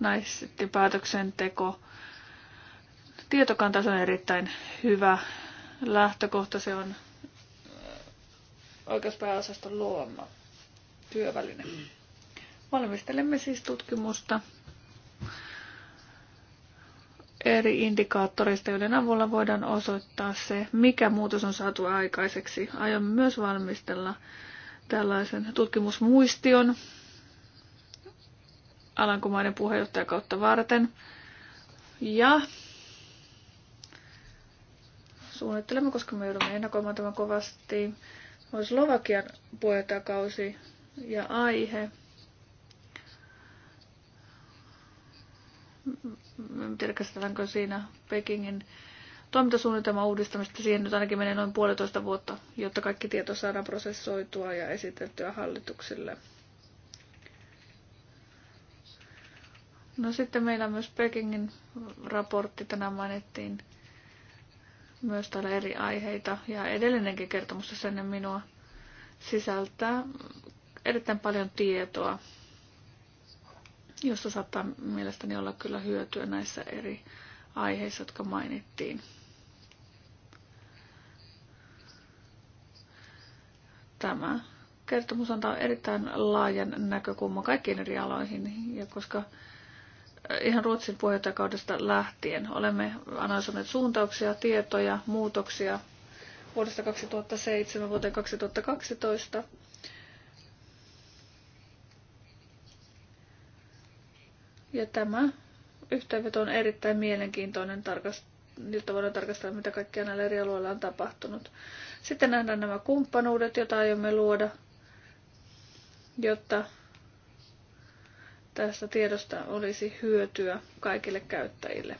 naisten päätöksenteko. Tietokanta on erittäin hyvä lähtökohta, se on oikeuspääosaston luoma työväline. Valmistelemme siis tutkimusta eri indikaattoreista, joiden avulla voidaan osoittaa se, mikä muutos on saatu aikaiseksi. Aion myös valmistella tällaisen tutkimusmuistion puheenjohtaja kautta varten. Ja suunnittelemme, koska me joudumme ennakoimaan tämän kovasti, on Slovakian puheenjohtajakausi ja aihe – En tiedä, käsitelläänkö siinä Pekingin toimintasuunnitelman uudistamista. Siihen nyt ainakin menee noin puolitoista vuotta, jotta kaikki tieto saadaan prosessoitua ja esiteltyä hallitukselle. No sitten meillä on myös Pekingin raportti, tänään mainittiin myös täällä eri aiheita ja edellinenkin kertomus sen minua sisältää erittäin paljon tietoa josta saattaa mielestäni olla kyllä hyötyä näissä eri aiheissa, jotka mainittiin. Tämä kertomus antaa erittäin laajan näkökulman kaikkiin eri aloihin, ja koska eh, ihan Ruotsin puheenjohtajakaudesta lähtien olemme analysoineet suuntauksia, tietoja, muutoksia vuodesta 2007 vuoteen 2012, Ja tämä yhteenveto on erittäin mielenkiintoinen jotta voidaan tarkastella, mitä kaikkia näillä eri alueilla on tapahtunut. Sitten nähdään nämä kumppanuudet, joita aiomme luoda, jotta tästä tiedosta olisi hyötyä kaikille käyttäjille.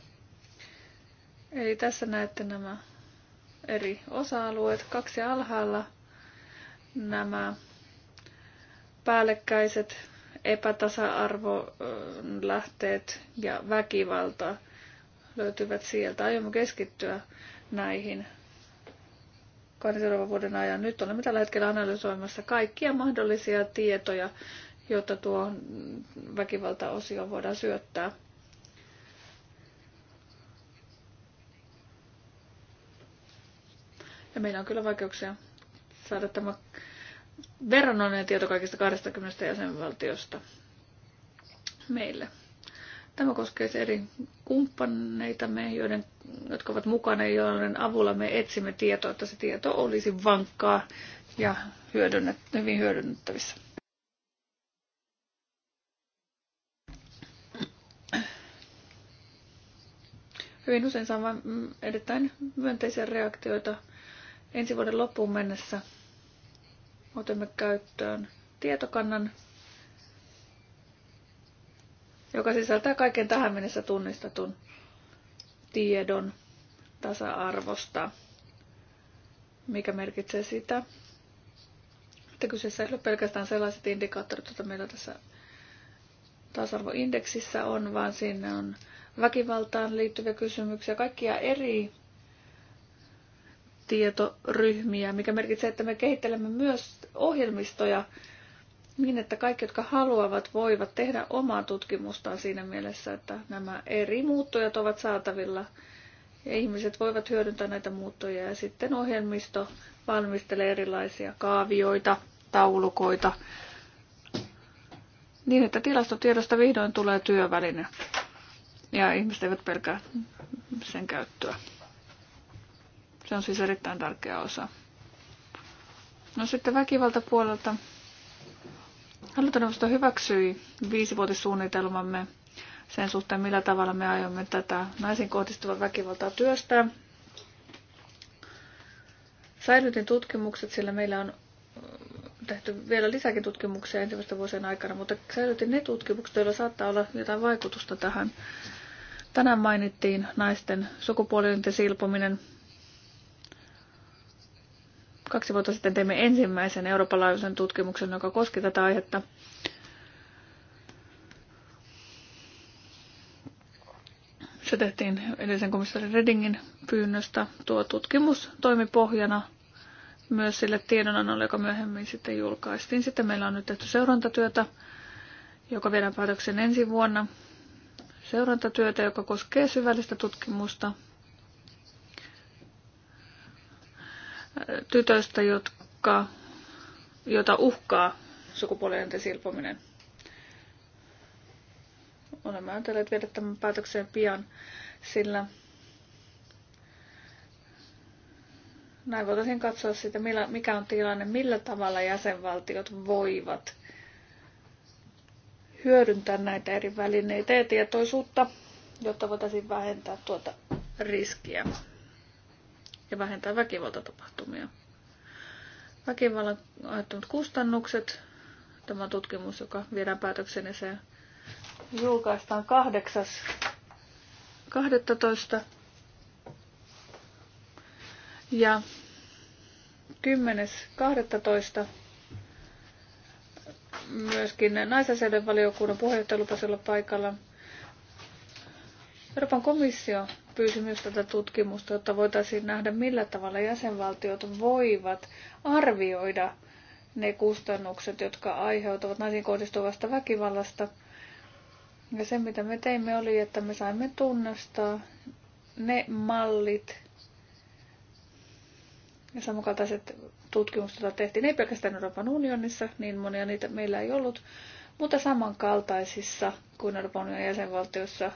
Eli tässä näette nämä eri osa-alueet. Kaksi alhaalla nämä päällekkäiset epätasa-arvon lähteet ja väkivalta löytyvät sieltä. Aiomme keskittyä näihin kahden seuraavan vuoden ajan. Nyt olemme tällä hetkellä analysoimassa kaikkia mahdollisia tietoja, jotta tuo väkivaltaosio voidaan syöttää. Ja meillä on kyllä vaikeuksia saada tämä verrannollinen tieto kaikista 20 jäsenvaltiosta meille. Tämä koskee siis eri kumppaneitamme, joiden, jotka ovat mukana, joiden avulla me etsimme tietoa, että se tieto olisi vankkaa ja hyödynnet, hyvin hyödynnettävissä. Hyvin usein saamme erittäin myönteisiä reaktioita ensi vuoden loppuun mennessä – Otamme käyttöön tietokannan, joka sisältää kaiken tähän mennessä tunnistetun tiedon tasa-arvosta, mikä merkitsee sitä, että kyseessä ei ole pelkästään sellaiset indikaattorit, joita meillä tässä tasa-arvoindeksissä on, vaan siinä on väkivaltaan liittyviä kysymyksiä, kaikkia eri tietoryhmiä, mikä merkitsee, että me kehittelemme myös ohjelmistoja niin, että kaikki, jotka haluavat, voivat tehdä omaa tutkimustaan siinä mielessä, että nämä eri muuttujat ovat saatavilla ja ihmiset voivat hyödyntää näitä muuttoja ja sitten ohjelmisto valmistelee erilaisia kaavioita, taulukoita, niin että tilastotiedosta vihdoin tulee työväline ja ihmiset eivät pelkää sen käyttöä. Se on siis erittäin tärkeä osa. No sitten väkivaltapuolelta. Hallintoneuvosto hyväksyi viisivuotissuunnitelmamme sen suhteen, millä tavalla me aiomme tätä naisiin kohdistuvaa väkivaltaa työstää. Säilytin tutkimukset, sillä meillä on äh, tehty vielä lisääkin tutkimuksia ensimmäisten vuosien aikana, mutta säilytin ne tutkimukset, joilla saattaa olla jotain vaikutusta tähän. Tänään mainittiin naisten sukupuolinen silpominen, Kaksi vuotta sitten teimme ensimmäisen Euroopan laajuisen tutkimuksen, joka koski tätä aihetta. Se tehtiin edellisen komissaari Redingin pyynnöstä. Tuo tutkimus toimi pohjana myös sille tiedonannolle, joka myöhemmin sitten julkaistiin. Sitten meillä on nyt tehty seurantatyötä, joka viedään päätöksen ensi vuonna. Seurantatyötä, joka koskee syvällistä tutkimusta tytöstä, jotka, jota uhkaa sukupuolinen silpominen. Olemme ajatelleet viedä tämän päätökseen pian, sillä näin voitaisiin katsoa sitä, mikä on tilanne, millä tavalla jäsenvaltiot voivat hyödyntää näitä eri välineitä ja tietoisuutta, jotta voitaisiin vähentää tuota riskiä ja vähentää väkivaltatapahtumia. Väkivallan aiheuttamat kustannukset. Tämä tutkimus, joka viedään päätökseen se julkaistaan 8. Ja 10.12. myöskin naisasioiden valiokunnan puheenjohtaja lupasi olla paikalla. Euroopan komissio pyysi myös tätä tutkimusta, jotta voitaisiin nähdä, millä tavalla jäsenvaltiot voivat arvioida ne kustannukset, jotka aiheutuvat naisiin kohdistuvasta väkivallasta. Ja se, mitä me teimme, oli, että me saimme tunnistaa ne mallit ja samankaltaiset tutkimukset, joita tehtiin, ei pelkästään Euroopan unionissa, niin monia niitä meillä ei ollut, mutta samankaltaisissa kuin Euroopan unionin jäsenvaltioissa. Ja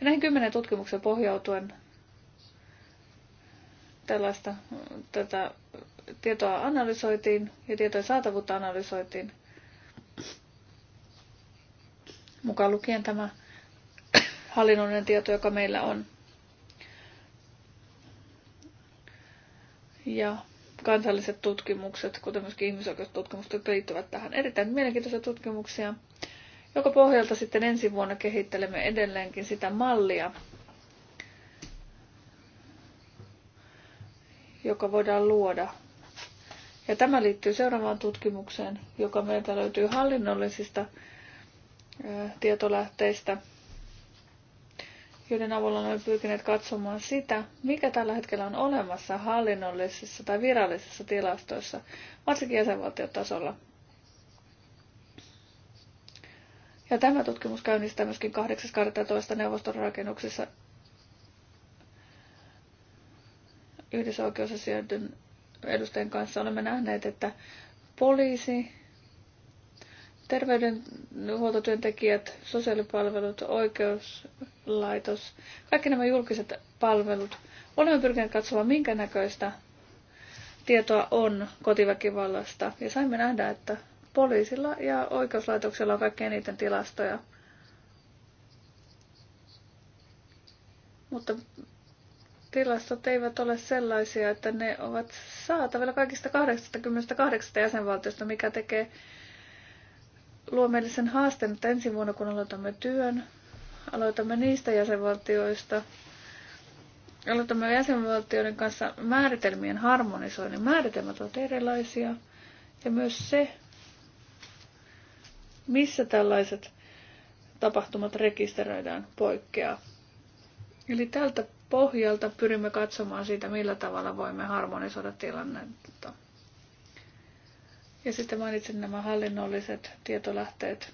näihin kymmenen tutkimuksen pohjautuen tällaista, tätä tietoa analysoitiin ja tietojen saatavuutta analysoitiin, mukaan lukien tämä hallinnollinen tieto, joka meillä on. Ja kansalliset tutkimukset, kuten myöskin ihmisoikeustutkimukset, jotka liittyvät tähän. Erittäin mielenkiintoisia tutkimuksia, joka pohjalta sitten ensi vuonna kehittelemme edelleenkin sitä mallia, joka voidaan luoda. Ja tämä liittyy seuraavaan tutkimukseen, joka meiltä löytyy hallinnollisista tietolähteistä – joiden avulla olemme pyrkineet katsomaan sitä, mikä tällä hetkellä on olemassa hallinnollisissa tai virallisissa tilastoissa, varsinkin jäsenvaltiotasolla. Ja tämä tutkimus käynnistää myöskin 8.12. neuvoston rakennuksessa yhdessä oikeusasioiden edustajien kanssa olemme nähneet, että poliisi terveydenhuoltotyöntekijät, sosiaalipalvelut, oikeuslaitos, kaikki nämä julkiset palvelut. Olemme pyrkineet katsomaan, minkä näköistä tietoa on kotiväkivallasta. Ja saimme nähdä, että poliisilla ja oikeuslaitoksella on kaikkein eniten tilastoja. Mutta tilastot eivät ole sellaisia, että ne ovat saatavilla kaikista 88 jäsenvaltiosta, mikä tekee luo meille sen haasteen, että ensi vuonna kun aloitamme työn, aloitamme niistä jäsenvaltioista, aloitamme jäsenvaltioiden kanssa määritelmien harmonisoinnin. Määritelmät ovat erilaisia ja myös se, missä tällaiset tapahtumat rekisteröidään poikkeaa. Eli tältä pohjalta pyrimme katsomaan siitä, millä tavalla voimme harmonisoida tilannetta. Ja sitten mainitsin nämä hallinnolliset tietolähteet.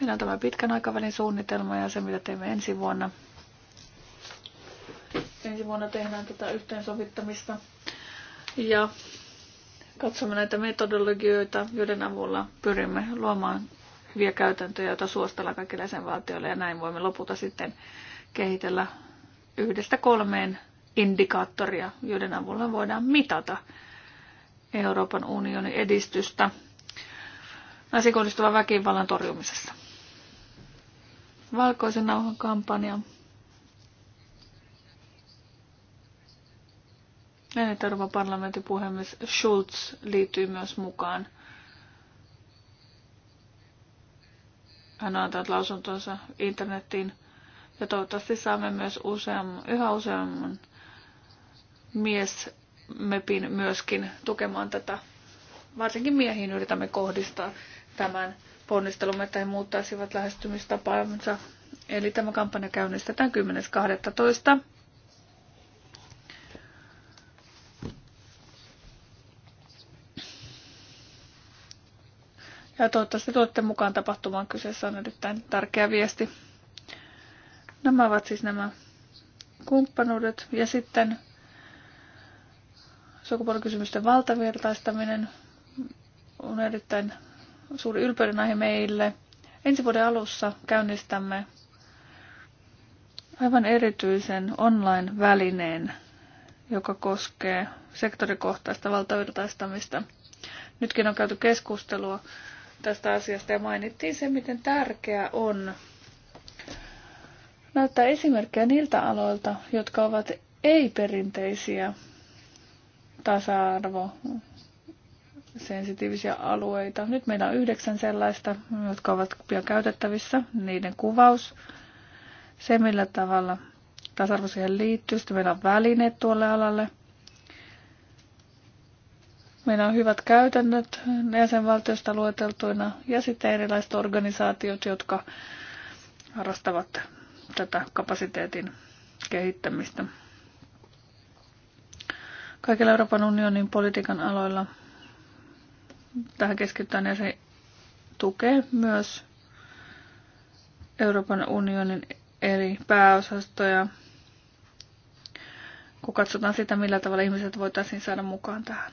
Meillä on tämä pitkän aikavälin suunnitelma ja se, mitä teemme ensi vuonna. Ensi vuonna tehdään tätä yhteensovittamista ja katsomme näitä metodologioita, joiden avulla pyrimme luomaan hyviä käytäntöjä, joita suostellaan kaikille sen valtioille ja näin voimme lopulta sitten kehitellä yhdestä kolmeen indikaattoria, joiden avulla voidaan mitata Euroopan unionin edistystä naisiin kohdistuvan väkivallan torjumisessa. Valkoisen nauhan kampanja. Näin, Euroopan parlamentin puhemies Schulz liittyy myös mukaan. Hän on antanut lausuntonsa internettiin. Ja toivottavasti saamme myös useamman, yhä useamman miesmepin myöskin tukemaan tätä. Varsinkin miehiin yritämme kohdistaa tämän ponnistelumme, että he muuttaisivat lähestymistapaansa. Eli tämä kampanja käynnistetään 10.12. Ja toivottavasti tuotte mukaan tapahtumaan. Kyseessä on erittäin tärkeä viesti. Nämä ovat siis nämä kumppanuudet ja sitten sukupuolikysymysten valtavirtaistaminen on erittäin suuri ylpeyden aihe meille. Ensi vuoden alussa käynnistämme aivan erityisen online-välineen, joka koskee sektorikohtaista valtavirtaistamista. Nytkin on käyty keskustelua tästä asiasta ja mainittiin se, miten tärkeää on näyttää esimerkkejä niiltä aloilta, jotka ovat ei-perinteisiä tasa-arvo sensitiivisiä alueita. Nyt meillä on yhdeksän sellaista, jotka ovat pian käytettävissä, niiden kuvaus, se millä tavalla tasa-arvo siihen liittyy, sitten meillä on välineet tuolle alalle. Meillä on hyvät käytännöt jäsenvaltiosta lueteltuina ja sitten erilaiset organisaatiot, jotka harrastavat tätä kapasiteetin kehittämistä. Kaikilla Euroopan unionin politiikan aloilla tähän keskitytään ja se tukee myös Euroopan unionin eri pääosastoja, kun katsotaan sitä, millä tavalla ihmiset voitaisiin saada mukaan tähän.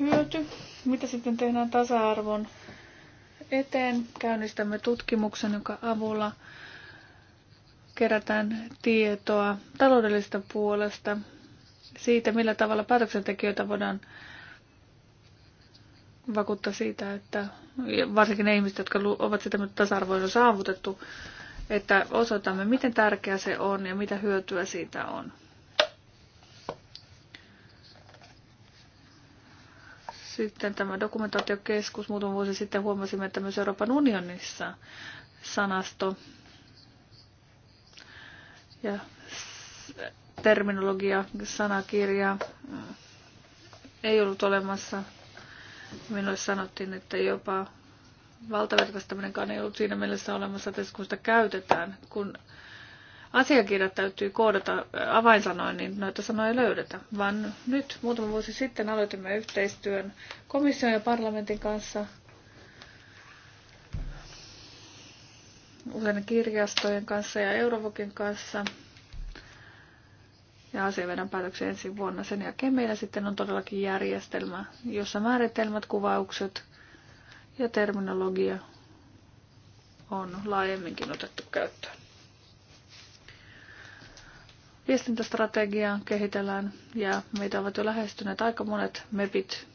Hyöty. Mitä sitten tehdään tasa-arvon eteen. Käynnistämme tutkimuksen, joka avulla kerätään tietoa taloudellisesta puolesta siitä, millä tavalla päätöksentekijöitä voidaan vakuuttaa siitä, että varsinkin ne ihmiset, jotka ovat sitä, tasa-arvo saavutettu, että osoitamme, miten tärkeää se on ja mitä hyötyä siitä on. Sitten tämä dokumentaatiokeskus muutama vuosi sitten huomasimme, että myös Euroopan unionissa sanasto ja terminologia, sanakirja ei ollut olemassa. Minulle sanottiin, että jopa valtavertaistamenkaan ei ollut siinä mielessä olemassa, että kun sitä käytetään, kun asiakirjat täytyy koodata äh, avainsanoin, niin noita sanoja ei löydetä. Vaan nyt muutama vuosi sitten aloitimme yhteistyön komission ja parlamentin kanssa usein kirjastojen kanssa ja Eurovokin kanssa. Ja asiavedon päätöksen ensi vuonna. Sen jälkeen meillä sitten on todellakin järjestelmä, jossa määritelmät, kuvaukset ja terminologia on laajemminkin otettu käyttöön viestintästrategiaa kehitellään ja meitä ovat jo lähestyneet aika monet MEPit,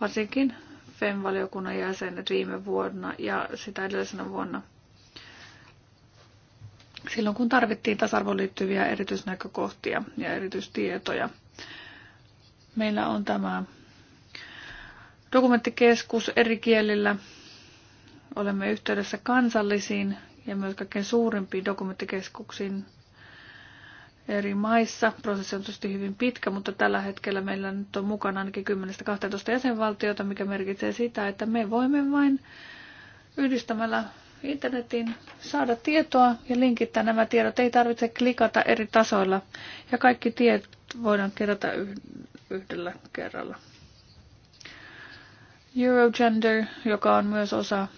varsinkin FEM-valiokunnan jäsenet viime vuonna ja sitä edellisenä vuonna. Silloin kun tarvittiin tasa-arvoon liittyviä erityisnäkökohtia ja erityistietoja, meillä on tämä dokumenttikeskus eri kielillä. Olemme yhteydessä kansallisiin ja myös kaikkein suurimpiin dokumenttikeskuksiin eri maissa. Prosessi on tietysti hyvin pitkä, mutta tällä hetkellä meillä nyt on mukana ainakin 10-12 jäsenvaltiota, mikä merkitsee sitä, että me voimme vain yhdistämällä internetin saada tietoa ja linkittää nämä tiedot. Ei tarvitse klikata eri tasoilla ja kaikki tiet voidaan kerätä yhdellä kerralla. Eurogender, joka on myös osa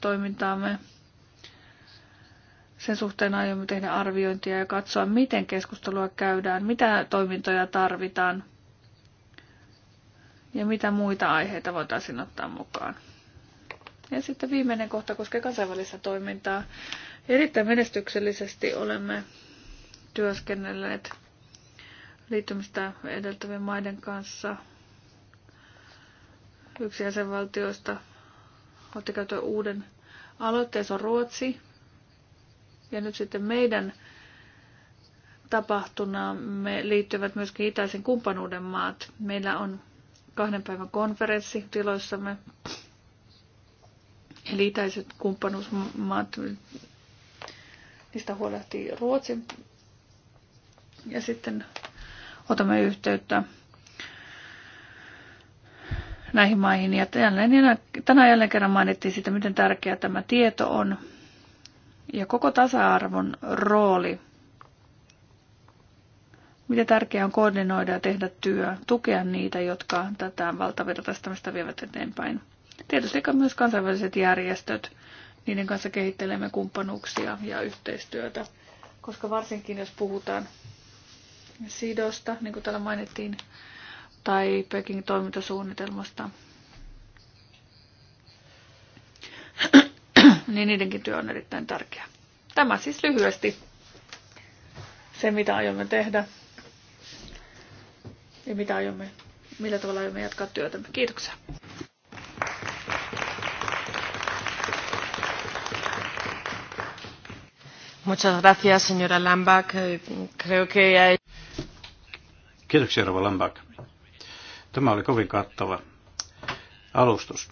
toimintaamme, sen suhteen aiomme tehdä arviointia ja katsoa, miten keskustelua käydään, mitä toimintoja tarvitaan ja mitä muita aiheita voitaisiin ottaa mukaan. Ja sitten viimeinen kohta koskee kansainvälistä toimintaa. Erittäin menestyksellisesti olemme työskennelleet liittymistä edeltävien maiden kanssa. Yksi jäsenvaltioista otti käyttöön uuden aloitteen, se on Ruotsi. Ja nyt sitten meidän tapahtunamme liittyvät myöskin itäisen kumppanuuden maat. Meillä on kahden päivän konferenssi tiloissamme. Eli itäiset kumppanuusmaat, niistä huolehtii Ruotsi. Ja sitten otamme yhteyttä näihin maihin. Ja tänään jälleen kerran mainittiin sitä, miten tärkeää tämä tieto on ja koko tasa-arvon rooli. Miten tärkeää on koordinoida ja tehdä työ, tukea niitä, jotka tätä valtavirtaistamista vievät eteenpäin. Tietysti myös kansainväliset järjestöt, niiden kanssa kehittelemme kumppanuuksia ja yhteistyötä, koska varsinkin jos puhutaan sidosta, niin kuin täällä mainittiin, tai Pekingin toimintasuunnitelmasta, niin niidenkin työ on erittäin tärkeää. Tämä siis lyhyesti se, mitä aiomme tehdä ja mitä aiomme, millä tavalla aiomme jatkaa työtämme. Kiitoksia. Muchas gracias, señora Lambach. Creo que hay... Kiitoksia, Rova Lambach. Tämä oli kovin kattava alustus.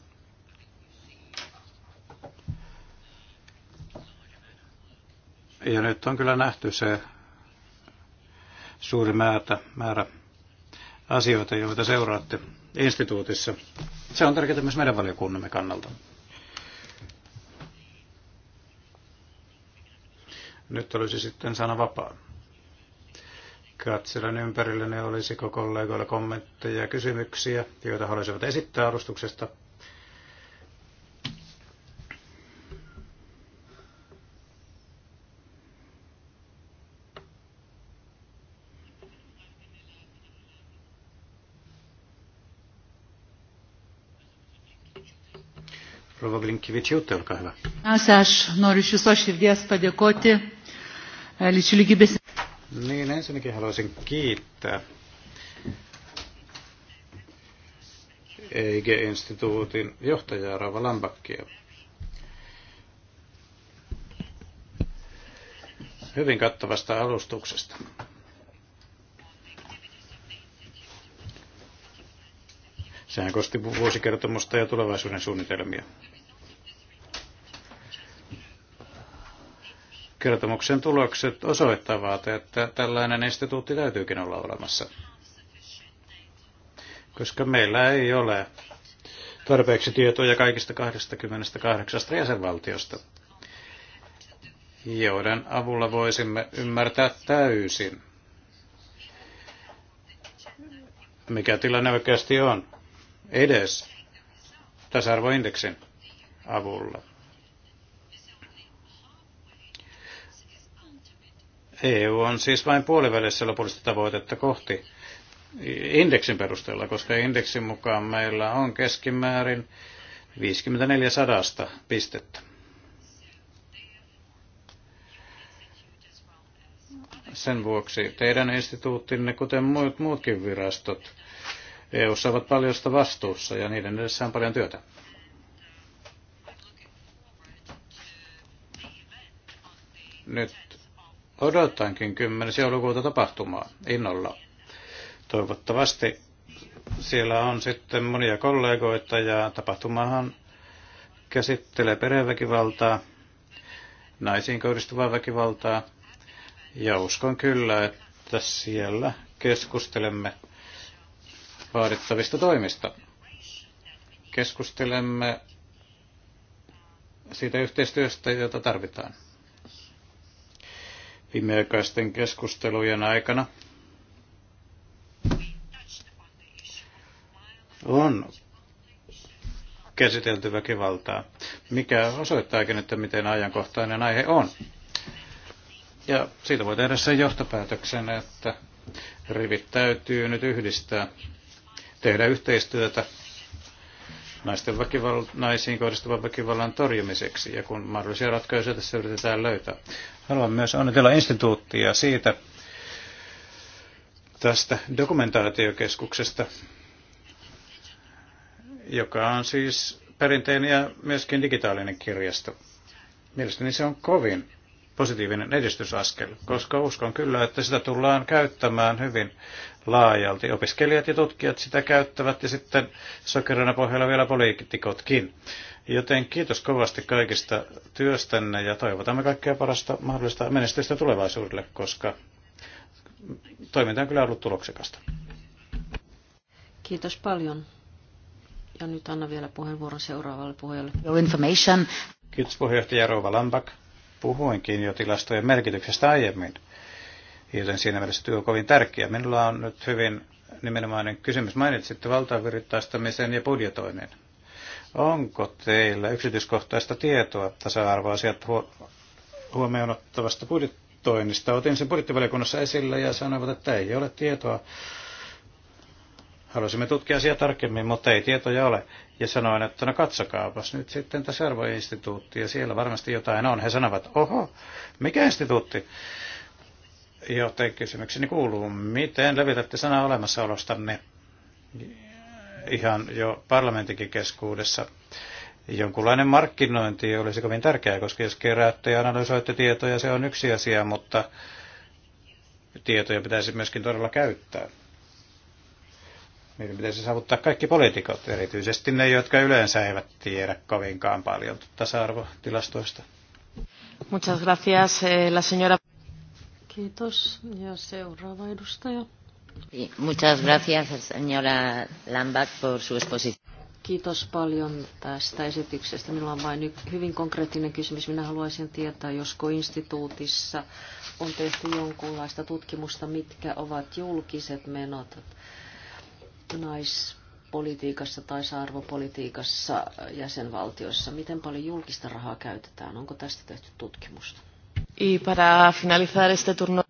Ja nyt on kyllä nähty se suuri määrä, määrä asioita, joita seuraatte instituutissa. Se on tärkeää myös meidän valiokunnamme kannalta. Nyt olisi sitten sana vapaa. Katselen ympärilleni, olisiko kollegoilla kommentteja ja kysymyksiä, joita haluaisivat esittää alustuksesta. Rova Blinkivičiūtė, olkaa hyvä. Aš noriu iš viso širdies padėkoti e, lyčių lygybės. Niin, ensinnäkin haluaisin kiittää EIG-instituutin johtajaa Rova Lambakkia. Hyvin kattavasta alustuksesta. Sehän kosti vuosikertomusta ja tulevaisuuden suunnitelmia. Kertomuksen tulokset osoittavat, että tällainen instituutti täytyykin olla olemassa, koska meillä ei ole tarpeeksi tietoja kaikista 28 jäsenvaltiosta, joiden avulla voisimme ymmärtää täysin, mikä tilanne oikeasti on edes tasa-arvoindeksin avulla. EU on siis vain puolivälissä lopullista tavoitetta kohti indeksin perusteella, koska indeksin mukaan meillä on keskimäärin 54 sadasta pistettä. Sen vuoksi teidän instituuttinne, kuten muut, muutkin virastot, EU-ssa ovat paljosta vastuussa ja niiden edessä on paljon työtä. Nyt odotankin 10. joulukuuta tapahtumaa innolla. Toivottavasti siellä on sitten monia kollegoita ja tapahtumahan käsittelee perheväkivaltaa, naisiin kohdistuvaa väkivaltaa ja uskon kyllä, että siellä keskustelemme vaadittavista toimista. Keskustelemme siitä yhteistyöstä, jota tarvitaan. Viimeaikaisten keskustelujen aikana on käsitelty väkivaltaa, mikä osoittaakin, että miten ajankohtainen aihe on. Ja siitä voi tehdä sen johtopäätöksen, että rivit täytyy nyt yhdistää tehdä yhteistyötä naisten väkival- naisiin kohdistuvan väkivallan torjumiseksi ja kun mahdollisia ratkaisuja tässä yritetään löytää. Haluan myös onnitella instituuttia siitä tästä dokumentaatiokeskuksesta, joka on siis perinteinen ja myöskin digitaalinen kirjasto. Mielestäni se on kovin positiivinen edistysaskel, koska uskon kyllä, että sitä tullaan käyttämään hyvin laajalti. Opiskelijat ja tutkijat sitä käyttävät ja sitten sokerina pohjalla vielä poliitikotkin. Joten kiitos kovasti kaikista työstänne ja toivotamme kaikkea parasta mahdollista menestystä tulevaisuudelle, koska toiminta on kyllä ollut tuloksekasta. Kiitos paljon. Ja nyt anna vielä puheenvuoron seuraavalle puheelle. Kiitos puheenjohtaja Rouva Lambak. Puhuinkin jo tilastojen merkityksestä aiemmin, joten siinä mielessä työ on kovin tärkeä. Minulla on nyt hyvin nimenomainen kysymys. Mainitsitte valtavirtaistamisen ja budjetoinnin. Onko teillä yksityiskohtaista tietoa tasa-arvoasiat huomioon ottavasta budjetoinnista? Otin sen budjettivaliokunnassa esille ja sanoivat, että ei ole tietoa Halusimme tutkia asiaa tarkemmin, mutta ei tietoja ole. Ja sanoin, että no katsokaapas nyt sitten tässä arvoinstituutti ja siellä varmasti jotain on. He sanovat, oho, mikä instituutti? Joten kysymykseni kuuluu, miten levitätte sanaa olemassaolostanne ihan jo parlamentinkin keskuudessa? jonkunlainen markkinointi olisi kovin tärkeää, koska jos keräätte ja analysoitte tietoja, se on yksi asia, mutta tietoja pitäisi myöskin todella käyttää. Meidän pitäisi saavuttaa kaikki poliitikot, erityisesti ne, jotka yleensä eivät tiedä kovinkaan paljon tasa-arvotilastoista. Muchas gracias, eh, la señora. Kiitos. Ja seuraava edustaja. Muchas gracias, señora Lambach, por su exposición. Kiitos paljon tästä esityksestä. Minulla on vain hyvin konkreettinen kysymys. Minä haluaisin tietää, josko instituutissa on tehty jonkunlaista tutkimusta, mitkä ovat julkiset menot naispolitiikassa tai arvopolitiikassa jäsenvaltioissa? Miten paljon julkista rahaa käytetään? Onko tästä tehty tutkimusta? Y para finalizar este turno...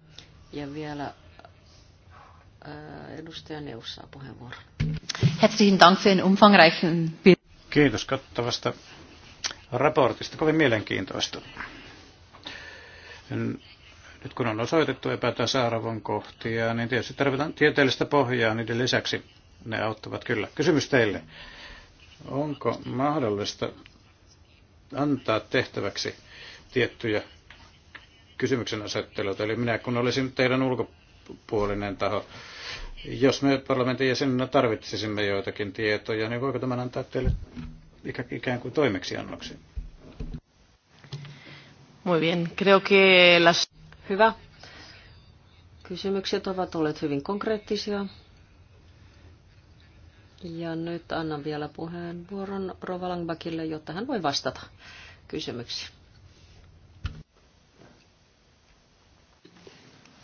Ja vielä äh, edustaja Neus saa puheenvuoron. Herzlichen Dank für den umfangreichen... Kiitos kattavasta raportista. Kovin mielenkiintoista. Nyt kun on osoitettu epätasa-arvon kohtia, niin tietysti tarvitaan tieteellistä pohjaa niiden lisäksi ne auttavat kyllä. Kysymys teille. Onko mahdollista antaa tehtäväksi tiettyjä kysymyksen asetteluita? Eli minä kun olisin teidän ulkopuolinen taho, jos me parlamentin jäsenenä tarvitsisimme joitakin tietoja, niin voiko tämän antaa teille ikään kuin toimeksiannoksi? Muy bien, creo que las... Hyvä. Kysymykset ovat olleet hyvin konkreettisia. Ja nyt annan vielä puheenvuoron Rova Langbakille, jotta hän voi vastata kysymyksiin.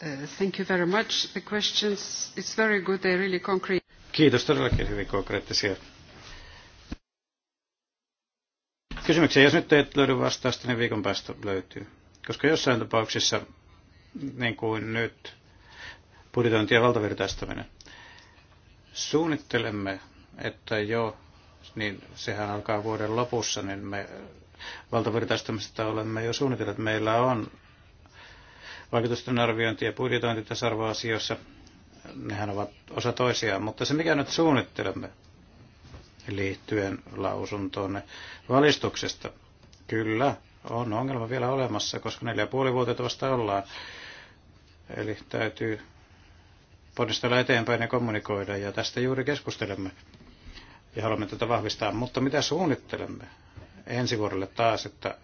Uh, thank you very much. The questions, it's very good, they're really concrete. Kiitos, todellakin hyvin konkreettisia kysymyksiä. Jos nyt ei löydy vastausta, niin viikon päästä löytyy. Koska jossain tapauksessa niin kuin nyt, budjetointi ja valtavirtaistaminen – suunnittelemme, että jo, niin sehän alkaa vuoden lopussa, niin me valtavirtaistamista olemme jo suunnitelleet. Meillä on vaikutusten arviointi ja budjetointi tasa-arvoasioissa, nehän ovat osa toisiaan, mutta se mikä nyt suunnittelemme liittyen lausuntoon valistuksesta, kyllä on ongelma vielä olemassa, koska neljä ja puoli vuotta vasta ollaan. Eli täytyy ponnistella eteenpäin ja kommunikoida, ja tästä juuri keskustelemme ja haluamme tätä vahvistaa. Mutta mitä suunnittelemme ensi vuodelle taas, että,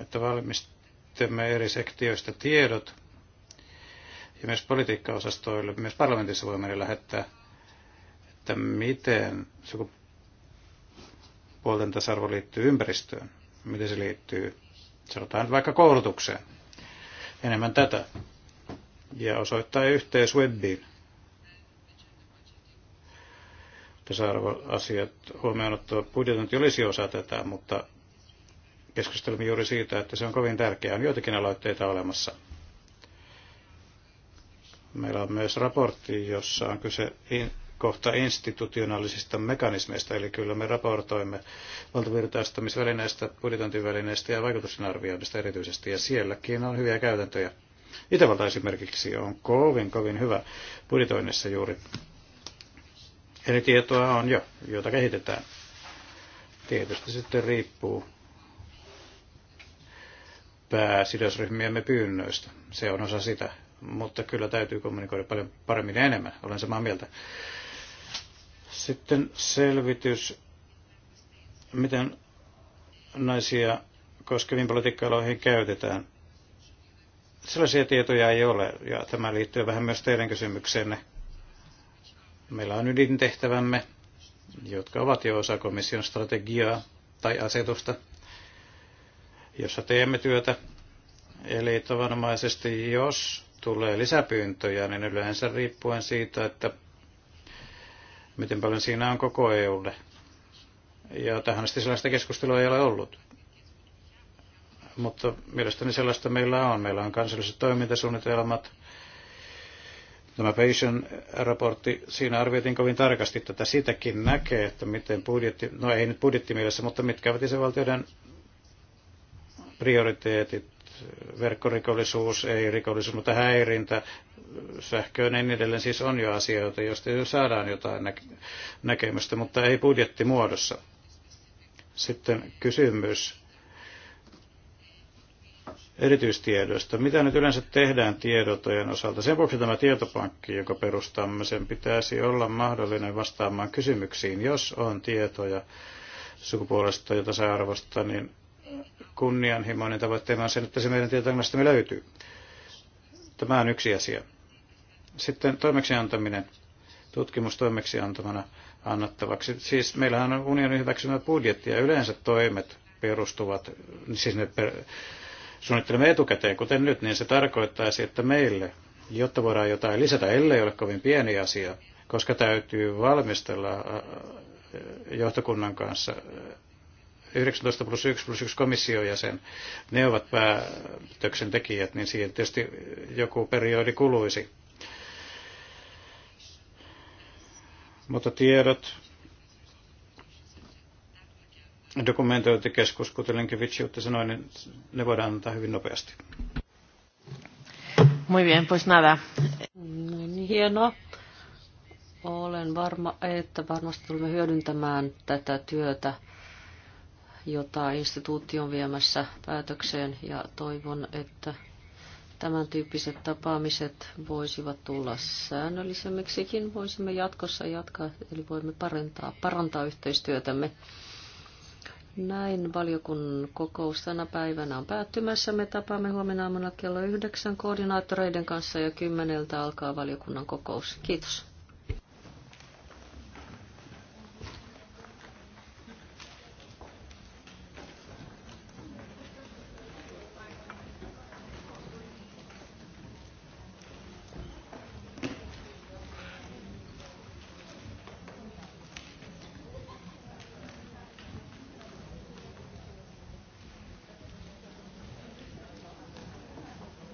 että valmistamme eri sektioista tiedot ja myös politiikkaosastoille, myös parlamentissa voimme lähettää, että miten sukupuolten tasa-arvo liittyy ympäristöön, miten se liittyy, sanotaan vaikka koulutukseen enemmän tätä ja osoittaa yhteys webbiin. Tasa-arvoasiat huomioon ottaa budjetointi olisi osa tätä, mutta keskustelimme juuri siitä, että se on kovin tärkeää. On joitakin aloitteita olemassa. Meillä on myös raportti, jossa on kyse kohta institutionaalisista mekanismeista, eli kyllä me raportoimme valtavirtaistamisvälineistä, budjetointivälineistä ja vaikutusarvioinnista erityisesti, ja sielläkin on hyviä käytäntöjä. Itävalta esimerkiksi on kovin, kovin hyvä budjetoinnissa juuri. Eli tietoa on jo, jota kehitetään. Tietysti sitten riippuu pääsidosryhmiemme pyynnöistä. Se on osa sitä, mutta kyllä täytyy kommunikoida paljon paremmin ja enemmän. Olen samaa mieltä. Sitten selvitys, miten naisia koskeviin politiikka käytetään. Sellaisia tietoja ei ole, ja tämä liittyy vähän myös teidän kysymykseenne. Meillä on ydintehtävämme, jotka ovat jo osa komission strategiaa tai asetusta, jossa teemme työtä. Eli tavanomaisesti, jos tulee lisäpyyntöjä, niin yleensä riippuen siitä, että miten paljon siinä on koko EUlle. Ja tähän asti sellaista keskustelua ei ole ollut. Mutta mielestäni sellaista meillä on. Meillä on kansalliset toimintasuunnitelmat. Tämä Patient-raportti, siinä arvioitiin kovin tarkasti tätä. Siitäkin näkee, että miten budjetti, no ei nyt budjettimielessä, mutta mitkä ovat valtioiden prioriteetit verkkorikollisuus, ei rikollisuus, mutta häirintä, sähköön ja niin edelleen, siis on jo asioita, joista jo saadaan jotain näkemystä, mutta ei budjettimuodossa. Sitten kysymys erityistiedoista. Mitä nyt yleensä tehdään tiedotojen osalta? Sen vuoksi tämä tietopankki, joka perustamme, sen pitäisi olla mahdollinen vastaamaan kysymyksiin. Jos on tietoja sukupuolesta ja tasa-arvosta, niin kunnianhimoinen tavoitteemme on se, että se meidän tietokannastamme löytyy. Tämä on yksi asia. Sitten toimeksiantaminen tutkimustoimeksiantamana annettavaksi. Siis meillähän on unionin hyväksymä budjetti ja yleensä toimet perustuvat, siis ne per, suunnittelemme etukäteen, kuten nyt, niin se tarkoittaisi, että meille, jotta voidaan jotain lisätä, ellei ole kovin pieni asia, koska täytyy valmistella äh, johtokunnan kanssa 19 plus 1 plus 1 komissiojäsen, ne ovat päätöksen tekijät, niin siihen tietysti joku periodi kuluisi. Mutta tiedot, dokumentointikeskus, kuten juttu sanoi, niin ne voidaan antaa hyvin nopeasti. Muy bien, pues nada. No niin, hienoa. Olen varma, että varmasti tulemme hyödyntämään tätä työtä jota instituutti on viemässä päätökseen ja toivon, että tämän tyyppiset tapaamiset voisivat tulla säännöllisemmiksikin. Voisimme jatkossa jatkaa, eli voimme parantaa, parantaa yhteistyötämme. Näin valiokunnan kokous tänä päivänä on päättymässä. Me tapaamme huomenna aamuna kello yhdeksän koordinaattoreiden kanssa ja kymmeneltä alkaa valiokunnan kokous. Kiitos.